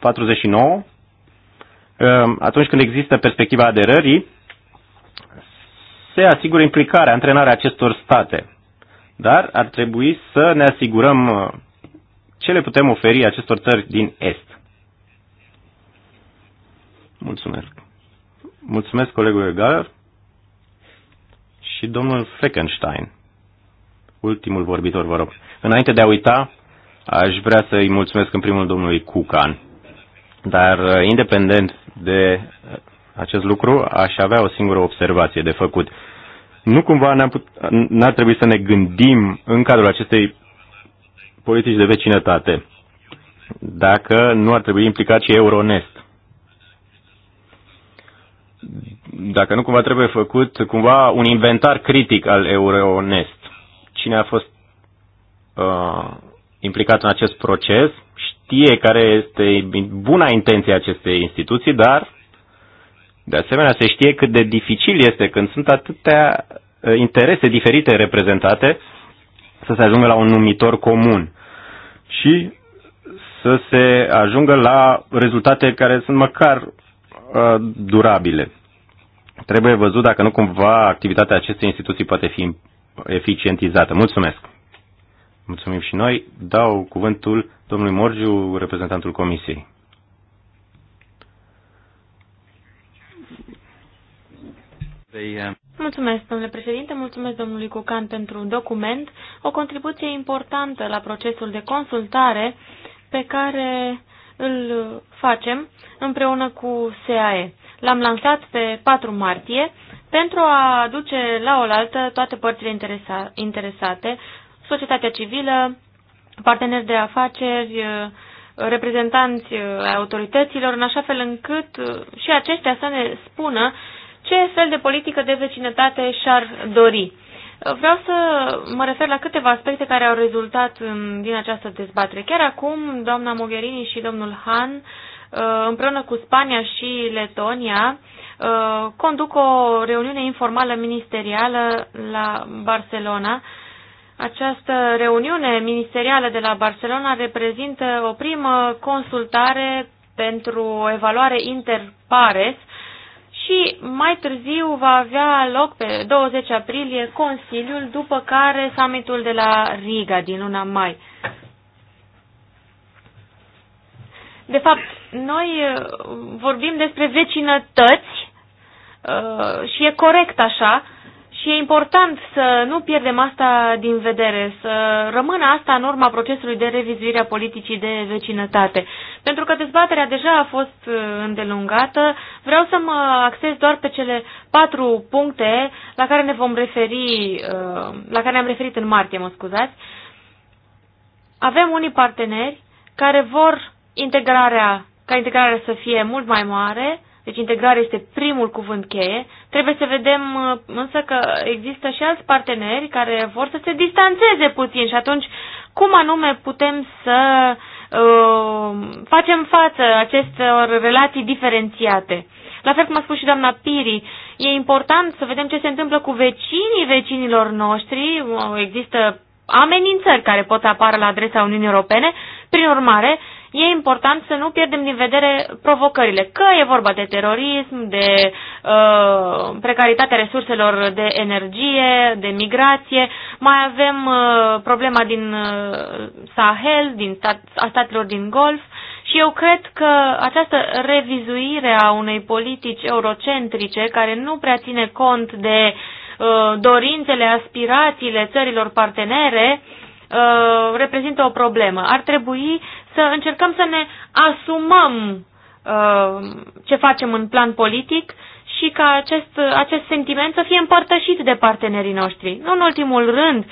49, um, atunci când există perspectiva aderării, se asigură implicarea, antrenarea acestor state. Dar ar trebui să ne asigurăm uh, ce le putem oferi acestor țări din Est. Mulțumesc. Mulțumesc colegul Egal și domnul Fleckenstein. Ultimul vorbitor, vă rog. Înainte de a uita, aș vrea să-i mulțumesc în primul domnului Cucan. Dar, uh, independent de uh, acest lucru, aș avea o singură observație de făcut. Nu cumva n-ar trebui să ne gândim în cadrul acestei politici de vecinătate dacă nu ar trebui implicat și Euronest. Dacă nu cumva trebuie făcut cumva un inventar critic al Euronest cine a fost uh, implicat în acest proces știe care este buna intenție acestei instituții, dar de asemenea se știe cât de dificil este când sunt atâtea uh, interese diferite reprezentate să se ajungă la un numitor comun și să se ajungă la rezultate care sunt măcar uh, durabile. Trebuie văzut dacă nu cumva activitatea acestei instituții poate fi eficientizată. Mulțumesc! Mulțumim și noi. Dau cuvântul domnului Morgiu, reprezentantul Comisiei. Mulțumesc, domnule președinte, mulțumesc domnului Cucan pentru un document, o contribuție importantă la procesul de consultare pe care îl facem împreună cu SAE. L-am lansat pe 4 martie pentru a aduce la oaltă toate părțile interesa interesate, societatea civilă, parteneri de afaceri, uh, reprezentanți uh, autorităților, în așa fel încât uh, și aceștia să ne spună ce fel de politică de vecinătate și-ar dori. Vreau să mă refer la câteva aspecte care au rezultat um, din această dezbatere. Chiar acum, doamna Mogherini și domnul Han, împreună cu Spania și Letonia, Uh, conduc o reuniune informală ministerială la Barcelona. Această reuniune ministerială de la Barcelona reprezintă o primă consultare pentru o evaluare interpares și mai târziu va avea loc pe 20 aprilie Consiliul, după care summitul de la Riga din luna mai. De fapt, noi uh, vorbim despre vecinătăți uh, și e corect așa și e important să nu pierdem asta din vedere, să rămână asta în urma procesului de revizuire a politicii de vecinătate. Pentru că dezbaterea deja a fost uh, îndelungată, vreau să mă axez doar pe cele patru puncte la care ne vom referi, la care ne-am referit în martie, mă scuzați. Avem unii parteneri care vor integrarea ca integrarea să fie mult mai mare, deci integrarea este primul cuvânt cheie, trebuie să vedem uh, însă că există și alți parteneri care vor să se distanțeze puțin și atunci cum anume putem să uh, facem față acestor relații diferențiate. La fel cum a spus și doamna Piri, e important să vedem ce se întâmplă cu vecinii vecinilor noștri. Există amenințări care pot apara la adresa Uniunii Europene. Prin urmare, e important să nu pierdem din vedere provocările, că e vorba de terorism, de uh, precaritatea resurselor de energie, de migrație, mai avem uh, problema din uh, Sahel, din stat, a statelor din Golf și eu cred că această revizuire a unei politici eurocentrice care nu prea ține cont de uh, dorințele, aspirațiile țărilor partenere, uh, reprezintă o problemă. Ar trebui să încercăm să ne asumăm uh, ce facem în plan politic și ca acest, acest sentiment să fie împărtășit de partenerii noștri. Nu în ultimul rând,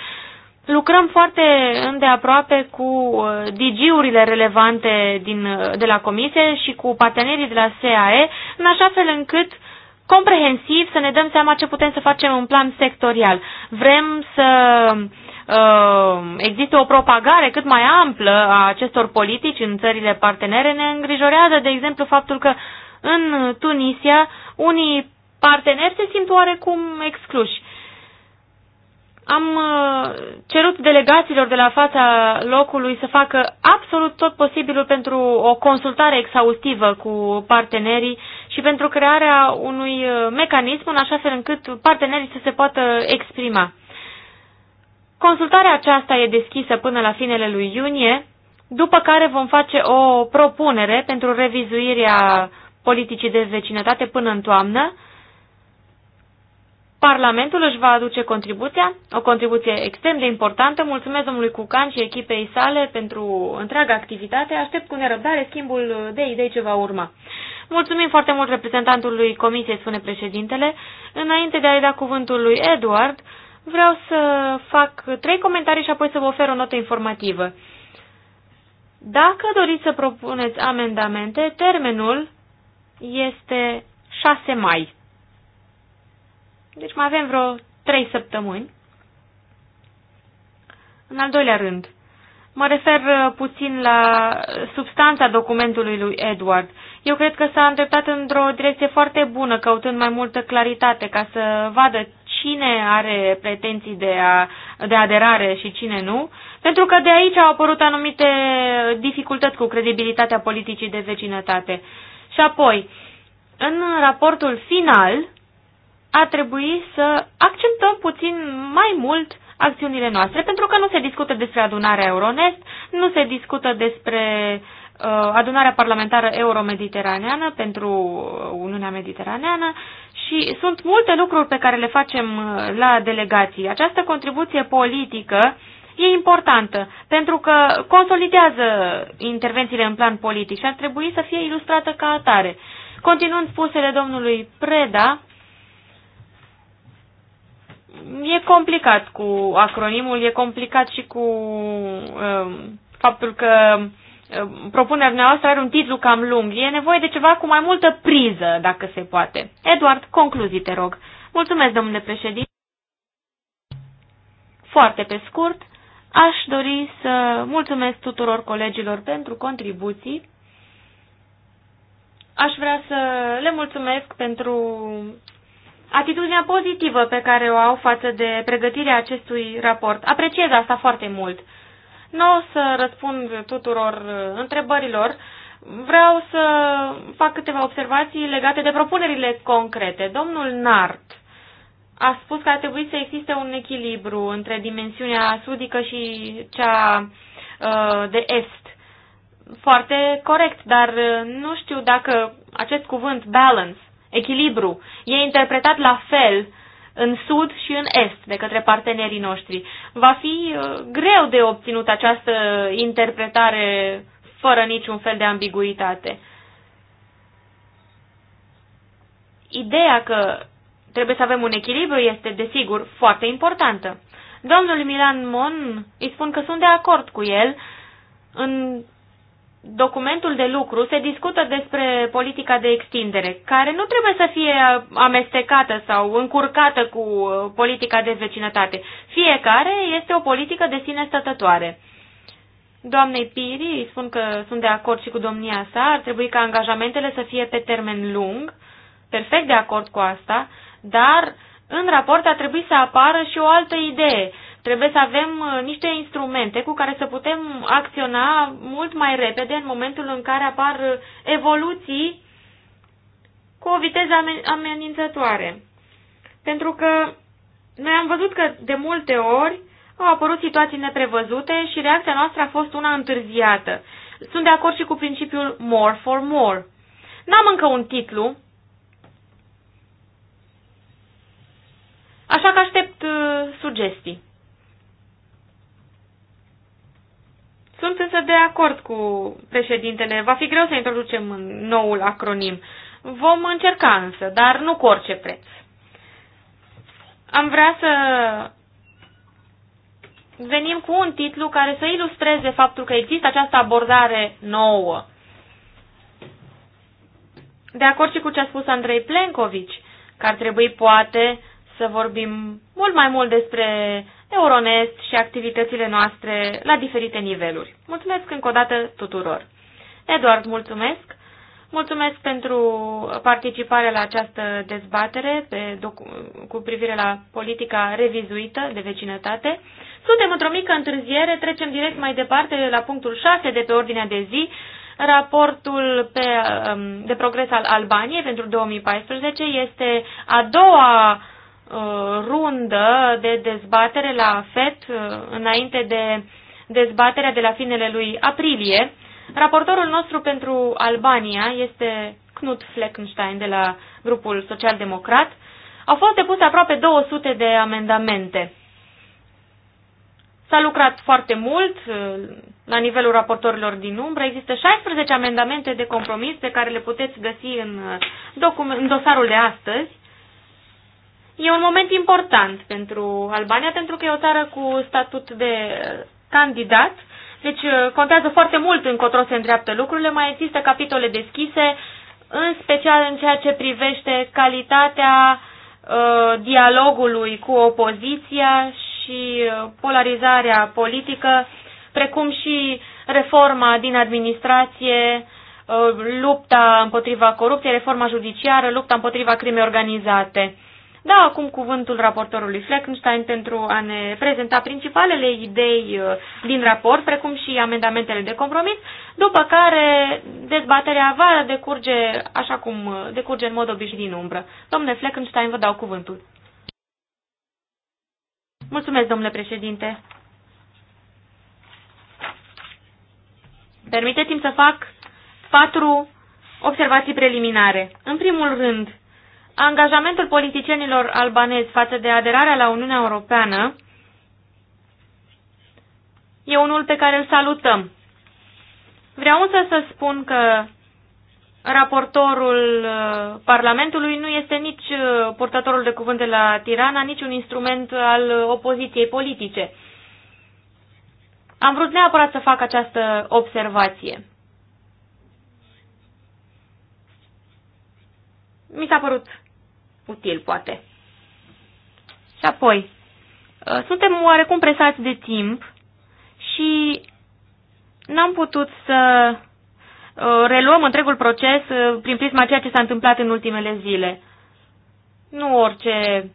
lucrăm foarte îndeaproape cu uh, DG-urile relevante din, uh, de la comisie și cu partenerii de la SAE, în așa fel încât comprehensiv să ne dăm seama ce putem să facem în plan sectorial. Vrem să uh, Ehm, există o propagare cât mai amplă a acestor politici în țările partenere, ne îngrijorează, de exemplu, faptul că în Tunisia unii parteneri se simt oarecum excluși. Am uh, cerut delegaților de la fața locului să facă absolut tot posibilul pentru o consultare exhaustivă cu partenerii și pentru crearea unui uh, mecanism în așa fel încât partenerii să se poată exprima. Consultarea aceasta e deschisă până la finele lui iunie, după care vom face o propunere pentru revizuirea politicii de vecinătate până în toamnă. Parlamentul își va aduce contribuția, o contribuție extrem de importantă. Mulțumesc domnului Cucan și echipei sale pentru întreaga activitate. Aștept cu nerăbdare schimbul de idei ce va urma. Mulțumim foarte mult reprezentantului Comisiei, spune președintele. Înainte de a-i da cuvântul lui Edward, vreau să fac trei comentarii și apoi să vă ofer o notă informativă. Dacă doriți să propuneți amendamente, termenul este 6 mai. Deci mai avem vreo 3 săptămâni. În al doilea rând, mă refer uh, puțin la uh, substanța documentului lui Edward. Eu cred că s-a îndreptat într-o direcție foarte bună, căutând mai multă claritate, ca să vadă cine are pretenții de, a, de aderare și cine nu, pentru că de aici au apărut anumite dificultăți cu credibilitatea politicii de vecinătate. Și apoi, în raportul final, a trebuit să acceptăm puțin mai mult acțiunile noastre, pentru că nu se discută despre adunarea Euronest, nu se discută despre uh, adunarea parlamentară euromediteraneană pentru Uniunea Mediteraneană și sunt multe lucruri pe care le facem uh, la delegații. Această contribuție politică e importantă pentru că consolidează intervențiile în plan politic și ar trebui să fie ilustrată ca atare. Continuând spusele domnului Preda, e complicat cu acronimul, e complicat și cu uh, faptul că propunerea noastră are un titlu cam lung. E nevoie de ceva cu mai multă priză, dacă se poate. Eduard, concluzii, te rog. Mulțumesc, domnule președinte. Foarte pe scurt, aș dori să mulțumesc tuturor colegilor pentru contribuții. Aș vrea să le mulțumesc pentru atitudinea pozitivă pe care o au față de pregătirea acestui raport. Apreciez asta foarte mult. Nu o să răspund tuturor uh, întrebărilor. Vreau să fac câteva observații legate de propunerile concrete. Domnul Nart a spus că ar trebui să existe un echilibru între dimensiunea sudică și cea uh, de est. Foarte corect, dar uh, nu știu dacă acest cuvânt balance, echilibru, e interpretat la fel în sud și în est de către partenerii noștri. Va fi uh, greu de obținut această interpretare fără niciun fel de ambiguitate. Ideea că trebuie să avem un echilibru este, desigur, foarte importantă. Domnul Milan Mon îi spun că sunt de acord cu el în documentul de lucru se discută despre politica de extindere, care nu trebuie să fie amestecată sau încurcată cu uh, politica de vecinătate. Fiecare este o politică de sine stătătoare. Doamnei Piri, îi spun că sunt de acord și cu domnia sa, ar trebui ca angajamentele să fie pe termen lung, perfect de acord cu asta, dar în raport ar trebui să apară și o altă idee – Trebuie să avem uh, niște instrumente cu care să putem acționa mult mai repede în momentul în care apar uh, evoluții cu o viteză amenințătoare. Pentru că noi am văzut că de multe ori au apărut situații neprevăzute și reacția noastră a fost una întârziată. Sunt de acord și cu principiul more for more. N-am încă un titlu, așa că aștept uh, sugestii. Sunt însă de acord cu președintele. Va fi greu să introducem noul acronim. Vom încerca însă, dar nu cu orice preț. Am vrea să venim cu un titlu care să ilustreze faptul că există această abordare nouă. De acord și cu ce a spus Andrei Plencovici, că ar trebui poate să vorbim mult mai mult despre Euronest și activitățile noastre la diferite niveluri. Mulțumesc încă o dată tuturor. Eduard, mulțumesc. Mulțumesc pentru participarea la această dezbatere pe cu privire la politica revizuită de vecinătate. Suntem într-o mică întârziere, trecem direct mai departe la punctul 6 de pe ordinea de zi, raportul pe, um, de progres al Albaniei pentru 2014. Este a doua Uh, rundă de dezbatere la FET uh, înainte de dezbaterea de la finele lui aprilie. Raportorul nostru pentru Albania este Knut Fleckenstein de la grupul social-democrat. Au fost depuse aproape 200 de amendamente. S-a lucrat foarte mult uh, la nivelul raportorilor din umbră. Există 16 amendamente de compromis pe care le puteți găsi în, document, în dosarul de astăzi. E un moment important pentru Albania, pentru că e o țară cu statut de eh, candidat, deci eh, contează foarte mult încotro se îndreaptă lucrurile, mai există capitole deschise, în special în ceea ce privește calitatea eh, dialogului cu opoziția și polarizarea politică, precum și reforma din administrație, lupta împotriva corupției, reforma judiciară, lupta împotriva crimei organizate. Da acum cuvântul raportorului Fleckenstein pentru a ne prezenta principalele idei uh, din raport, precum și amendamentele de compromis, după care dezbaterea va decurge așa cum uh, decurge în mod obișnuit din umbră. Domnule Fleckenstein, vă dau cuvântul. Mulțumesc, domnule președinte. Permiteți-mi să fac patru observații preliminare. În primul rând, angajamentul politicienilor albanezi față de aderarea la Uniunea Europeană e unul pe care îl salutăm. Vreau însă să spun că raportorul uh, Parlamentului nu este nici uh, portatorul de cuvânt de la Tirana, nici un instrument al uh, opoziției politice. Am vrut neapărat să fac această observație. Mi s-a părut util, poate. Și apoi, uh, suntem oarecum presați de timp și n-am putut să uh, reluăm întregul proces uh, prin prisma ceea ce s-a întâmplat în ultimele zile. Nu orice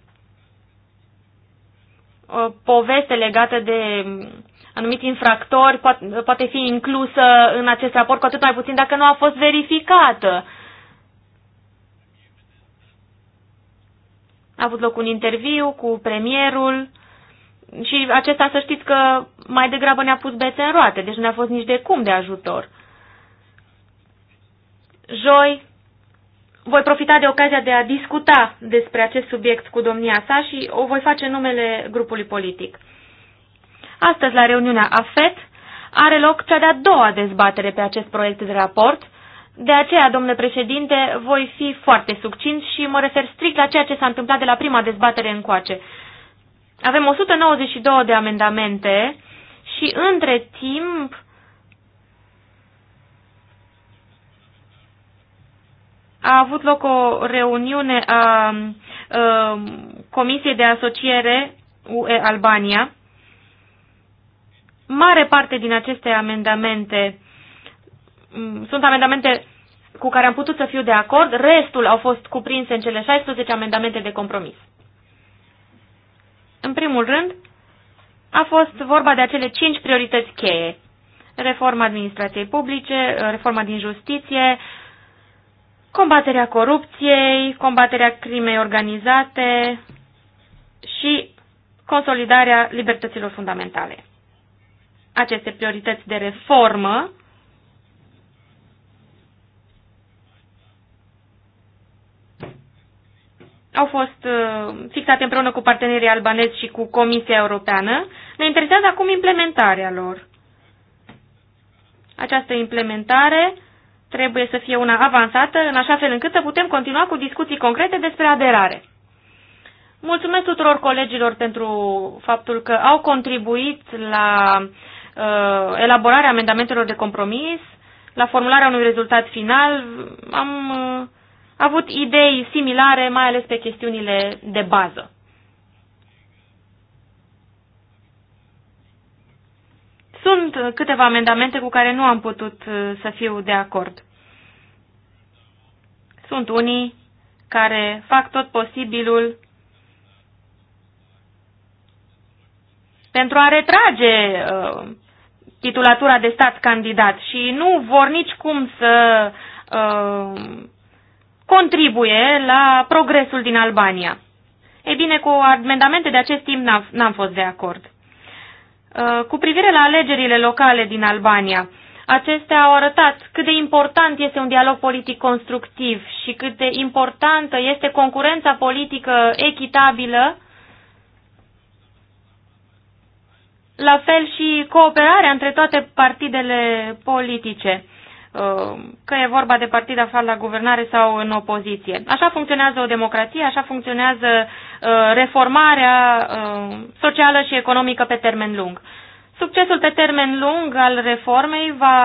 poveste legată de anumiți infractori poate fi inclusă în acest raport, cu atât mai puțin dacă nu a fost verificată. A avut loc un interviu cu premierul și acesta să știți că mai degrabă ne-a pus bețe în roate, deci nu a fost nici de cum de ajutor. Joi voi profita de ocazia de a discuta despre acest subiect cu domnia sa și o voi face în numele grupului politic. Astăzi, la reuniunea AFET, are loc cea de-a doua dezbatere pe acest proiect de raport de aceea, domnule președinte, voi fi foarte succint și mă refer strict la ceea ce s-a întâmplat de la prima dezbatere încoace. Avem 192 de amendamente și între timp a avut loc o reuniune a, a Comisiei de Asociere UE Albania. Mare parte din aceste amendamente Mm, sunt amendamente cu care am putut să fiu de acord, restul au fost cuprinse în cele 16 amendamente de compromis. În primul rând, a fost vorba de acele 5 priorități cheie. Reforma administrației publice, reforma din justiție, combaterea corupției, combaterea crimei organizate și consolidarea libertăților fundamentale. Aceste priorități de reformă au fost uh, fixate împreună cu partenerii albanezi și cu Comisia Europeană. Ne interesează acum implementarea lor. Această implementare trebuie să fie una avansată, în așa fel încât să putem continua cu discuții concrete despre aderare. Mulțumesc tuturor colegilor pentru faptul că au contribuit la uh, elaborarea amendamentelor de compromis, la formularea unui rezultat final. Am uh, avut idei similare, mai ales pe chestiunile de bază. Sunt câteva amendamente cu care nu am putut uh, să fiu de acord. Sunt unii care fac tot posibilul pentru a retrage uh, titulatura de stat candidat și nu vor nici cum să uh, contribuie la progresul din Albania. Ei bine, cu amendamente de acest timp n-am fost de acord. Uh, cu privire la alegerile locale din Albania, acestea au arătat cât de important este un dialog politic constructiv și cât de importantă este concurența politică echitabilă, la fel și cooperarea între toate partidele politice. Um, că e vorba de partid aflat la guvernare sau în opoziție. Așa funcționează o democrație, așa funcționează uh, reformarea um, socială și economică pe termen lung. Succesul pe termen lung al reformei va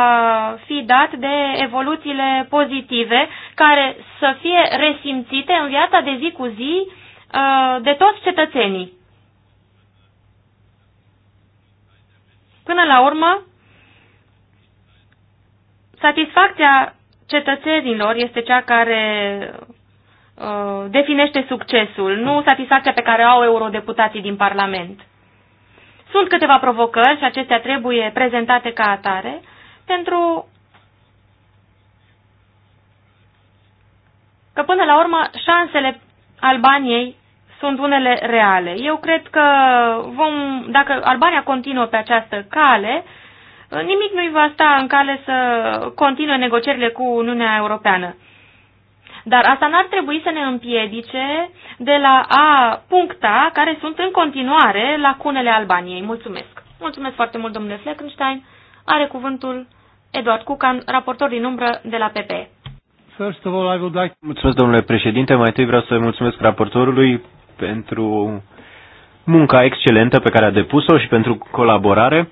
fi dat de evoluțiile pozitive care să fie resimțite în viața de zi cu zi uh, de toți cetățenii. Până la urmă, Satisfacția cetățenilor este cea care uh, definește succesul, nu satisfacția pe care o au eurodeputații din Parlament. Sunt câteva provocări și acestea trebuie prezentate ca atare pentru că până la urmă șansele Albaniei sunt unele reale. Eu cred că vom, dacă Albania continuă pe această cale, nimic nu-i va sta în cale să continue negocierile cu Uniunea Europeană. Dar asta n-ar trebui să ne împiedice de la a puncta care sunt în continuare lacunele Albaniei. Mulțumesc! Mulțumesc foarte mult, domnule Fleckenstein. Are cuvântul Eduard Cucan, raportor din umbră de la PP. First of all, I would like... Mulțumesc, domnule președinte. Mai întâi vreau să mulțumesc raportorului pentru munca excelentă pe care a depus-o și pentru colaborare.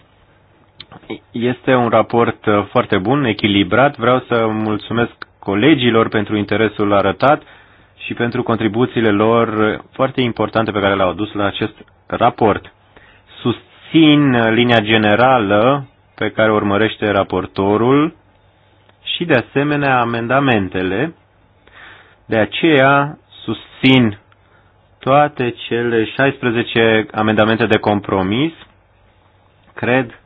Este un raport uh, foarte bun, echilibrat. Vreau să mulțumesc colegilor pentru interesul arătat și pentru contribuțiile lor foarte importante pe care le-au adus la acest raport. Susțin linia generală pe care urmărește raportorul și, de asemenea, amendamentele. De aceea susțin toate cele 16 amendamente de compromis. Cred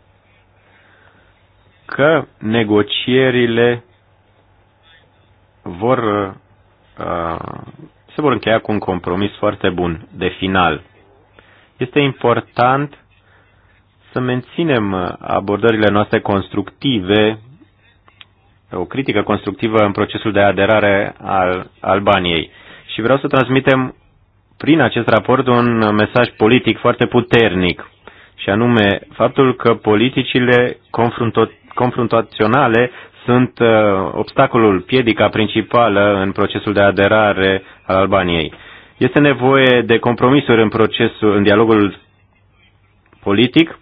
că negocierile vor, uh, se vor încheia cu un compromis foarte bun de final. Este important să menținem abordările noastre constructive, o critică constructivă în procesul de aderare al Albaniei. Și vreau să transmitem prin acest raport un mesaj politic foarte puternic, și anume faptul că politicile confruntaționale sunt uh, obstacolul, piedica principală în procesul de aderare al Albaniei. Este nevoie de compromisuri în procesul, în dialogul politic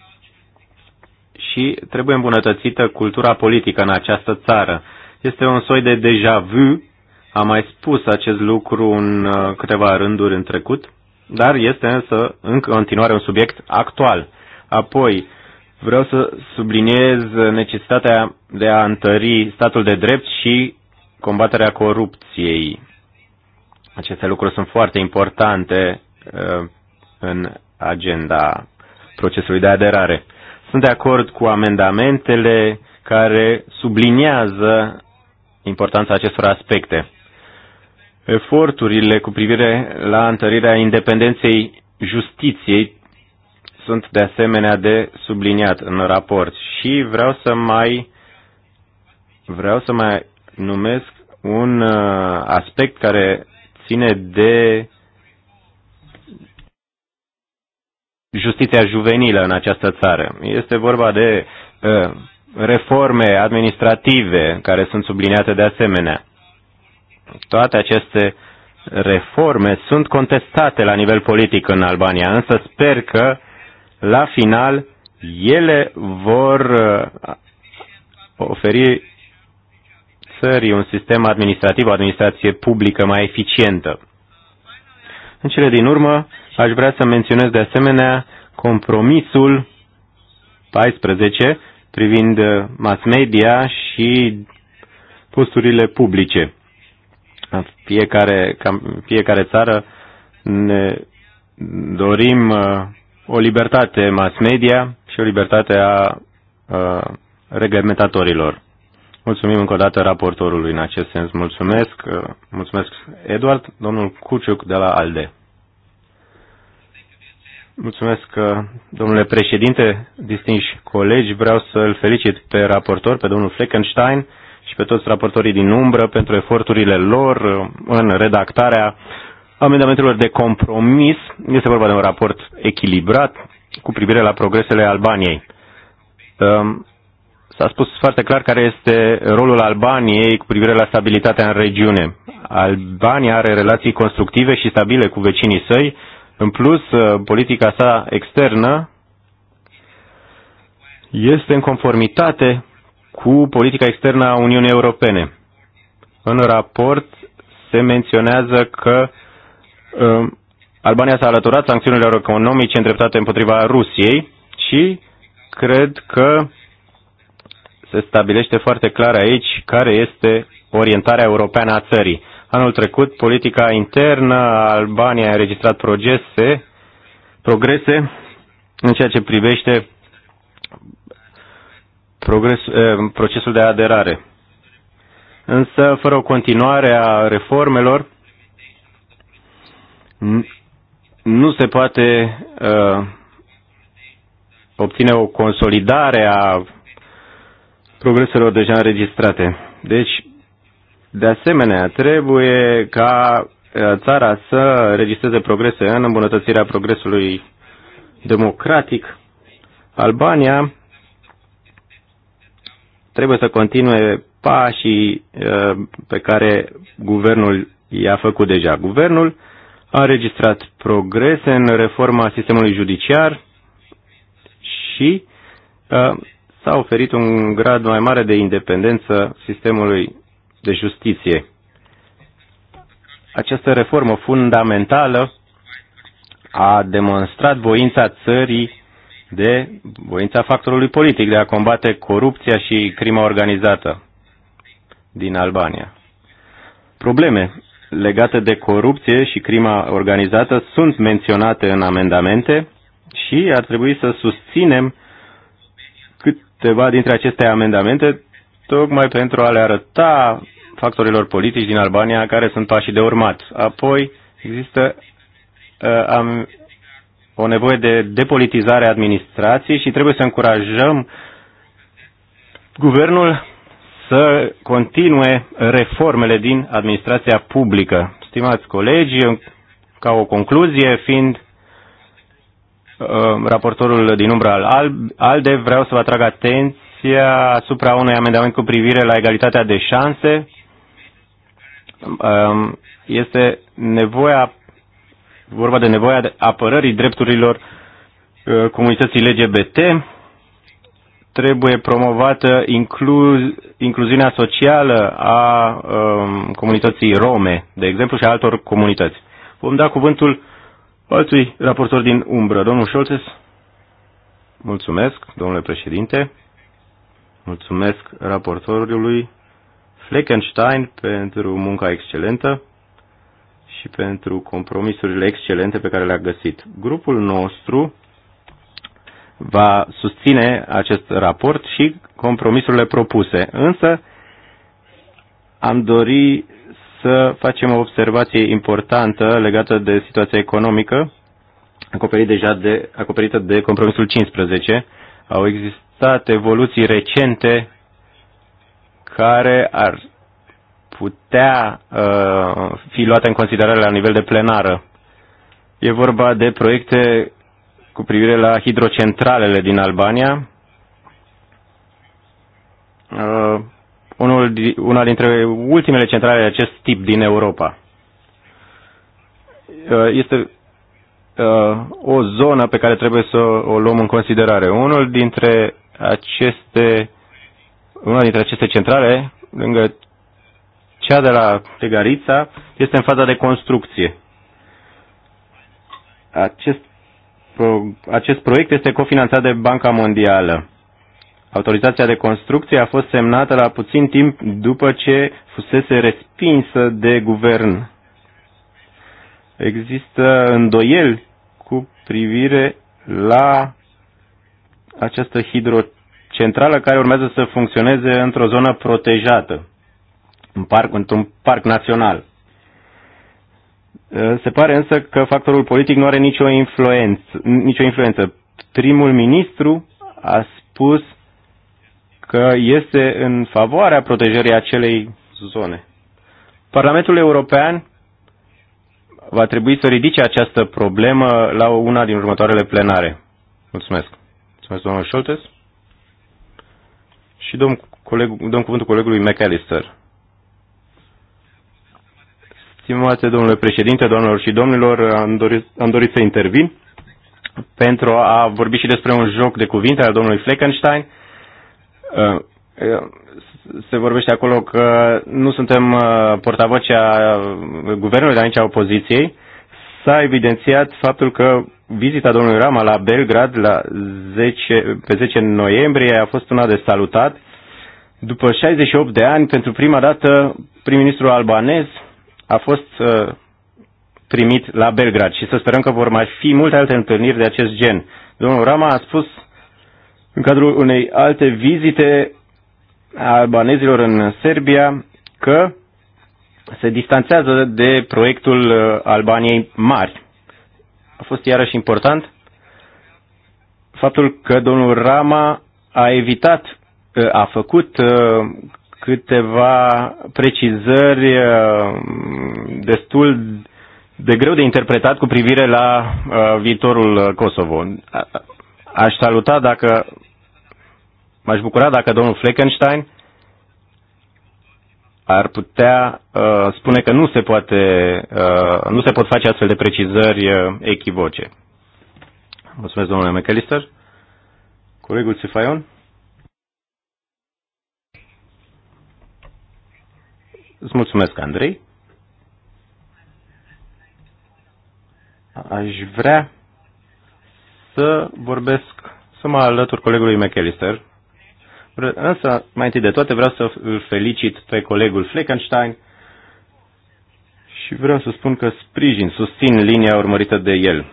și trebuie îmbunătățită cultura politică în această țară. Este un soi de deja vu, am mai spus acest lucru în uh, câteva rânduri în trecut, dar este însă în continuare un subiect actual. Apoi, Vreau să subliniez necesitatea de a întări statul de drept și combaterea corupției. Aceste lucruri sunt foarte importante uh, în agenda procesului de aderare. Sunt de acord cu amendamentele care subliniază importanța acestor aspecte. Eforturile cu privire la întărirea independenței justiției sunt de asemenea de subliniat în raport și vreau să mai vreau să mai numesc un uh, aspect care ține de justiția juvenilă în această țară. Este vorba de uh, reforme administrative care sunt subliniate de asemenea. Toate aceste reforme sunt contestate la nivel politic în Albania, însă sper că uh, la final ele vor uh, oferi țării un sistem administrativ, o administrație publică mai eficientă. În cele din urmă, aș vrea să menționez de asemenea compromisul 14 privind uh, mass media și posturile publice. Fiecare, fiecare țară ne dorim uh, o libertate mass media și o libertate a a reglementatorilor. Mulțumim încă o dată raportorului în acest sens. Mulțumesc, mulțumesc Eduard, domnul Cuciuc de la ALDE. Mulțumesc, domnule președinte, distinși colegi. Vreau să-l felicit pe raportor, pe domnul Fleckenstein și pe toți raportorii din umbră pentru eforturile lor în redactarea amendamentelor de compromis. Este vorba de un raport echilibrat cu privire la progresele Albaniei. Um, s-a spus foarte clar care este rolul Albaniei cu privire la stabilitatea în regiune. Albania are relații constructive și stabile cu vecinii săi. În plus, uh, politica sa externă este în conformitate cu politica externă a Uniunii Europene. În raport se menționează că Um, Albania s-a alăturat sancțiunilor economice îndreptate împotriva Rusiei și cred că se stabilește foarte clar aici care este orientarea europeană a țării. Anul trecut, politica internă a Albaniei a înregistrat progrese, progrese în ceea ce privește progres, eh, procesul de aderare. Însă, fără o continuare a reformelor, nu se poate uh, obține o consolidare a progreselor deja înregistrate. Deci, de asemenea, trebuie ca uh, țara să registreze progrese în îmbunătățirea progresului democratic. Albania trebuie să continue pașii uh, pe care guvernul i-a făcut deja. Guvernul a înregistrat progrese în reforma sistemului judiciar și uh, s-a oferit un grad mai mare de independență sistemului de justiție. Această reformă fundamentală a demonstrat voința țării de voința factorului politic de a combate corupția și crima organizată din Albania. Probleme legate de corupție și crima organizată sunt menționate în amendamente și ar trebui să susținem câteva dintre aceste amendamente tocmai pentru a le arăta factorilor politici din Albania care sunt pașii de urmat. Apoi există uh, am, o nevoie de depolitizare a administrației și trebuie să încurajăm guvernul să continue reformele din administrația publică. Stimați colegi, ca o concluzie, fiind uh, raportorul din umbra al ALDE, vreau să vă atrag atenția asupra unui amendament cu privire la egalitatea de șanse. Um, este nevoia, vorba de nevoia de apărării drepturilor uh, comunității LGBT trebuie promovată inclu- incluziunea socială a um, comunității rome, de exemplu, și a altor comunități. Vom da cuvântul altui raportor din umbră, domnul Șolțes. Mulțumesc, domnule președinte. Mulțumesc raportorului Fleckenstein pentru munca excelentă și pentru compromisurile excelente pe care le-a găsit. Grupul nostru va susține acest raport și compromisurile propuse. Însă am dori să facem o observație importantă legată de situația economică, acoperit deja de, acoperită de compromisul 15. Au existat evoluții recente care ar putea uh, fi luate în considerare la nivel de plenară. E vorba de proiecte cu privire la hidrocentralele din Albania. Uh, unul, una dintre ultimele centrale de acest tip din Europa. Uh, este uh, o zonă pe care trebuie să o luăm în considerare. Unul dintre aceste, una dintre aceste centrale, lângă cea de la Tegarița, este în faza de construcție. Acest acest proiect este cofinanțat de Banca Mondială. Autorizația de construcție a fost semnată la puțin timp după ce fusese respinsă de guvern. Există îndoieli cu privire la această hidrocentrală care urmează să funcționeze într-o zonă protejată, în parc, într-un parc național. Eh, se pare însă că factorul politic nu are nicio influență. Nicio influență. Primul ministru a spus că este în favoarea protejării acelei zone. Parlamentul European va trebui să ridice această problemă la una din următoarele plenare. Mulțumesc. Mulțumesc, domnul Scholtes. Și dăm, coleg, dăm cuvântul colegului McAllister. Stimate domnule președinte, doamnelor și domnilor, am dorit, am dorit să intervin pentru a vorbi și despre un joc de cuvinte al domnului Fleckenstein. Uh, uh, se vorbește acolo că nu suntem uh, portavocea guvernului, dar nici a opoziției. S-a evidențiat faptul că vizita domnului Rama la Belgrad la 10, pe 10 noiembrie a fost una de salutat. După 68 de ani, pentru prima dată, prim-ministrul albanez a fost primit uh, la Belgrad și să sperăm că vor mai fi multe alte întâlniri de acest gen. Domnul Rama a spus în cadrul unei alte vizite a albanezilor în Serbia că se distanțează de proiectul uh, Albaniei mari. A fost iarăși important faptul că domnul Rama a evitat, uh, a făcut câteva precizări uh, destul de greu de interpretat cu privire la uh, viitorul Kosovo. Aș saluta dacă, m-aș bucura dacă domnul Fleckenstein ar putea uh, spune că nu se, poate, uh, nu se pot face astfel de precizări uh, echivoce. Mulțumesc, domnule McAllister. Colegul Sifayon? Îți mulțumesc, Andrei. Aș vrea să vorbesc, să mă alătur colegului McAllister, însă, mai întâi de toate, vreau să îl felicit pe colegul Fleckenstein și vreau să spun că sprijin, susțin linia urmărită de el,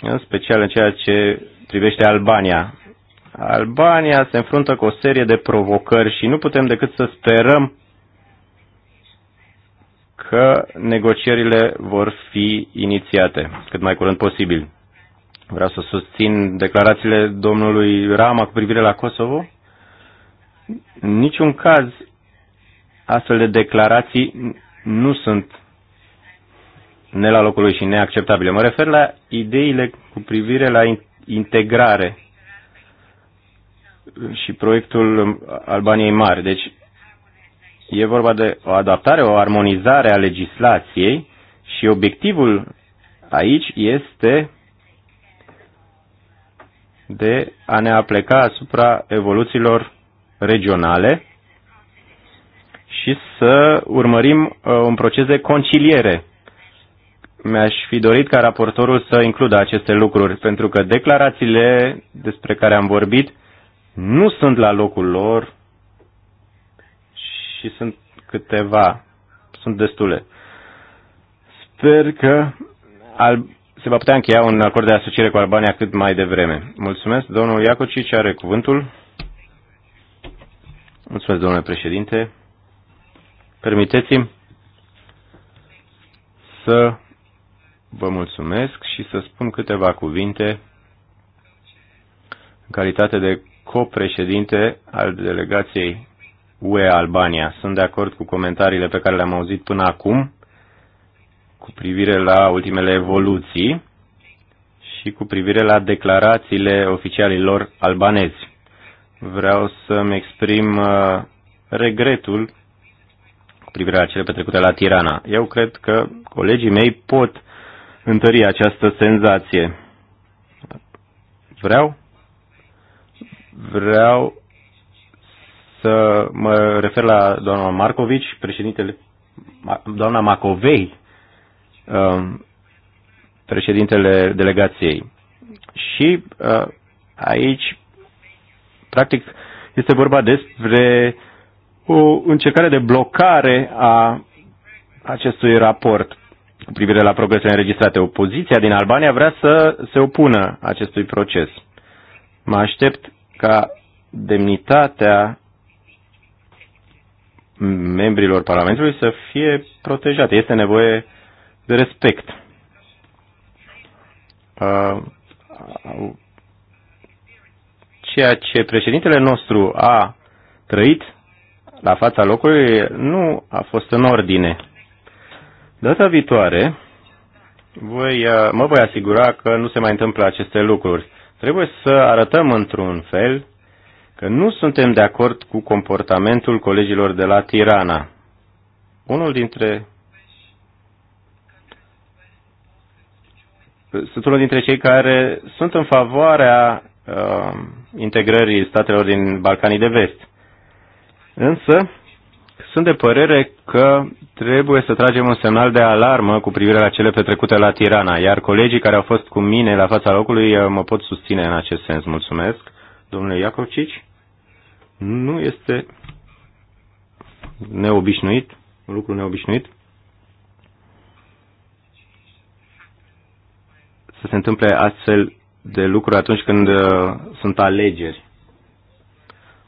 în special în ceea ce privește Albania. Albania se înfruntă cu o serie de provocări și nu putem decât să sperăm că negocierile vor fi inițiate cât mai curând posibil. Vreau să susțin declarațiile domnului Rama cu privire la Kosovo. În niciun caz astfel de declarații nu sunt ne la lui și neacceptabile. Mă refer la ideile cu privire la integrare și proiectul Albaniei Mari. Deci E vorba de o adaptare, o armonizare a legislației și obiectivul aici este de a ne apleca asupra evoluțiilor regionale și să urmărim uh, un proces de conciliere. Mi-aș fi dorit ca raportorul să includă aceste lucruri, pentru că declarațiile despre care am vorbit nu sunt la locul lor și sunt câteva, sunt destule. Sper că se va putea încheia un acord de asociere cu Albania cât mai devreme. Mulțumesc. Domnul ce are cuvântul. Mulțumesc, domnule președinte. Permiteți-mi să vă mulțumesc și să spun câteva cuvinte în calitate de copreședinte al delegației UE-Albania. Sunt de acord cu comentariile pe care le-am auzit până acum cu privire la ultimele evoluții și cu privire la declarațiile oficialilor albanezi. Vreau să-mi exprim uh, regretul cu privire la cele petrecute la Tirana. Eu cred că colegii mei pot întări această senzație. Vreau? Vreau să mă refer la doamna Marcovici, președintele, doamna Macovei, um, președintele delegației. Și uh, aici, practic, este vorba despre o încercare de blocare a acestui raport cu privire la progresele înregistrate. Opoziția din Albania vrea să se opună acestui proces. Mă aștept ca demnitatea membrilor Parlamentului să fie protejate. Este nevoie de respect. Ceea ce președintele nostru a trăit la fața locului nu a fost în ordine. Data viitoare voi, mă voi asigura că nu se mai întâmplă aceste lucruri. Trebuie să arătăm într-un fel că nu suntem de acord cu comportamentul colegilor de la Tirana. Unul dintre sunt unul dintre cei care sunt în favoarea uh, integrării statelor din Balcanii de Vest. Însă, sunt de părere că trebuie să tragem un semnal de alarmă cu privire la cele petrecute la Tirana, iar colegii care au fost cu mine la fața locului uh, mă pot susține în acest sens. Mulțumesc, domnule Iacovcici. Nu este neobișnuit, un lucru neobișnuit, să se întâmple astfel de lucruri atunci când uh, sunt alegeri.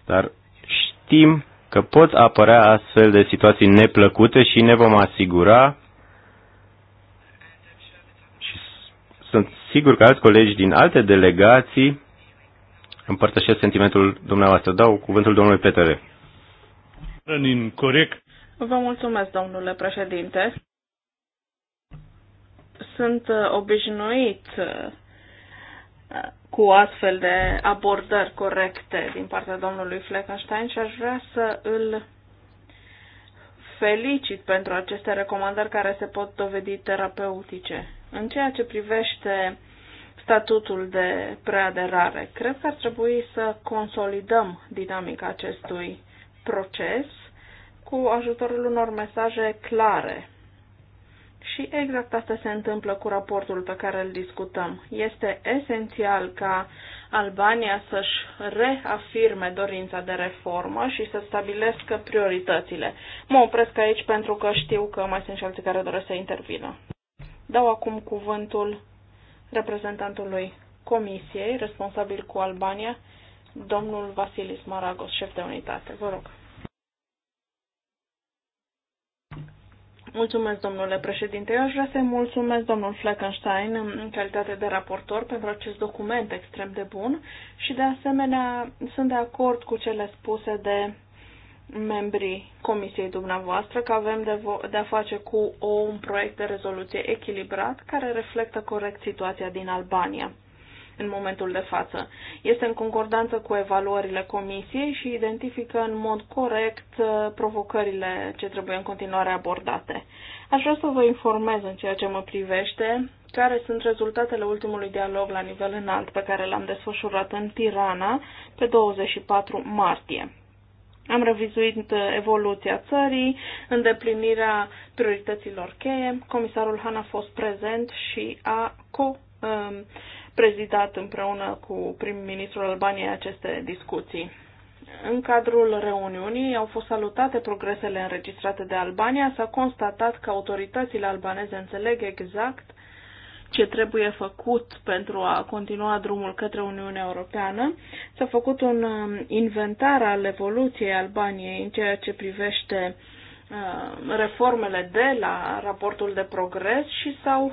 Dar știm că pot apărea astfel de situații neplăcute și ne vom asigura și sunt sigur că alți colegi din alte delegații Împărtășesc sentimentul dumneavoastră. Dau cuvântul domnului Petere. Corect. Vă mulțumesc, domnule președinte. Sunt uh, obișnuit uh, cu astfel de abordări corecte din partea domnului Fleckenstein și aș vrea să îl felicit pentru aceste recomandări care se pot dovedi terapeutice. În ceea ce privește uh, statutul de preaderare. Cred că ar trebui să consolidăm dinamica acestui proces cu ajutorul unor mesaje clare. Și exact asta se întâmplă cu raportul pe care îl discutăm. Este esențial ca Albania să-și reafirme dorința de reformă și să stabilească prioritățile. Mă opresc aici pentru că știu că mai sunt și alții care doresc să intervină. Dau acum cuvântul reprezentantului Comisiei, responsabil cu Albania, domnul Vasilis Maragos, șef de unitate. Vă rog. Mulțumesc, domnule președinte. Eu aș vrea să-i mulțumesc domnul Fleckenstein în calitate de raportor pentru acest document extrem de bun și, de asemenea, sunt de acord cu cele spuse de membrii comisiei dumneavoastră că avem de, de a face cu o, un proiect de rezoluție echilibrat care reflectă corect situația din Albania în momentul de față. Este în concordanță cu evaluările comisiei și identifică în mod corect uh, provocările ce trebuie în continuare abordate. Aș vrea să vă informez în ceea ce mă privește care sunt rezultatele ultimului dialog la nivel înalt pe care l-am desfășurat în Tirana pe 24 martie. Am revizuit uh, evoluția țării, îndeplinirea priorităților cheie. Comisarul Han a fost prezent și a co um, prezidat împreună cu prim-ministrul Albaniei aceste discuții. În cadrul reuniunii au fost salutate progresele înregistrate de Albania, s-a constatat că autoritățile albaneze înțeleg exact ce trebuie făcut pentru a continua drumul către Uniunea Europeană. S-a făcut un um, inventar al evoluției Albaniei în ceea ce privește um, reformele de la raportul de progres și s-au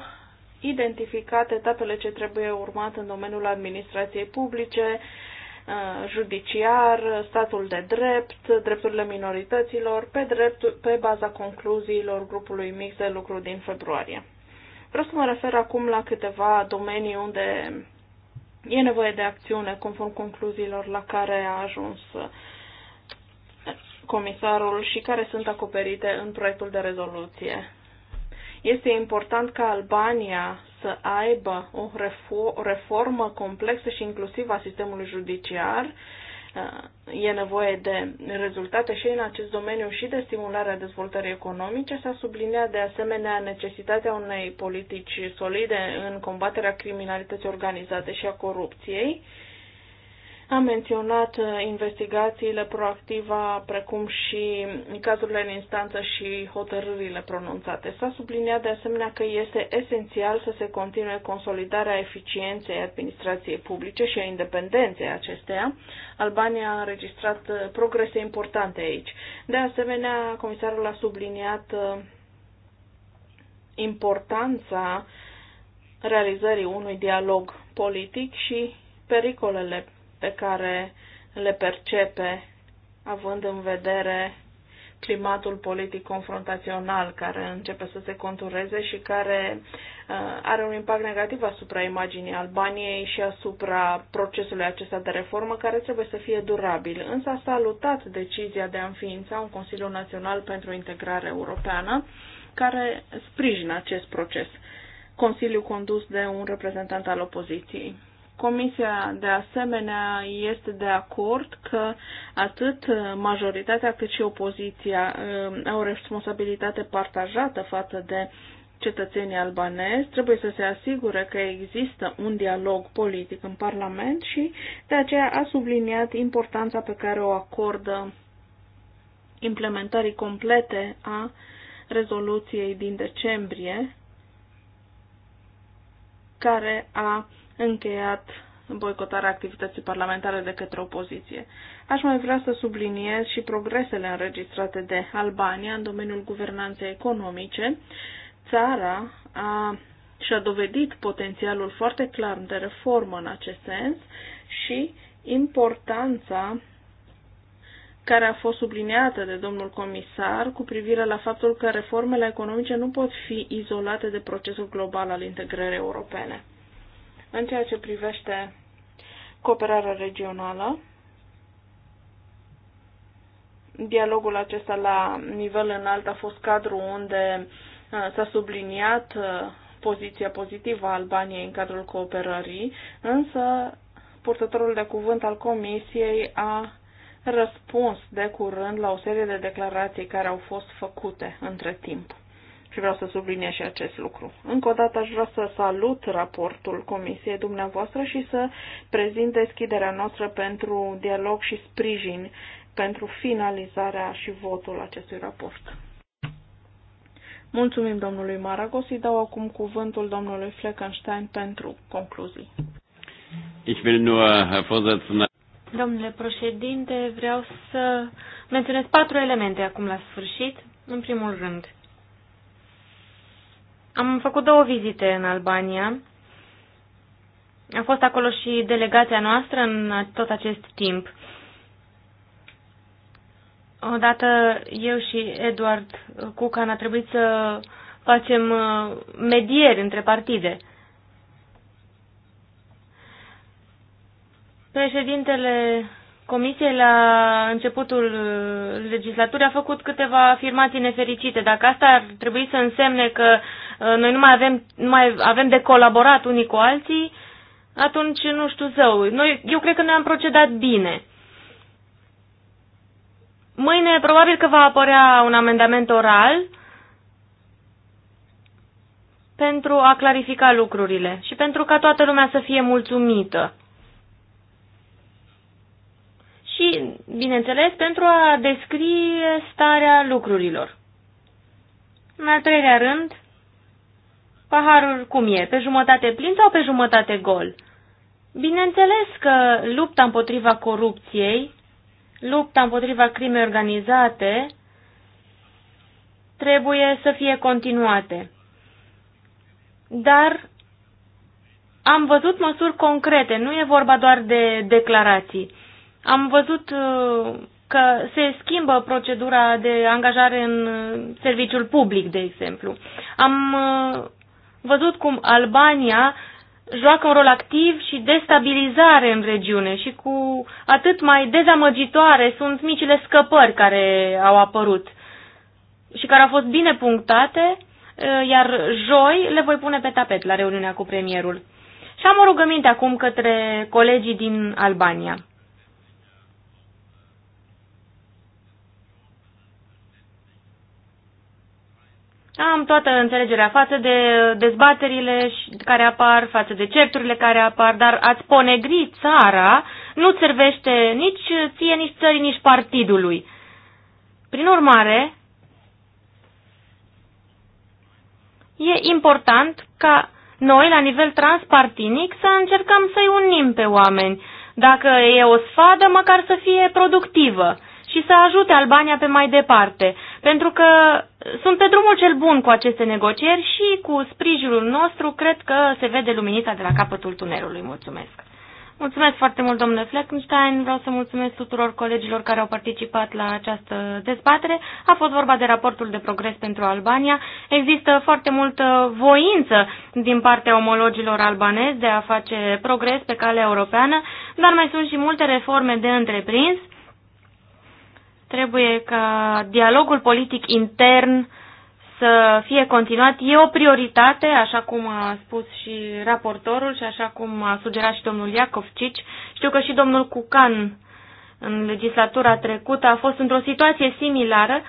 identificat etapele ce trebuie urmat în domeniul administrației publice, uh, judiciar, statul de drept, drepturile minorităților, pe, drept, pe baza concluziilor grupului mix de lucru din februarie. Vreau să mă refer acum la câteva domenii unde e nevoie de acțiune conform concluziilor la care a ajuns comisarul și care sunt acoperite în proiectul de rezoluție. Este important ca Albania să aibă o reformă complexă și inclusivă a sistemului judiciar e nevoie de rezultate și în acest domeniu și de stimularea dezvoltării economice. S-a subliniat de asemenea necesitatea unei politici solide în combaterea criminalității organizate și a corupției am menționat uh, investigațiile proactiva, precum și cazurile în instanță și hotărârile pronunțate. S-a subliniat de asemenea că este esențial să se continue consolidarea eficienței administrației publice și a independenței acesteia. Albania a înregistrat uh, progrese importante aici. De asemenea, comisarul a subliniat uh, importanța realizării unui dialog politic și pericolele pe care le percepe, având în vedere climatul politic confrontațional care începe să se contureze și care uh, are un impact negativ asupra imaginii Albaniei și asupra procesului acesta de reformă care trebuie să fie durabil. Însă a salutat decizia de a înființa un Consiliu Național pentru Integrare Europeană care sprijină acest proces. Consiliu condus de un reprezentant al opoziției. Comisia, de asemenea, este de acord că atât majoritatea cât și opoziția um, au o responsabilitate partajată față de cetățenii albanezi, trebuie să se asigure că există un dialog politic în Parlament și de aceea a subliniat importanța pe care o acordă implementării complete a rezoluției din decembrie, care a încheiat boicotarea activității parlamentare de către opoziție. Aș mai vrea să subliniez și progresele înregistrate de Albania în domeniul guvernanței economice. Țara a, și-a dovedit potențialul foarte clar de reformă în acest sens și importanța care a fost subliniată de domnul comisar cu privire la faptul că reformele economice nu pot fi izolate de procesul global al integrării europene. În ceea ce privește cooperarea regională, dialogul acesta la nivel înalt a fost cadru unde uh, s-a subliniat uh, poziția pozitivă a Albaniei în cadrul cooperării, însă purtătorul de cuvânt al Comisiei a răspuns de curând la o serie de declarații care au fost făcute între timp și vreau să subliniez și acest lucru. Încă o dată aș vrea să salut raportul Comisiei dumneavoastră și să prezint deschiderea noastră pentru dialog și sprijin pentru finalizarea și votul acestui raport. Mulțumim domnului Maragos, îi dau acum cuvântul domnului Fleckenstein pentru concluzii. Ich will nur, Herr Vorsitzender, Domnule președinte, vreau să menționez patru elemente acum la sfârșit. În primul rând, am făcut două vizite în Albania. A fost acolo și delegația noastră în tot acest timp. Odată eu și Eduard Cucan a trebuit să facem uh, medieri între partide. Președintele Comisie la începutul legislaturii a făcut câteva afirmații nefericite. Dacă asta ar trebui să însemne că uh, noi nu mai avem, nu mai avem de colaborat unii cu alții, atunci nu știu zău. Noi, eu cred că noi am procedat bine. Mâine probabil că va apărea un amendament oral pentru a clarifica lucrurile și pentru ca toată lumea să fie mulțumită. bineînțeles, pentru a descrie starea lucrurilor. În al treilea rând, paharul cum e, pe jumătate plin sau pe jumătate gol? Bineînțeles că lupta împotriva corupției, lupta împotriva crimei organizate, trebuie să fie continuate. Dar am văzut măsuri concrete, nu e vorba doar de declarații. Am văzut uh, că se schimbă procedura de angajare în uh, serviciul public, de exemplu. Am uh, văzut cum Albania joacă un rol activ și destabilizare în regiune și cu atât mai dezamăgitoare sunt micile scăpări care au apărut și care au fost bine punctate, iar joi le voi pune pe tapet la reuniunea cu premierul. Și am o rugăminte acum către colegii din Albania. Am toată înțelegerea față de dezbaterile care apar, față de certurile care apar, dar ați ponegri țara nu servește nici ție, nici țării, nici partidului. Prin urmare, e important ca noi, la nivel transpartinic, să încercăm să-i unim pe oameni. Dacă e o sfadă, măcar să fie productivă și să ajute Albania pe mai departe, pentru că sunt pe drumul cel bun cu aceste negocieri și cu sprijinul nostru cred că se vede luminița de la capătul tunelului. Mulțumesc! Mulțumesc foarte mult, domnule Fleckenstein. Vreau să mulțumesc tuturor colegilor care au participat la această dezbatere. A fost vorba de raportul de progres pentru Albania. Există foarte multă voință din partea omologilor albanezi de a face progres pe calea europeană, dar mai sunt și multe reforme de întreprins Trebuie ca dialogul politic intern să fie continuat. E o prioritate, așa cum a spus și raportorul și așa cum a sugerat și domnul Cici. Știu că și domnul Cucan în legislatura trecută a fost într-o situație similară,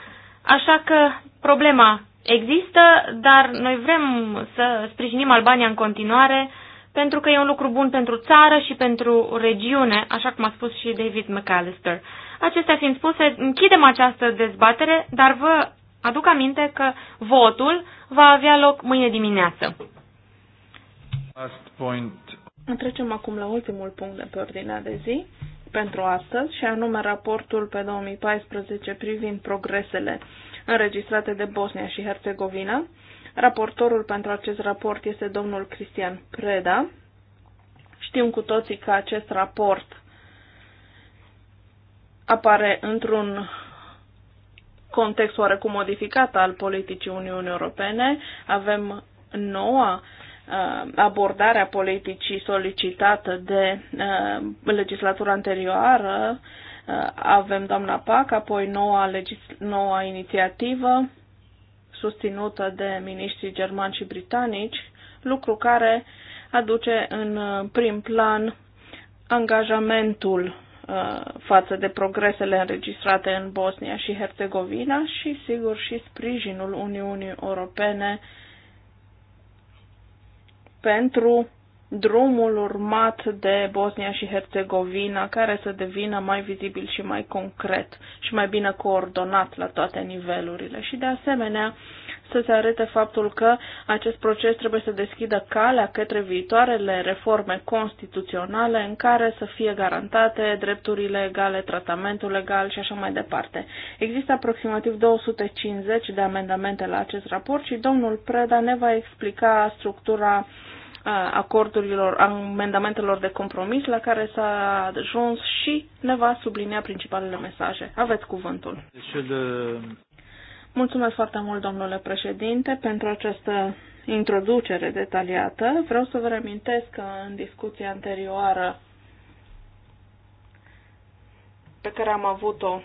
așa că problema există, dar noi vrem să sprijinim Albania în continuare pentru că e un lucru bun pentru țară și pentru regiune, așa cum a spus și David McAllister. Acestea fiind spuse, închidem această dezbatere, dar vă aduc aminte că votul va avea loc mâine dimineață. Last point. Trecem acum la ultimul punct de pe ordinea de zi pentru astăzi, și anume raportul pe 2014 privind progresele înregistrate de Bosnia și Herțegovina. Raportorul pentru acest raport este domnul Cristian Preda. Știm cu toții că acest raport apare într-un context oarecum modificat al politicii Uniunii Europene. Avem noua uh, abordarea politicii solicitată de uh, legislatura anterioară. Uh, avem doamna PAC, apoi noua, noua inițiativă susținută de miniștrii germani și britanici, lucru care aduce în prim plan angajamentul Uh, față de progresele înregistrate în Bosnia și Herțegovina și, sigur, și sprijinul Uniunii Europene pentru drumul urmat de Bosnia și Herțegovina, care să devină mai vizibil și mai concret și mai bine coordonat la toate nivelurile. Și, de asemenea, să se arete faptul că acest proces trebuie să deschidă calea către viitoarele reforme constituționale în care să fie garantate drepturile egale, tratamentul legal și așa mai departe. Există aproximativ 250 de amendamente la acest raport și domnul Preda ne va explica structura acordurilor, amendamentelor de compromis la care s-a ajuns și ne va sublinia principalele mesaje. Aveți cuvântul. Mulțumesc foarte mult, domnule președinte, pentru această introducere detaliată. Vreau să vă reamintesc că în discuția anterioară pe care am avut-o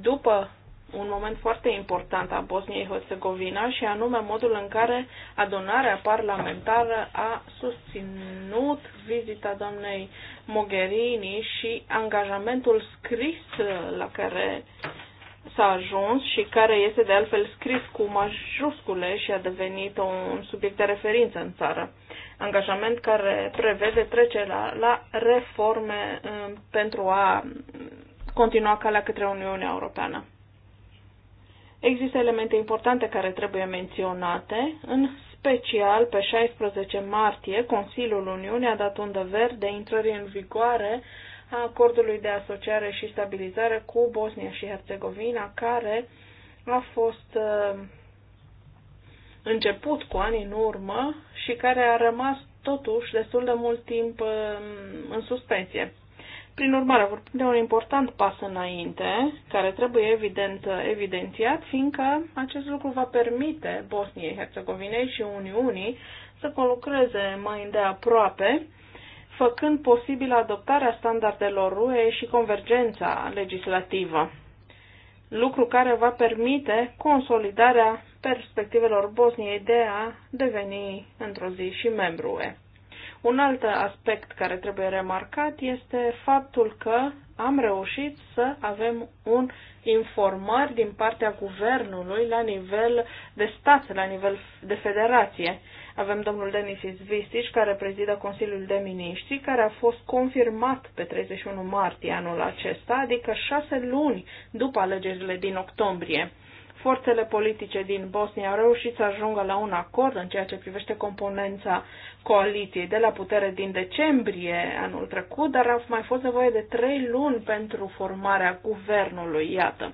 după un moment foarte important a Bosniei-Herzegovina și anume modul în care adunarea parlamentară a susținut vizita doamnei Mogherini și angajamentul scris la care s-a ajuns și care este de altfel scris cu majuscule și a devenit un subiect de referință în țară. Angajament care prevede trecerea la reforme uh, pentru a continua calea către Uniunea Europeană. Există elemente importante care trebuie menționate, în special pe 16 martie Consiliul Uniunii a dat undă verde intrării în vigoare a acordului de asociare și stabilizare cu Bosnia și Herțegovina, care a fost uh, început cu ani în urmă și care a rămas totuși destul de mult timp uh, în suspensie. Prin urmare, vorbim de un important pas înainte, care trebuie evident evidențiat, fiindcă acest lucru va permite Bosniei, Herțegovinei și Uniunii să conlucreze mai îndeaproape, făcând posibil adoptarea standardelor UE și convergența legislativă, lucru care va permite consolidarea perspectivelor Bosniei de a deveni într-o zi și membru UE. Un alt aspect care trebuie remarcat este faptul că am reușit să avem un informar din partea guvernului la nivel de stat, la nivel de federație. Avem domnul Denis Izvistici, care prezidă Consiliul de Miniștri, care a fost confirmat pe 31 martie anul acesta, adică șase luni după alegerile din octombrie forțele politice din Bosnia au reușit să ajungă la un acord în ceea ce privește componența coaliției de la putere din decembrie anul trecut, dar au mai fost nevoie de trei luni pentru formarea guvernului, iată.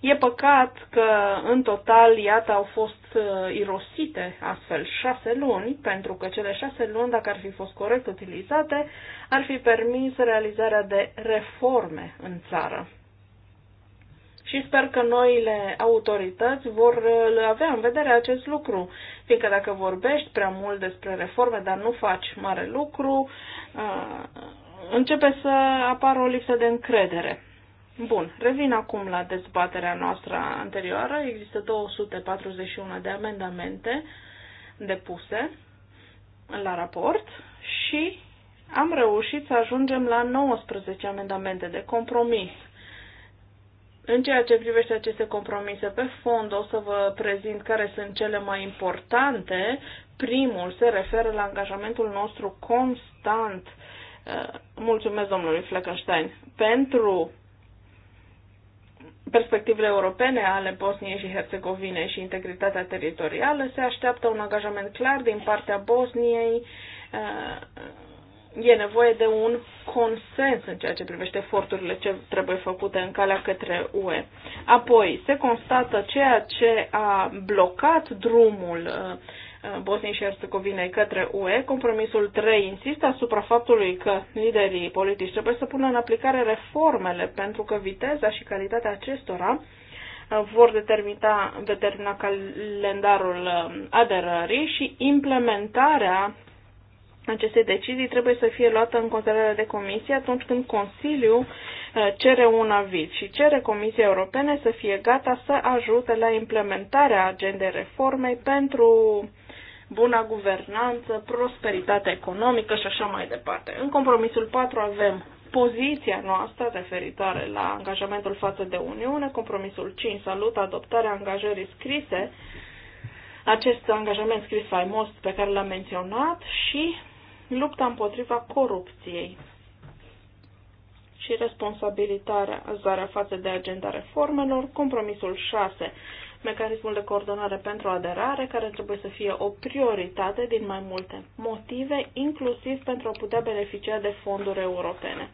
E păcat că, în total, iată, au fost uh, irosite astfel șase luni, pentru că cele șase luni, dacă ar fi fost corect utilizate, ar fi permis realizarea de reforme în țară și sper că noile autorități vor uh, avea în vedere acest lucru, fiindcă dacă vorbești prea mult despre reforme, dar nu faci mare lucru, uh, începe să apară o lipsă de încredere. Bun, revin acum la dezbaterea noastră anterioară. Există 241 de amendamente depuse la raport și am reușit să ajungem la 19 amendamente de compromis în ceea ce privește aceste compromise pe fond, o să vă prezint care sunt cele mai importante. Primul se referă la angajamentul nostru constant. Uh, mulțumesc domnului Fleckenstein pentru perspectivele europene ale Bosniei și Herțegovinei și integritatea teritorială, se așteaptă un angajament clar din partea Bosniei uh, e nevoie de un consens în ceea ce privește eforturile ce trebuie făcute în calea către UE. Apoi, se constată ceea ce a blocat drumul uh, uh, Bosniei și Herzegovinei către UE. Compromisul 3 insistă asupra faptului că liderii politici trebuie să pună în aplicare reformele pentru că viteza și calitatea acestora uh, vor determina, determina calendarul aderării și implementarea aceste decizii trebuie să fie luată în considerare de Comisie atunci când Consiliul uh, cere un aviz și cere Comisiei Europene să fie gata să ajute la implementarea agendei reformei pentru buna guvernanță, prosperitate economică și așa mai departe. În compromisul 4 avem poziția noastră referitoare la angajamentul față de Uniune, compromisul 5 salută adoptarea angajării scrise acest angajament scris faimos pe care l-am menționat și lupta împotriva corupției și responsabilitatea zarea față de agenda reformelor, compromisul 6, mecanismul de coordonare pentru aderare, care trebuie să fie o prioritate din mai multe motive, inclusiv pentru a putea beneficia de fonduri europene.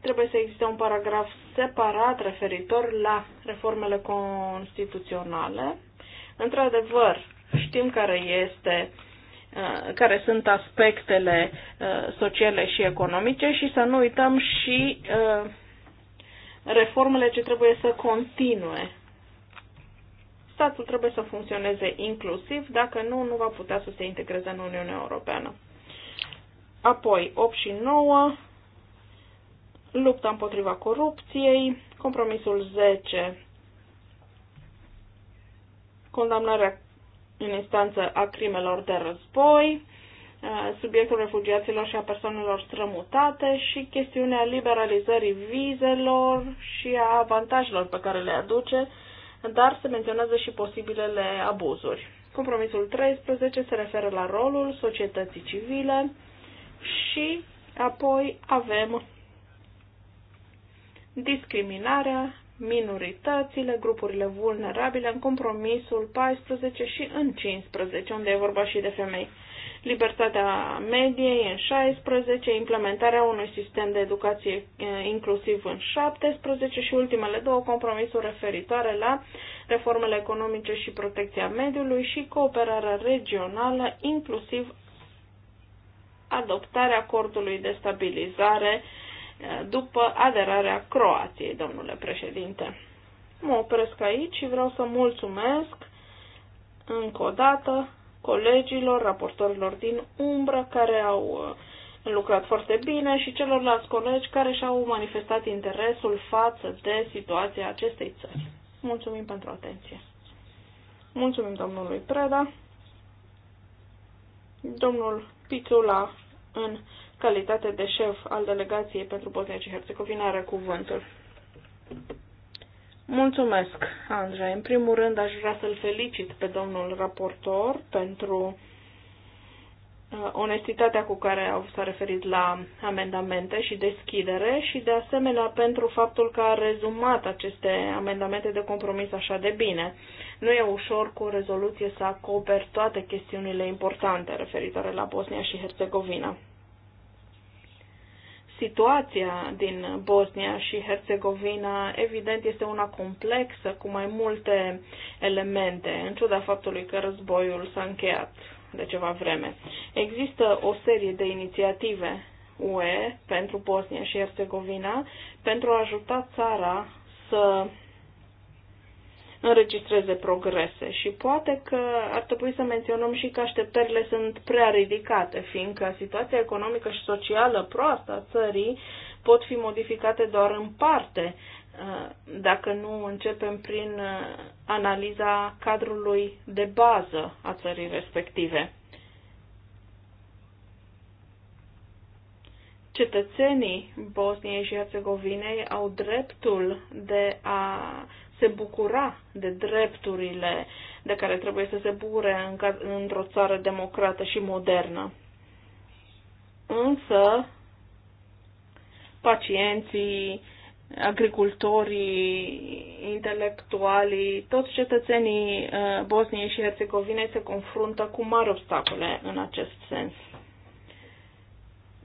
Trebuie să existe un paragraf separat referitor la reformele constituționale. Într-adevăr, știm care este uh, Uh, care sunt aspectele uh, sociale și economice și să nu uităm și uh, reformele ce trebuie să continue. Statul trebuie să funcționeze inclusiv, dacă nu, nu va putea să se integreze în Uniunea Europeană. Apoi, 8 și 9, lupta împotriva corupției, compromisul 10, condamnarea în instanță a crimelor de război, eh, subiectul refugiaților și a persoanelor strămutate și chestiunea liberalizării vizelor și a avantajelor pe care le aduce, dar se menționează și posibilele abuzuri. Compromisul 13 se referă la rolul societății civile și apoi avem discriminarea, minoritățile, grupurile vulnerabile în compromisul 14 și în 15, unde e vorba și de femei. Libertatea mediei în 16, implementarea unui sistem de educație inclusiv în 17 și ultimele două compromisuri referitoare la reformele economice și protecția mediului și cooperarea regională, inclusiv adoptarea acordului de stabilizare uh, după aderarea Croației, domnule președinte. Mă opresc aici și vreau să mulțumesc încă o dată colegilor, raportorilor din umbră care au uh, lucrat foarte bine și celorlalți colegi care și-au manifestat interesul față de situația acestei țări. Mulțumim pentru atenție. Mulțumim domnului Preda. Domnul Pițula în calitate de șef al delegației pentru Bosnia și Herțegovina, are cuvântul. Mulțumesc, Andrei. În primul rând, aș vrea să-l felicit pe domnul raportor pentru uh, onestitatea cu care s-a referit la amendamente și deschidere și, de asemenea, pentru faptul că a rezumat aceste amendamente de compromis așa de bine. Nu e ușor cu o rezoluție să acoperi toate chestiunile importante referitoare la Bosnia și Herțegovina. Situația din Bosnia și Herțegovina, evident, este una complexă, cu mai multe elemente, în ciuda faptului că războiul s-a încheiat de ceva vreme. Există o serie de inițiative UE pentru Bosnia și Herțegovina pentru a ajuta țara să înregistreze progrese și poate că ar trebui să menționăm și că așteptările sunt prea ridicate, fiindcă situația economică și socială proastă a țării pot fi modificate doar în parte uh, dacă nu începem prin uh, analiza cadrului de bază a țării respective. Cetățenii Bosniei și Herțegovinei au dreptul de a uh, se bucura de drepturile de care trebuie să se bucure într-o țară democrată și modernă. Însă, pacienții, agricultorii, intelectualii, toți cetățenii uh, Bosniei și Herțegovinei se confruntă cu mari obstacole în acest sens.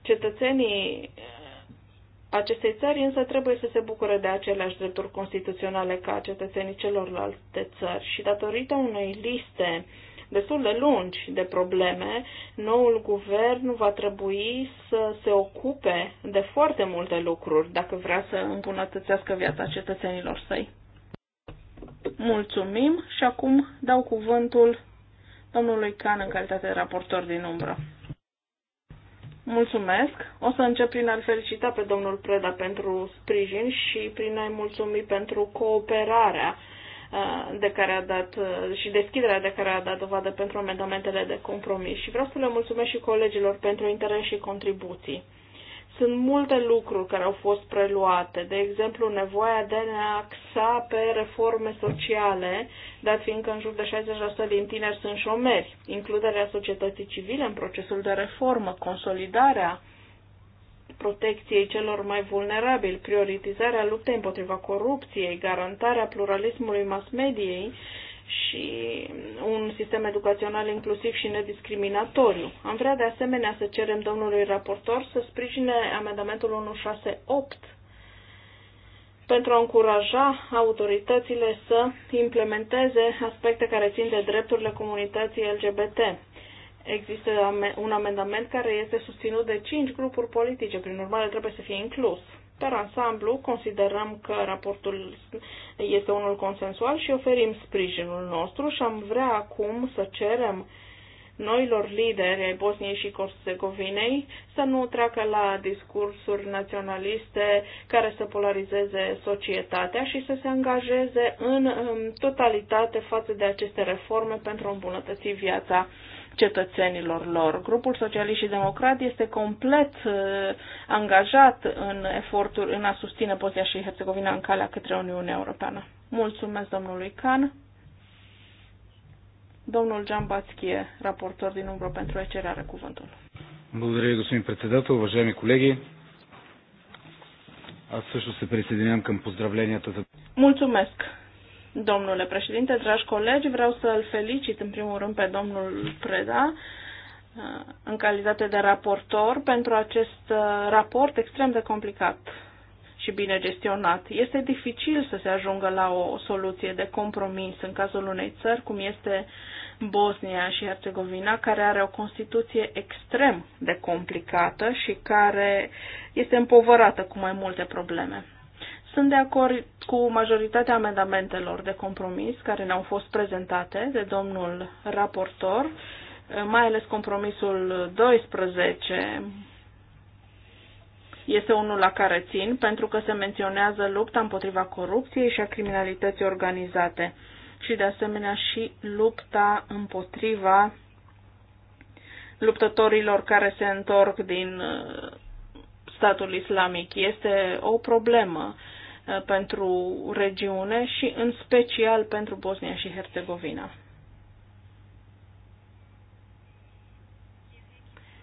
Cetățenii acestei țări, însă trebuie să se bucure de aceleași drepturi constituționale ca cetățenii celorlalte țări. Și datorită unei liste destul de lungi de probleme, noul guvern va trebui să se ocupe de foarte multe lucruri dacă vrea să îmbunătățească viața cetățenilor săi. Mulțumim și acum dau cuvântul domnului Can în calitate de raportor din umbră. Mulțumesc. O să încep prin a-l felicita pe domnul Preda pentru sprijin și prin a-i mulțumi pentru cooperarea uh, de care a dat uh, și deschiderea de care a dat dovadă pentru amendamentele de compromis și vreau să le mulțumesc și colegilor pentru interes și contribuții. Sunt multe lucruri care au fost preluate, de exemplu nevoia de a ne axa pe reforme sociale, dat fiindcă în jur de 60% din tineri sunt șomeri, includerea societății civile în procesul de reformă, consolidarea protecției celor mai vulnerabili, prioritizarea luptei împotriva corupției, garantarea pluralismului mass mediei și un sistem educațional inclusiv și nediscriminatoriu. Am vrea de asemenea să cerem domnului raportor să sprijine amendamentul 168 pentru a încuraja autoritățile să implementeze aspecte care țin de drepturile comunității LGBT. Există un amendament care este susținut de cinci grupuri politice, prin urmare trebuie să fie inclus. Per ansamblu, considerăm că raportul este unul consensual și oferim sprijinul nostru și am vrea acum să cerem noilor lideri ai Bosniei și Corsegovinei să nu treacă la discursuri naționaliste care să polarizeze societatea și să se angajeze în totalitate față de aceste reforme pentru a îmbunătăți viața cetățenilor lor. Grupul Socialist și Democrat este complet uh, angajat în eforturi în a susține Bosnia și Herțegovina în calea către Uniunea Europeană. Mulțumesc domnului Can. Domnul Batschie, raportor din Umbro pentru ECR, are cuvântul. Благодаря, господин председател. Уважаеми колеги, аз също се присъединявам към поздравленията за... Mulțumesc, Domnule președinte, dragi colegi, vreau să îl felicit în primul rând pe domnul Preda uh, în calitate de raportor pentru acest uh, raport extrem de complicat și bine gestionat. Este dificil să se ajungă la o soluție de compromis în cazul unei țări cum este Bosnia și Herțegovina, care are o constituție extrem de complicată și care este împovărată cu mai multe probleme. Sunt de acord cu majoritatea amendamentelor de compromis care ne-au fost prezentate de domnul raportor, mai ales compromisul 12 este unul la care țin pentru că se menționează lupta împotriva corupției și a criminalității organizate și de asemenea și lupta împotriva luptătorilor care se întorc din uh, statul islamic. Este o problemă Uh, pentru regiune și în special pentru Bosnia și Herțegovina.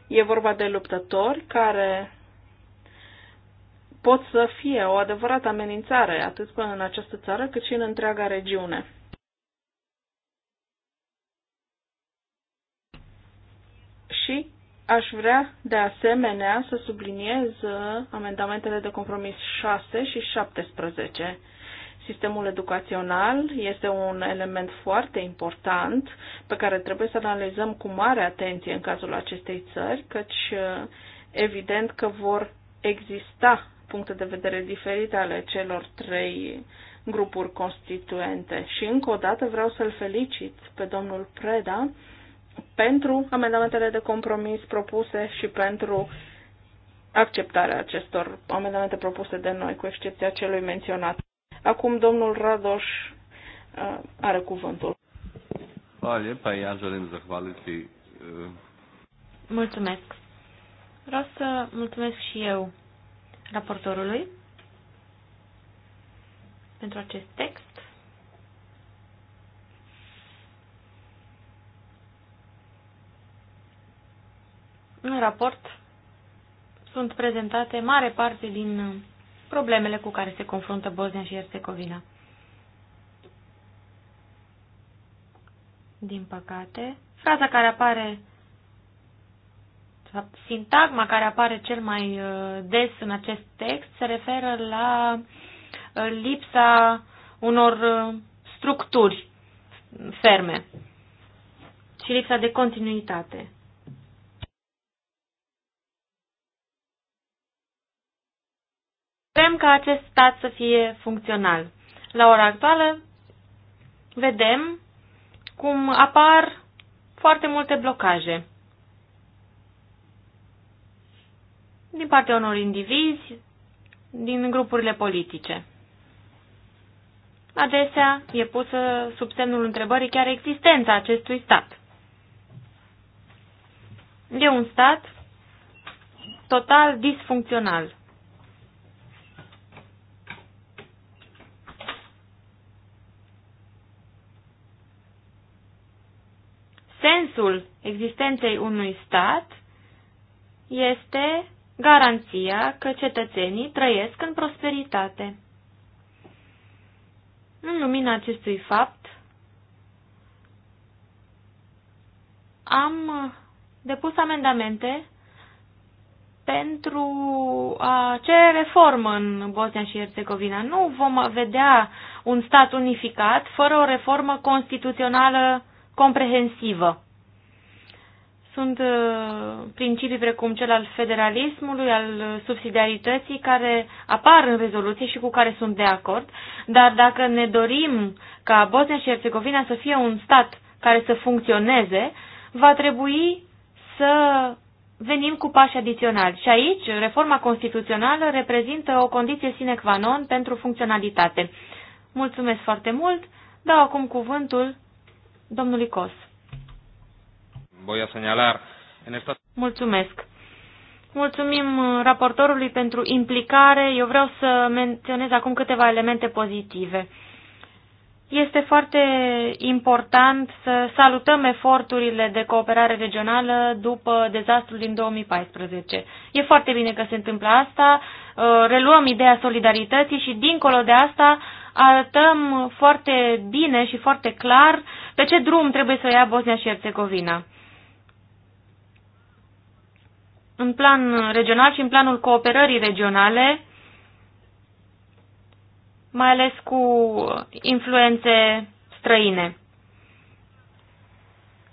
E vorba de luptători care pot să fie o adevărată amenințare atât până în această țară cât și în întreaga regiune. Și Aș vrea, de asemenea, să subliniez uh, amendamentele de compromis 6 și 17. Sistemul educațional este un element foarte important pe care trebuie să analizăm cu mare atenție în cazul acestei țări, căci uh, evident că vor exista puncte de vedere diferite ale celor trei grupuri constituente. Și încă o dată vreau să-l felicit pe domnul Preda pentru amendamentele de compromis propuse și pentru acceptarea acestor amendamente propuse de noi, cu excepția celui menționat. Acum domnul Radoș uh, are cuvântul. Uh, mulțumesc. Vreau să mulțumesc și eu raportorului pentru acest text. În raport sunt prezentate mare parte din problemele cu care se confruntă Bosnia și Herțegovina. Din păcate, fraza care apare, sintagma care apare cel mai uh, des în acest text se referă la uh, lipsa unor uh, structuri ferme și lipsa de continuitate. vrem ca acest stat să fie funcțional. La ora actuală vedem cum apar foarte multe blocaje din partea unor indivizi, din grupurile politice. Adesea e pusă sub semnul întrebării chiar existența acestui stat. E un stat total disfuncțional. sensul existenței unui stat este garanția că cetățenii trăiesc în prosperitate. În lumina acestui fapt, am depus amendamente pentru a cere reformă în Bosnia și Herțegovina. Nu vom vedea un stat unificat fără o reformă constituțională comprehensivă. Sunt uh, principii precum cel al federalismului, al subsidiarității, care apar în rezoluție și cu care sunt de acord, dar dacă ne dorim ca Bosnia și Herțegovina să fie un stat care să funcționeze, va trebui să venim cu pași adiționali. Și aici, reforma constituțională reprezintă o condiție sine qua non pentru funcționalitate. Mulțumesc foarte mult. Dau acum cuvântul domnului Cos voy a señalar en esta... Mulțumesc. Mulțumim uh, raportorului pentru implicare. Eu vreau să menționez acum câteva elemente pozitive. Este foarte important să salutăm eforturile de cooperare regională după dezastrul din 2014. E foarte bine că se întâmplă asta, uh, reluăm ideea solidarității și, dincolo de asta, arătăm foarte bine și foarte clar pe ce drum trebuie să ia Bosnia și Herțegovina în plan regional și în planul cooperării regionale, mai ales cu influențe străine.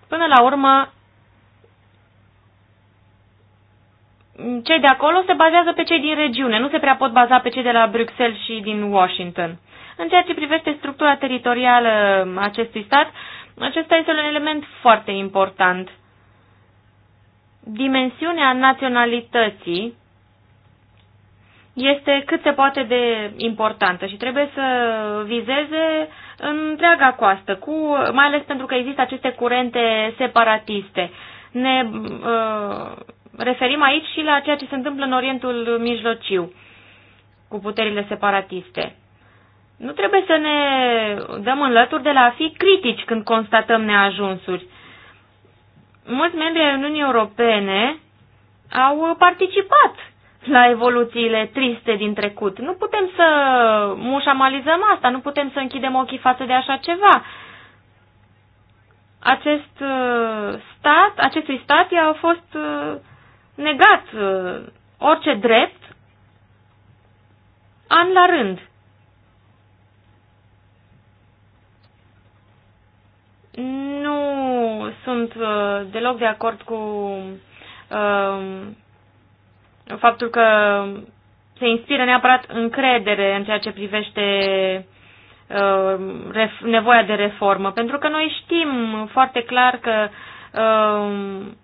Până la urmă, cei de acolo se bazează pe cei din regiune, nu se prea pot baza pe cei de la Bruxelles și din Washington. În ceea ce privește structura teritorială acestui stat, acesta este un element foarte important dimensiunea naționalității este cât se poate de importantă și trebuie să vizeze întreaga coastă, cu, mai ales pentru că există aceste curente separatiste. Ne uh, referim aici și la ceea ce se întâmplă în Orientul Mijlociu cu puterile separatiste. Nu trebuie să ne dăm înlături de la a fi critici când constatăm neajunsuri mulți membri ai Uniunii Europene au participat la evoluțiile triste din trecut. Nu putem să mușamalizăm asta, nu putem să închidem ochii față de așa ceva. Acest uh, stat, acestui stat i-a fost uh, negat uh, orice drept an la rând. Nu sunt uh, deloc de acord cu um, faptul că se inspiră neapărat încredere în ceea ce privește um, nevoia de reformă, pentru că noi știm foarte clar că um,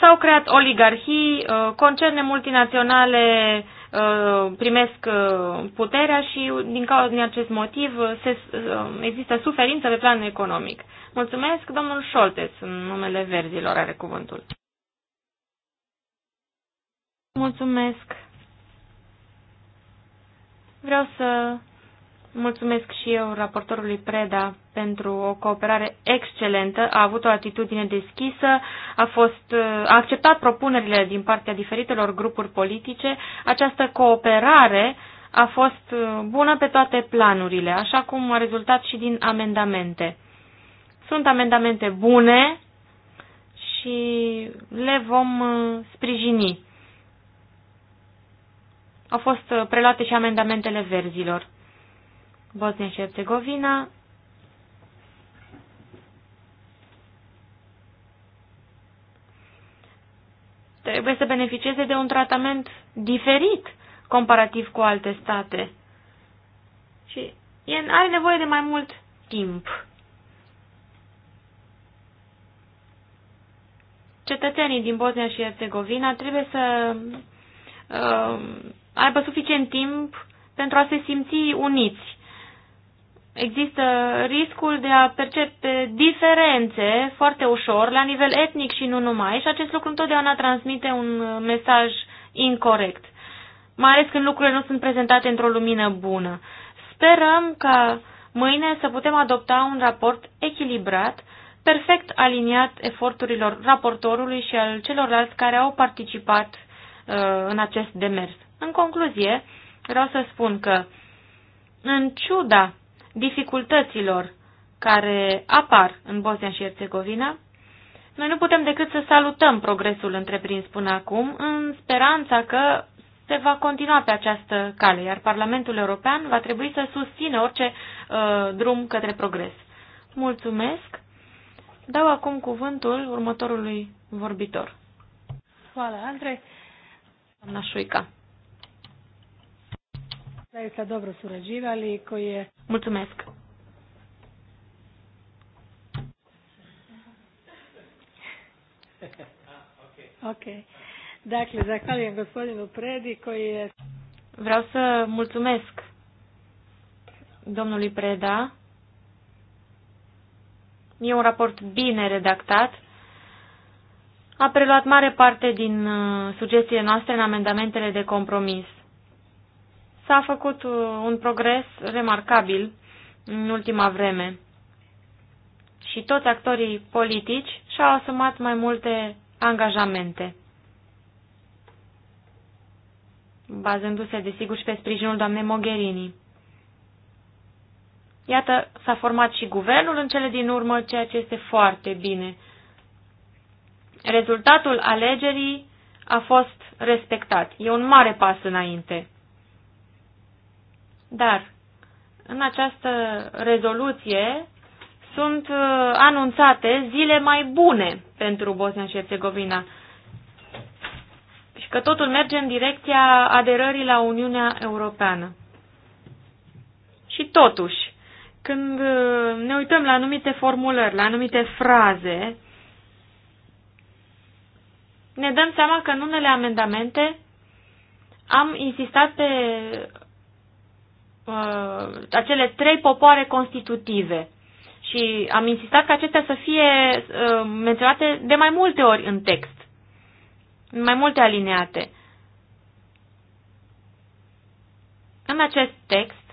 s-au creat oligarhii, uh, concerne multinaționale Uh, primesc uh, puterea și din cauza din acest motiv uh, se, există suferință pe plan economic. Mulțumesc, domnul Șolteț, în numele verzilor are cuvântul. Mulțumesc. Vreau să Mulțumesc și eu raportorului Preda pentru o cooperare excelentă. A avut o atitudine deschisă, a, fost, uh, a acceptat propunerile din partea diferitelor grupuri politice. Această cooperare a fost uh, bună pe toate planurile, așa cum a rezultat și din amendamente. Sunt amendamente bune și le vom uh, sprijini. Au fost preluate și amendamentele verzilor. Bosnia și Herțegovina, trebuie să beneficieze de un tratament diferit comparativ cu alte state. Și are nevoie de mai mult timp. Cetățenii din Bosnia și Herzegovina trebuie să uh, aibă suficient timp pentru a se simți uniți Există riscul de a percepe diferențe foarte ușor la nivel etnic și nu numai și acest lucru întotdeauna transmite un mesaj incorrect, mai ales când lucrurile nu sunt prezentate într-o lumină bună. Sperăm ca mâine să putem adopta un raport echilibrat, perfect aliniat eforturilor raportorului și al celorlalți care au participat uh, în acest demers. În concluzie, vreau să spun că, în ciuda dificultăților care apar în Bosnia și Herțegovina, noi nu putem decât să salutăm progresul întreprins până acum, în speranța că se va continua pe această cale, iar Parlamentul European va trebui să susțină orice uh, drum către progres. Mulțumesc! Dau acum cuvântul următorului vorbitor. Hvala, Andrei. Doamna Șuica. Zaista dobro surađivali, koji je Mulțumesc! Ok. Dakle, zahvaljujem gospodinu Predi koji je... Vreau să mulțumesc domnului Preda. E un raport bine redactat. A preluat mare parte din uh, sugestiile noastre în amendamentele de compromis. S-a făcut uh, un progres remarcabil în ultima vreme și toți actorii politici și-au asumat mai multe angajamente, bazându-se, desigur, și pe sprijinul doamnei Mogherini. Iată, s-a format și guvernul în cele din urmă, ceea ce este foarte bine. Rezultatul alegerii a fost respectat. E un mare pas înainte. Dar în această rezoluție sunt uh, anunțate zile mai bune pentru Bosnia și Herțegovina și că totul merge în direcția aderării la Uniunea Europeană. Și totuși, când uh, ne uităm la anumite formulări, la anumite fraze, ne dăm seama că în unele amendamente am insistat pe uh, acele trei popoare constitutive. Și am insistat ca acestea să fie uh, menționate de mai multe ori în text, în mai multe alineate. În acest text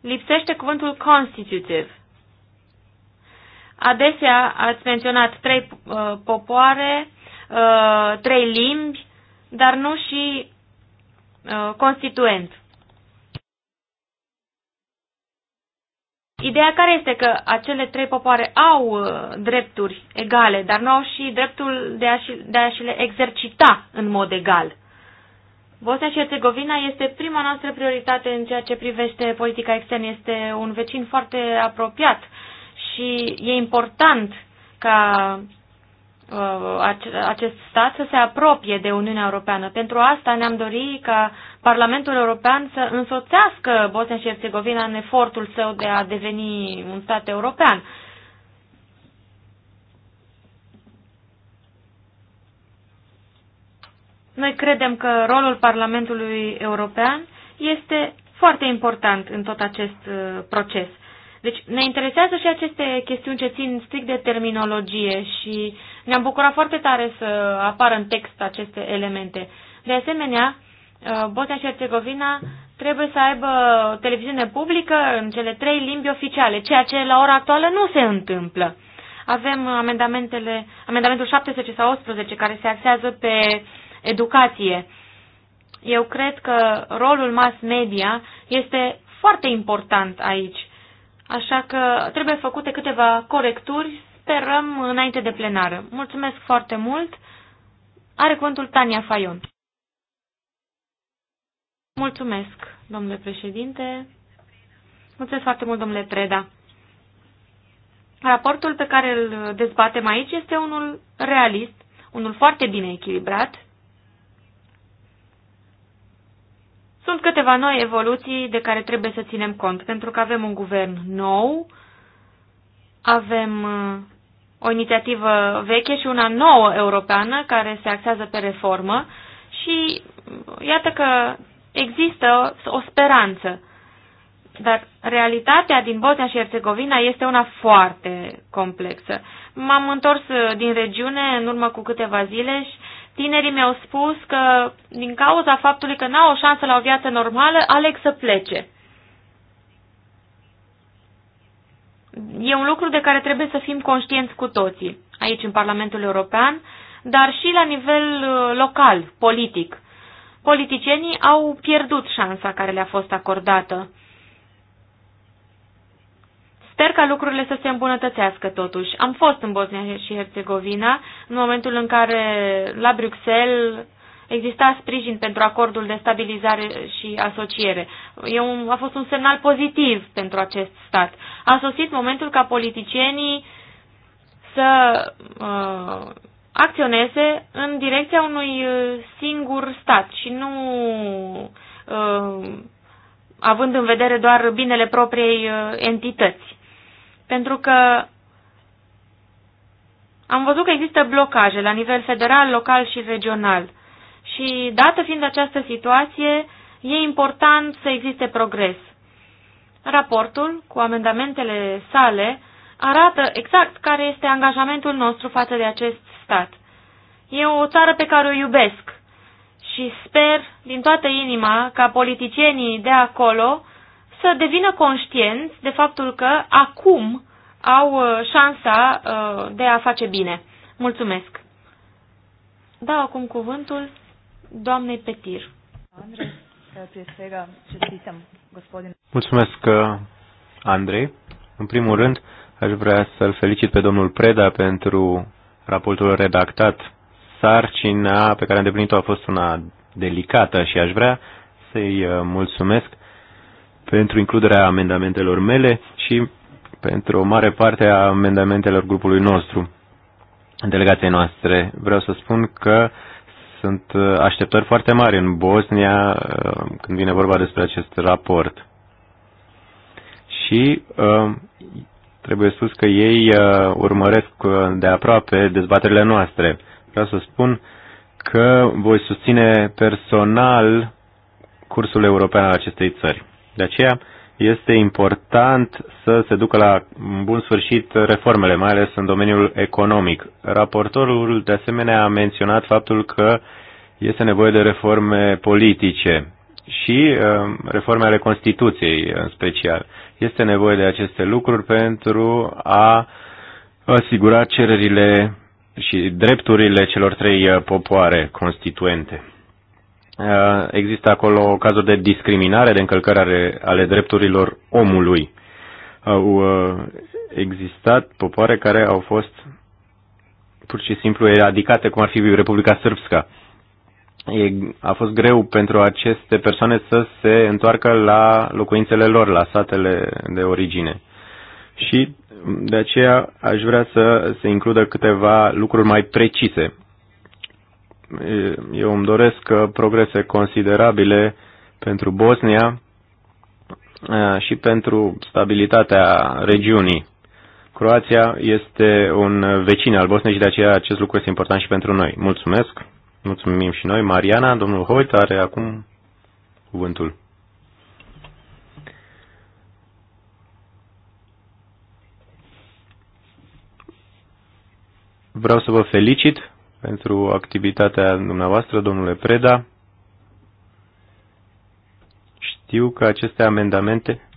lipsește cuvântul constitutive. Adesea ați menționat trei uh, popoare, uh, trei limbi, dar nu și uh, constituent. Ideea care este că acele trei popoare au uh, drepturi egale, dar nu au și dreptul de a, și, de a și le exercita în mod egal. Bosnia și Herțegovina este prima noastră prioritate în ceea ce privește politica externă. Este un vecin foarte apropiat și e important ca Uh, acest stat să se apropie de Uniunea Europeană. Pentru asta ne-am dorit ca Parlamentul European să însoțească Bosnia și Herțegovina în efortul său de a deveni un stat european. Noi credem că rolul Parlamentului European este foarte important în tot acest uh, proces. Deci ne interesează și aceste chestiuni ce țin strict de terminologie și ne-am bucurat foarte tare să apară în text aceste elemente. De asemenea, uh, Bosnia și Herțegovina trebuie să aibă televiziune publică în cele trei limbi oficiale, ceea ce la ora actuală nu se întâmplă. Avem amendamentele, amendamentul 17 sau 18 care se axează pe educație. Eu cred că rolul mass media este foarte important aici. Așa că trebuie făcute câteva corecturi, sperăm înainte de plenară. Mulțumesc foarte mult. Are cuvântul Tania Fayon. Mulțumesc, domnule președinte. Mulțumesc foarte mult, domnule Preda. Raportul pe care îl dezbatem aici este unul realist, unul foarte bine echilibrat, Sunt câteva noi evoluții de care trebuie să ținem cont, pentru că avem un guvern nou, avem uh, o inițiativă veche și una nouă europeană care se axează pe reformă și uh, iată că există o speranță. Dar realitatea din Bosnia și Herțegovina este una foarte complexă. M-am întors uh, din regiune în urmă cu câteva zile și Tinerii mi-au spus că din cauza faptului că n-au o șansă la o viață normală, aleg să plece. E un lucru de care trebuie să fim conștienți cu toții, aici în Parlamentul European, dar și la nivel uh, local, politic. Politicienii au pierdut șansa care le-a fost acordată Sper ca lucrurile să se îmbunătățească totuși. Am fost în Bosnia și Herțegovina în momentul în care la Bruxelles exista sprijin pentru acordul de stabilizare și asociere. E un, a fost un semnal pozitiv pentru acest stat. A sosit momentul ca politicienii să uh, acționeze în direcția unui uh, singur stat și nu uh, având în vedere doar binele propriei uh, entități. Pentru că am văzut că există blocaje la nivel federal, local și regional. Și dată fiind această situație, e important să existe progres. Raportul, cu amendamentele sale, arată exact care este angajamentul nostru față de acest stat. E o țară pe care o iubesc și sper din toată inima ca politicienii de acolo să devină conștienți de faptul că acum au uh, șansa uh, de a face bine. Mulțumesc! Dau acum cuvântul doamnei Petir. Mulțumesc, uh, Andrei. În primul rând, aș vrea să-l felicit pe domnul Preda pentru raportul redactat. Sarcina pe care a îndeplinit o a fost una delicată și aș vrea să-i mulțumesc pentru includerea amendamentelor mele și pentru o mare parte a amendamentelor grupului nostru, delegației noastre. Vreau să spun că sunt uh, așteptări foarte mari în Bosnia uh, când vine vorba despre acest raport. Și uh, trebuie spus că ei urmăresc de aproape dezbaterile noastre. Vreau să spun că voi susține personal cursul european al acestei țări. De aceea este important să se ducă la bun sfârșit reformele, mai ales în domeniul economic. Raportorul, de asemenea, a menționat faptul că este nevoie de reforme politice și uh, reforme ale Constituției în special. Este nevoie de aceste lucruri pentru a asigura cererile și drepturile celor trei uh, popoare constituente. Eh, există acolo cazuri de discriminare, de încălcări ale, ale drepturilor omului. Au eh, existat popoare care au fost pur și simplu eradicate, cum ar fi Republica Sârbska. E, a fost greu pentru aceste persoane să se întoarcă la locuințele lor, la satele de origine. Și de aceea aș vrea să se includă câteva lucruri mai precise eu îmi doresc uh, progrese considerabile pentru Bosnia uh, și pentru stabilitatea regiunii. Croația este un vecin al Bosniei și de aceea acest lucru este important și pentru noi. Mulțumesc! Mulțumim și noi. Mariana, domnul Hoit are acum cuvântul. Vreau să vă felicit pentru activitatea dumneavoastră, domnule Preda. Știu că aceste amendamente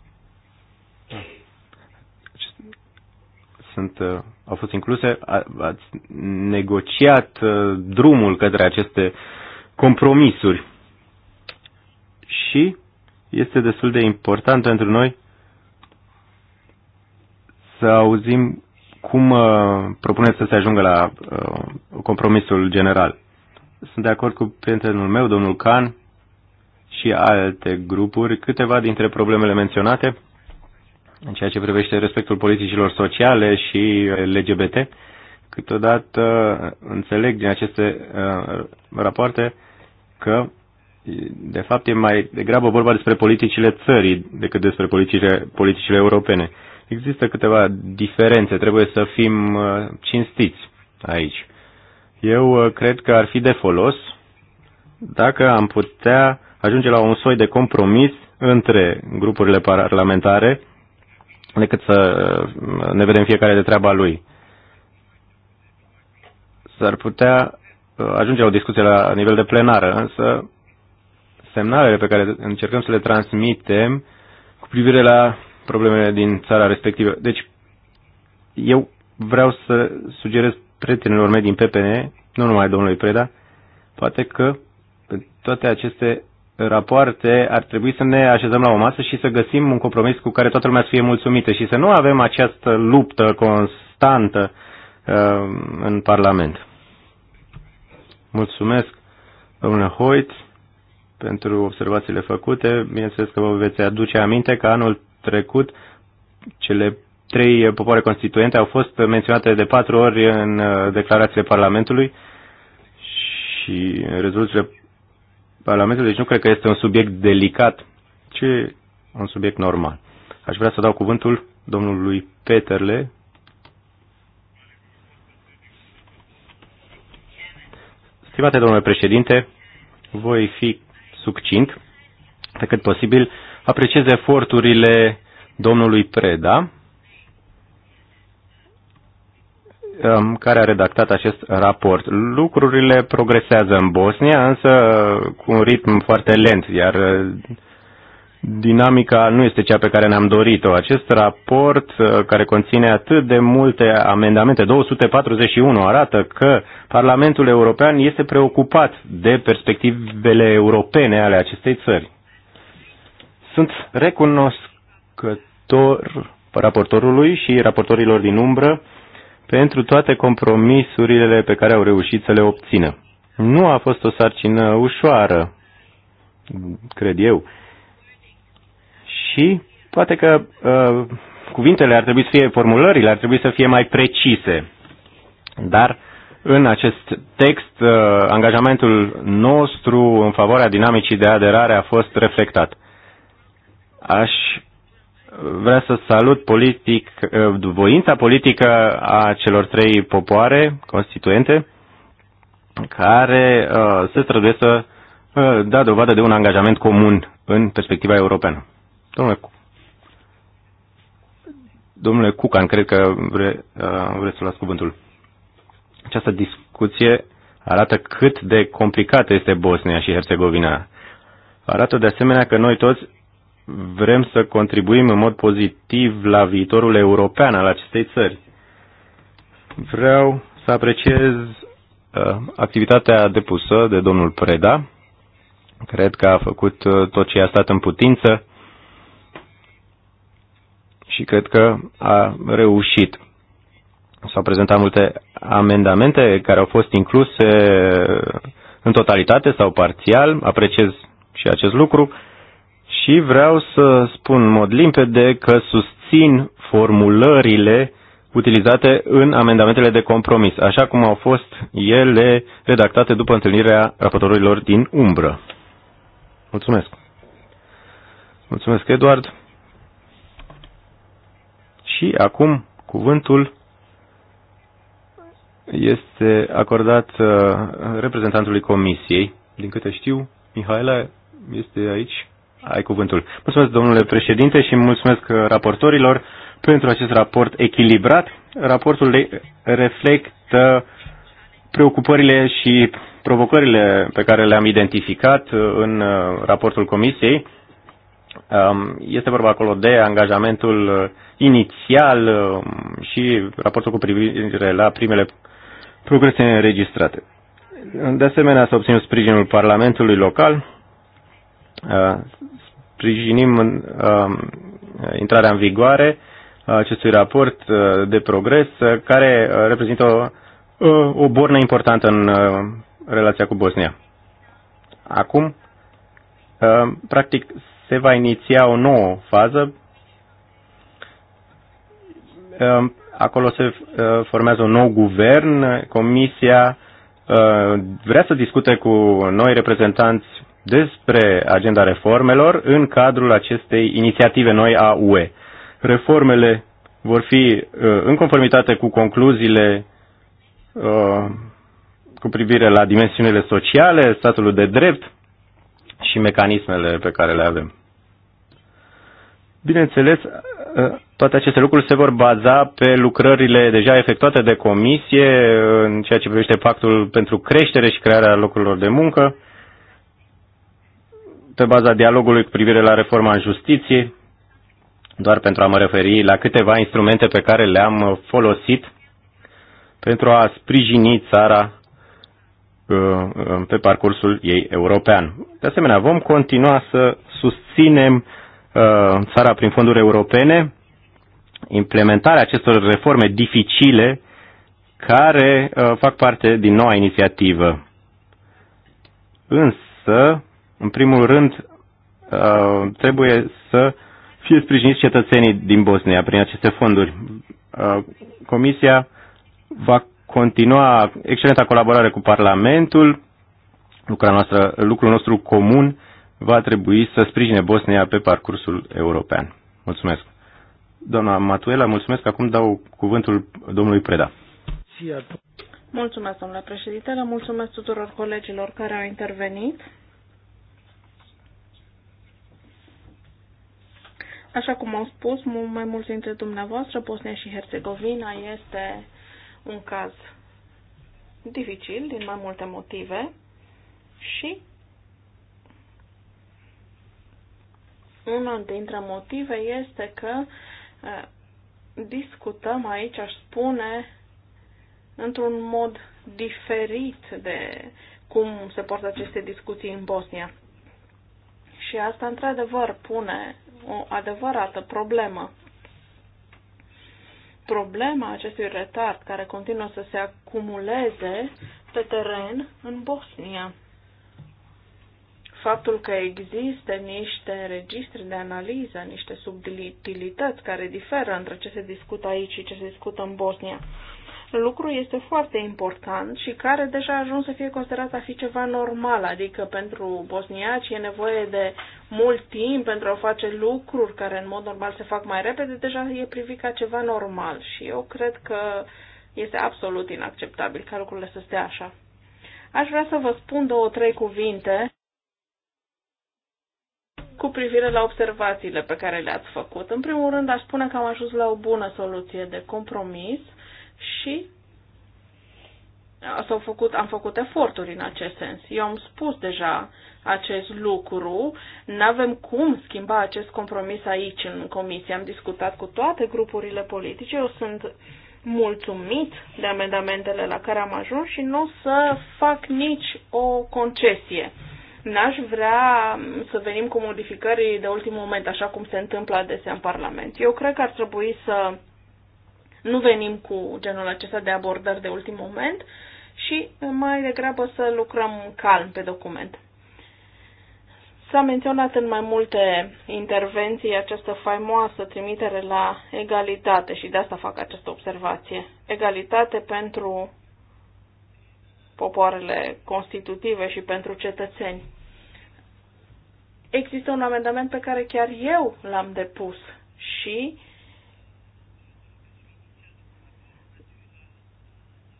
sunt, uh, au fost incluse. A, ați negociat uh, drumul către aceste compromisuri și este destul de important pentru noi să auzim cum uh, propuneți să se ajungă la uh, compromisul general? Sunt de acord cu prietenul meu, domnul Can, și alte grupuri, câteva dintre problemele menționate în ceea ce privește respectul politicilor sociale și LGBT. Câteodată uh, înțeleg din aceste rapoarte că de fapt e mai degrabă vorba despre politicile țării decât despre politicile, politicile europene. Există câteva diferențe, trebuie să fim uh, cinstiți aici. Eu uh, cred că ar fi de folos dacă am putea ajunge la un soi de compromis între grupurile parlamentare decât să uh, ne vedem fiecare de treaba lui. S-ar putea ajunge la o discuție la nivel de plenară, însă semnalele pe care încercăm să le transmitem cu privire la problemele din țara respectivă. Deci, eu vreau să sugerez prietenilor mei din PPN, nu numai domnului Preda, poate că toate aceste rapoarte ar trebui să ne așezăm la o masă și să găsim un compromis cu care toată lumea să fie mulțumită și să nu avem această luptă constantă uh, în Parlament. Mulțumesc, domnule Hoyt, pentru observațiile făcute. Bineînțeles că vă veți aduce aminte că anul trecut, cele trei popoare constituente au fost menționate de patru ori în uh, declarațiile Parlamentului și în rezoluțiile Parlamentului, deci nu cred că este un subiect delicat, ci un subiect normal. Aș vrea să dau cuvântul domnului Peterle. Stimate domnule președinte, voi fi succint pe cât posibil apreciez eforturile domnului Preda, um, care a redactat acest raport. Lucrurile progresează în Bosnia, însă cu un ritm foarte lent, iar uh, dinamica nu este cea pe care ne-am dorit-o. Acest raport, uh, care conține atât de multe amendamente, 241, arată că Parlamentul European este preocupat de perspectivele europene ale acestei țări. Sunt recunoscător raportorului și raportorilor din umbră pentru toate compromisurile pe care au reușit să le obțină. Nu a fost o sarcină ușoară, cred eu. Și poate că uh, cuvintele ar trebui să fie, formulările ar trebui să fie mai precise. Dar în acest text, uh, angajamentul nostru în favoarea dinamicii de aderare a fost reflectat aș vrea să salut politic, eh, voința politică a celor trei popoare constituente care eh, se străduiesc să da dovadă de un angajament comun în perspectiva europeană. Domnule, domnule Cucan, cred că vre, vreți să luați cuvântul. Această discuție arată cât de complicată este Bosnia și Herțegovina. Arată de asemenea că noi toți vrem să contribuim în mod pozitiv la viitorul european al acestei țări. Vreau să apreciez uh, activitatea depusă de domnul Preda. Cred că a făcut uh, tot ce a stat în putință și cred că a reușit. S-au prezentat multe amendamente care au fost incluse în totalitate sau parțial. Apreciez și acest lucru și vreau să spun în mod limpede că susțin formulările utilizate în amendamentele de compromis, așa cum au fost ele redactate după întâlnirea raportorilor din umbră. Mulțumesc. Mulțumesc, Eduard. Și acum cuvântul este acordat uh, reprezentantului comisiei. Din câte știu, Mihaela este aici ai cuvântul. Mulțumesc, domnule președinte, și mulțumesc raportorilor pentru acest raport echilibrat. Raportul reflectă preocupările și provocările pe care le-am identificat uh, în uh, raportul comisiei. Um, este vorba acolo de angajamentul uh, inițial um, și raportul cu privire la primele progrese înregistrate. De asemenea, s-a obținut sprijinul Parlamentului local Uh, sprijinim în, uh, intrarea în vigoare uh, acestui raport de progres, care reprezintă o, o bornă importantă în relația cu Bosnia. Acum, practic, se va iniția o nouă fază. Acolo se formează un nou guvern. Comisia vrea să discute cu noi reprezentanți despre agenda reformelor în cadrul acestei inițiative noi a UE. Reformele vor fi uh, în conformitate cu concluziile uh, cu privire la dimensiunile sociale, statul de drept și mecanismele pe care le avem. Bineînțeles, uh, toate aceste lucruri se vor baza pe lucrările deja efectuate de comisie în ceea ce privește pactul pentru creștere și crearea locurilor de muncă, pe baza dialogului cu privire la reforma în justiție, doar pentru a mă referi la câteva instrumente pe care le-am folosit pentru a sprijini țara uh, uh, pe parcursul ei european. De asemenea, vom continua să susținem uh, țara prin fonduri europene, implementarea acestor reforme dificile care fac parte din noua inițiativă. Însă, în primul rând, uh, trebuie să fie sprijiniți cetățenii din Bosnia prin aceste fonduri. Uh, Comisia va continua excelenta colaborare cu Parlamentul, lucrul nostru, lucrul nostru comun va trebui să sprijine Bosnia pe parcursul european. Mulțumesc. Doamna Matuela, mulțumesc. Acum dau cuvântul domnului Preda. Mulțumesc, domnule președinte, mulțumesc tuturor colegilor care au intervenit. Așa cum am spus mai mulți dintre dumneavoastră, Bosnia și Herțegovina este un caz dificil din mai multe motive și unul dintre motive este că discutăm aici, aș spune, într-un mod diferit de cum se poartă aceste discuții în Bosnia. Și asta, într-adevăr, pune o adevărată problemă. Problema acestui retard care continuă să se acumuleze pe teren în Bosnia. Faptul că există niște registre de analiză, niște subtilități care diferă între ce se discută aici și ce se discută în Bosnia lucru este foarte important și care deja a ajuns să fie considerat a fi ceva normal, adică pentru bosniaci e nevoie de mult timp pentru a face lucruri care în mod normal se fac mai repede, deja e privit ca ceva normal și eu cred că este absolut inacceptabil ca lucrurile să stea așa. Aș vrea să vă spun două, trei cuvinte cu privire la observațiile pe care le-ați făcut. În primul rând, aș spune că am ajuns la o bună soluție de compromis și s-au făcut, am făcut eforturi în acest sens. Eu am spus deja acest lucru, nu avem cum schimba acest compromis aici în comisie. Am discutat cu toate grupurile politice, eu sunt mulțumit de amendamentele la care am ajuns și nu o să fac nici o concesie. N-aș vrea să venim cu modificări de ultim moment, așa cum se întâmplă adesea în Parlament. Eu cred că ar trebui să nu venim cu genul acesta de abordări de ultim moment și mai degrabă să lucrăm calm pe document. S-a menționat în mai multe intervenții această faimoasă trimitere la egalitate și de asta fac această observație. Egalitate pentru popoarele constitutive și pentru cetățeni. Există un amendament pe care chiar eu l-am depus și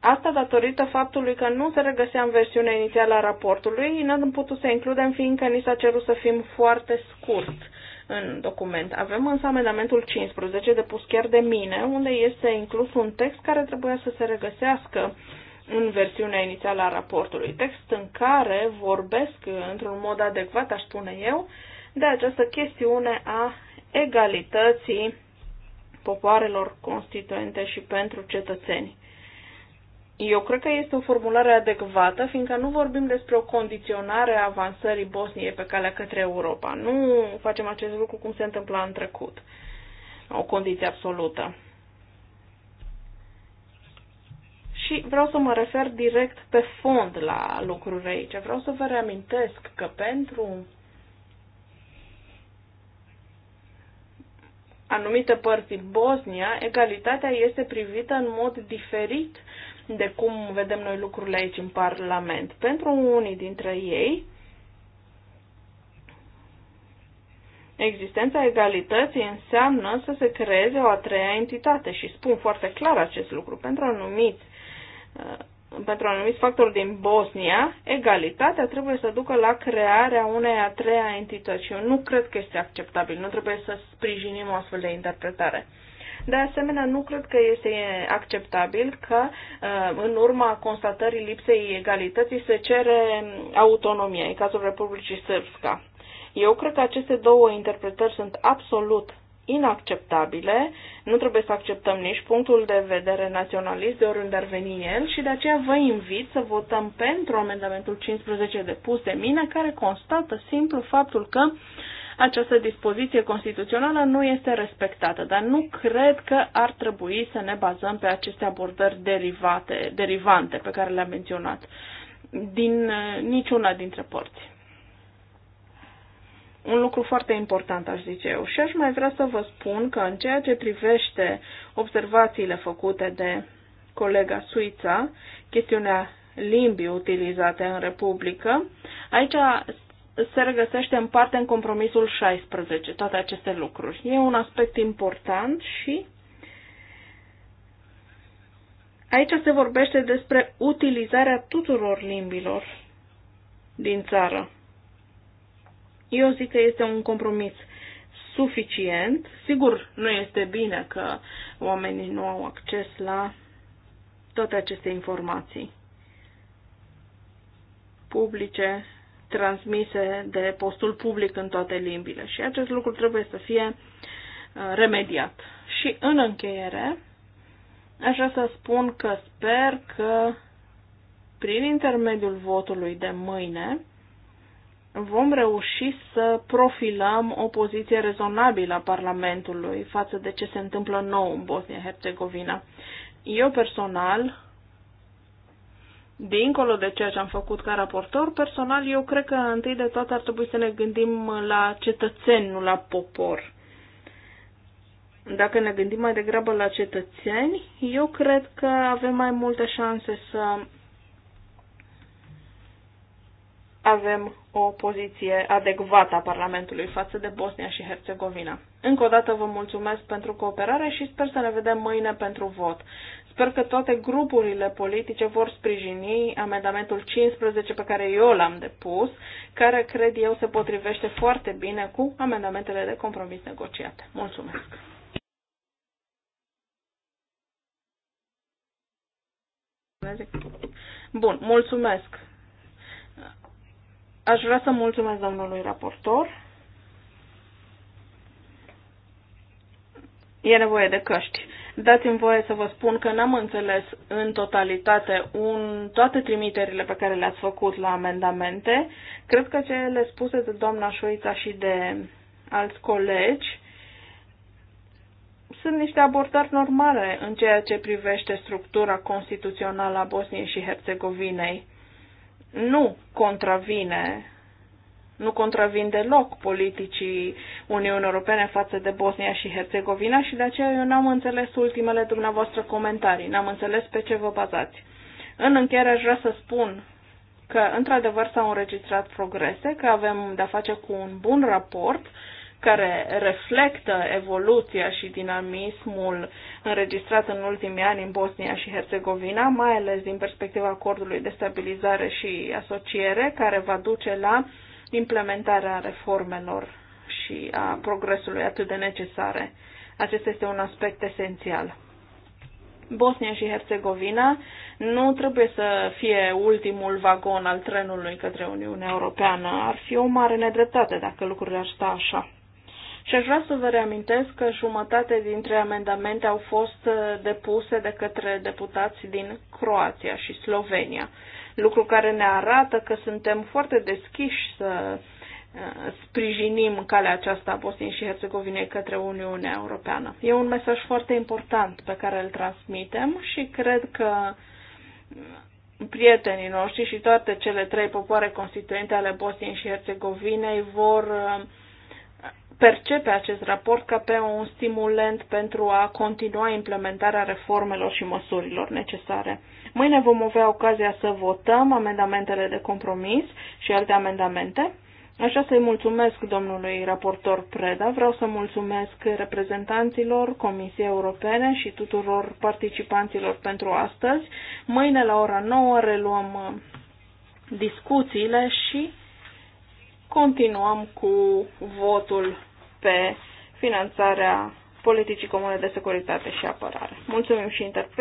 Asta datorită faptului că nu se regăsea în versiunea inițială a raportului, n-am putut să includem, fiindcă ni s-a cerut să fim foarte scurt în document. Avem însă amendamentul 15, depus chiar de mine, unde este inclus un text care trebuia să se regăsească în versiunea inițială a raportului. Text în care vorbesc, într-un mod adecvat, aș spune eu, de această chestiune a egalității popoarelor constituente și pentru cetățeni. Eu cred că este o formulare adecvată, fiindcă nu vorbim despre o condiționare a avansării Bosniei pe calea către Europa. Nu facem acest lucru cum se întâmpla în trecut. O condiție absolută. Și vreau să mă refer direct pe fond la lucrurile aici. Vreau să vă reamintesc că pentru anumite părți Bosnia, egalitatea este privită în mod diferit de cum vedem noi lucrurile aici în Parlament. Pentru unii dintre ei, Existența egalității înseamnă să se creeze o a treia entitate și spun foarte clar acest lucru. Pentru anumiți, uh, pentru anumiți factori din Bosnia, egalitatea trebuie să ducă la crearea unei a treia entități. Eu nu cred că este acceptabil, nu trebuie să sprijinim o astfel de interpretare. De asemenea, nu cred că este acceptabil că uh, în urma constatării lipsei egalității se cere autonomia, în cazul Republicii Sârbska. Eu cred că aceste două interpretări sunt absolut inacceptabile, nu trebuie să acceptăm nici punctul de vedere naționalist de oriunde ar veni el și de aceea vă invit să votăm pentru amendamentul 15 depus de mine care constată simplu faptul că uh, această dispoziție constituțională nu este respectată, dar nu cred că ar trebui să ne bazăm pe aceste abordări derivate, derivante pe care le-am menționat din eh, niciuna dintre părți. Un lucru foarte important, aș zice eu. Și aș mai vrea să vă spun că în ceea ce privește observațiile făcute de colega Suița, chestiunea limbii utilizate în Republică. Aici se regăsește în parte în compromisul 16, toate aceste lucruri. E un aspect important și aici se vorbește despre utilizarea tuturor limbilor din țară. Eu zic că este un compromis suficient. Sigur, nu este bine că oamenii nu au acces la toate aceste informații publice transmise de postul public în toate limbile și acest lucru trebuie să fie uh, remediat. Și în încheiere, aș vrea să spun că sper că prin intermediul votului de mâine vom reuși să profilăm o poziție rezonabilă a Parlamentului față de ce se întâmplă nou în Bosnia-Herzegovina. Eu personal Dincolo de ceea ce am făcut ca raportor, personal, eu cred că întâi de toate ar trebui să ne gândim la cetățeni, nu la popor. Dacă ne gândim mai degrabă la cetățeni, eu cred că avem mai multe șanse să avem o poziție adecvată a Parlamentului față de Bosnia și Herțegovina. Încă o dată vă mulțumesc pentru cooperare și sper să ne vedem mâine pentru vot. Sper că toate grupurile politice vor sprijini amendamentul 15 pe care eu l-am depus, care cred eu se potrivește foarte bine cu amendamentele de compromis negociate. Mulțumesc! Bun, mulțumesc. Aș vrea să mulțumesc domnului raportor. E nevoie de căști. Dați-mi voie să vă spun că n-am înțeles în totalitate un, toate trimiterile pe care le-ați făcut la amendamente. Cred că cele spuse de doamna Șoița și de alți colegi sunt niște abordări normale în ceea ce privește structura constituțională a Bosniei și Herțegovinei. Nu contravine nu contravin deloc politicii Uniunii Europene față de Bosnia și Herțegovina și de aceea eu n-am înțeles ultimele dumneavoastră comentarii, n-am înțeles pe ce vă bazați. În încheiere aș vrea să spun că într-adevăr s-au înregistrat progrese, că avem de-a face cu un bun raport care reflectă evoluția și dinamismul înregistrat în ultimii ani în Bosnia și Herțegovina, mai ales din perspectiva acordului de stabilizare și asociere, care va duce la uh, implementarea reformelor și a progresului atât de necesare. Acesta este un aspect esențial. Bosnia și Herțegovina nu trebuie să fie ultimul vagon al trenului către Uniunea Europeană. Ar fi o mare nedreptate dacă lucrurile ar sta așa. Și aș vrea să vă reamintesc că jumătate dintre amendamente au fost uh, depuse de către deputați din Croația și Slovenia lucru care ne arată că suntem foarte deschiși să uh, sprijinim calea aceasta a Bosniei și Herțegovinei către Uniunea Europeană. E un mesaj foarte important pe care îl transmitem și cred că prietenii noștri și toate cele trei popoare constituente ale Bosniei și Herțegovinei vor uh, percepe acest raport ca pe un stimulent pentru a continua implementarea reformelor și măsurilor necesare. Mâine vom avea ocazia să votăm amendamentele de compromis și alte amendamente. Așa să-i mulțumesc domnului raportor Preda, vreau să mulțumesc reprezentanților Comisiei Europene și tuturor participanților pentru astăzi. Mâine la ora 9 reluăm uh, discuțiile și continuăm cu votul pe finanțarea politicii comune de securitate și apărare. Mulțumim și interpret.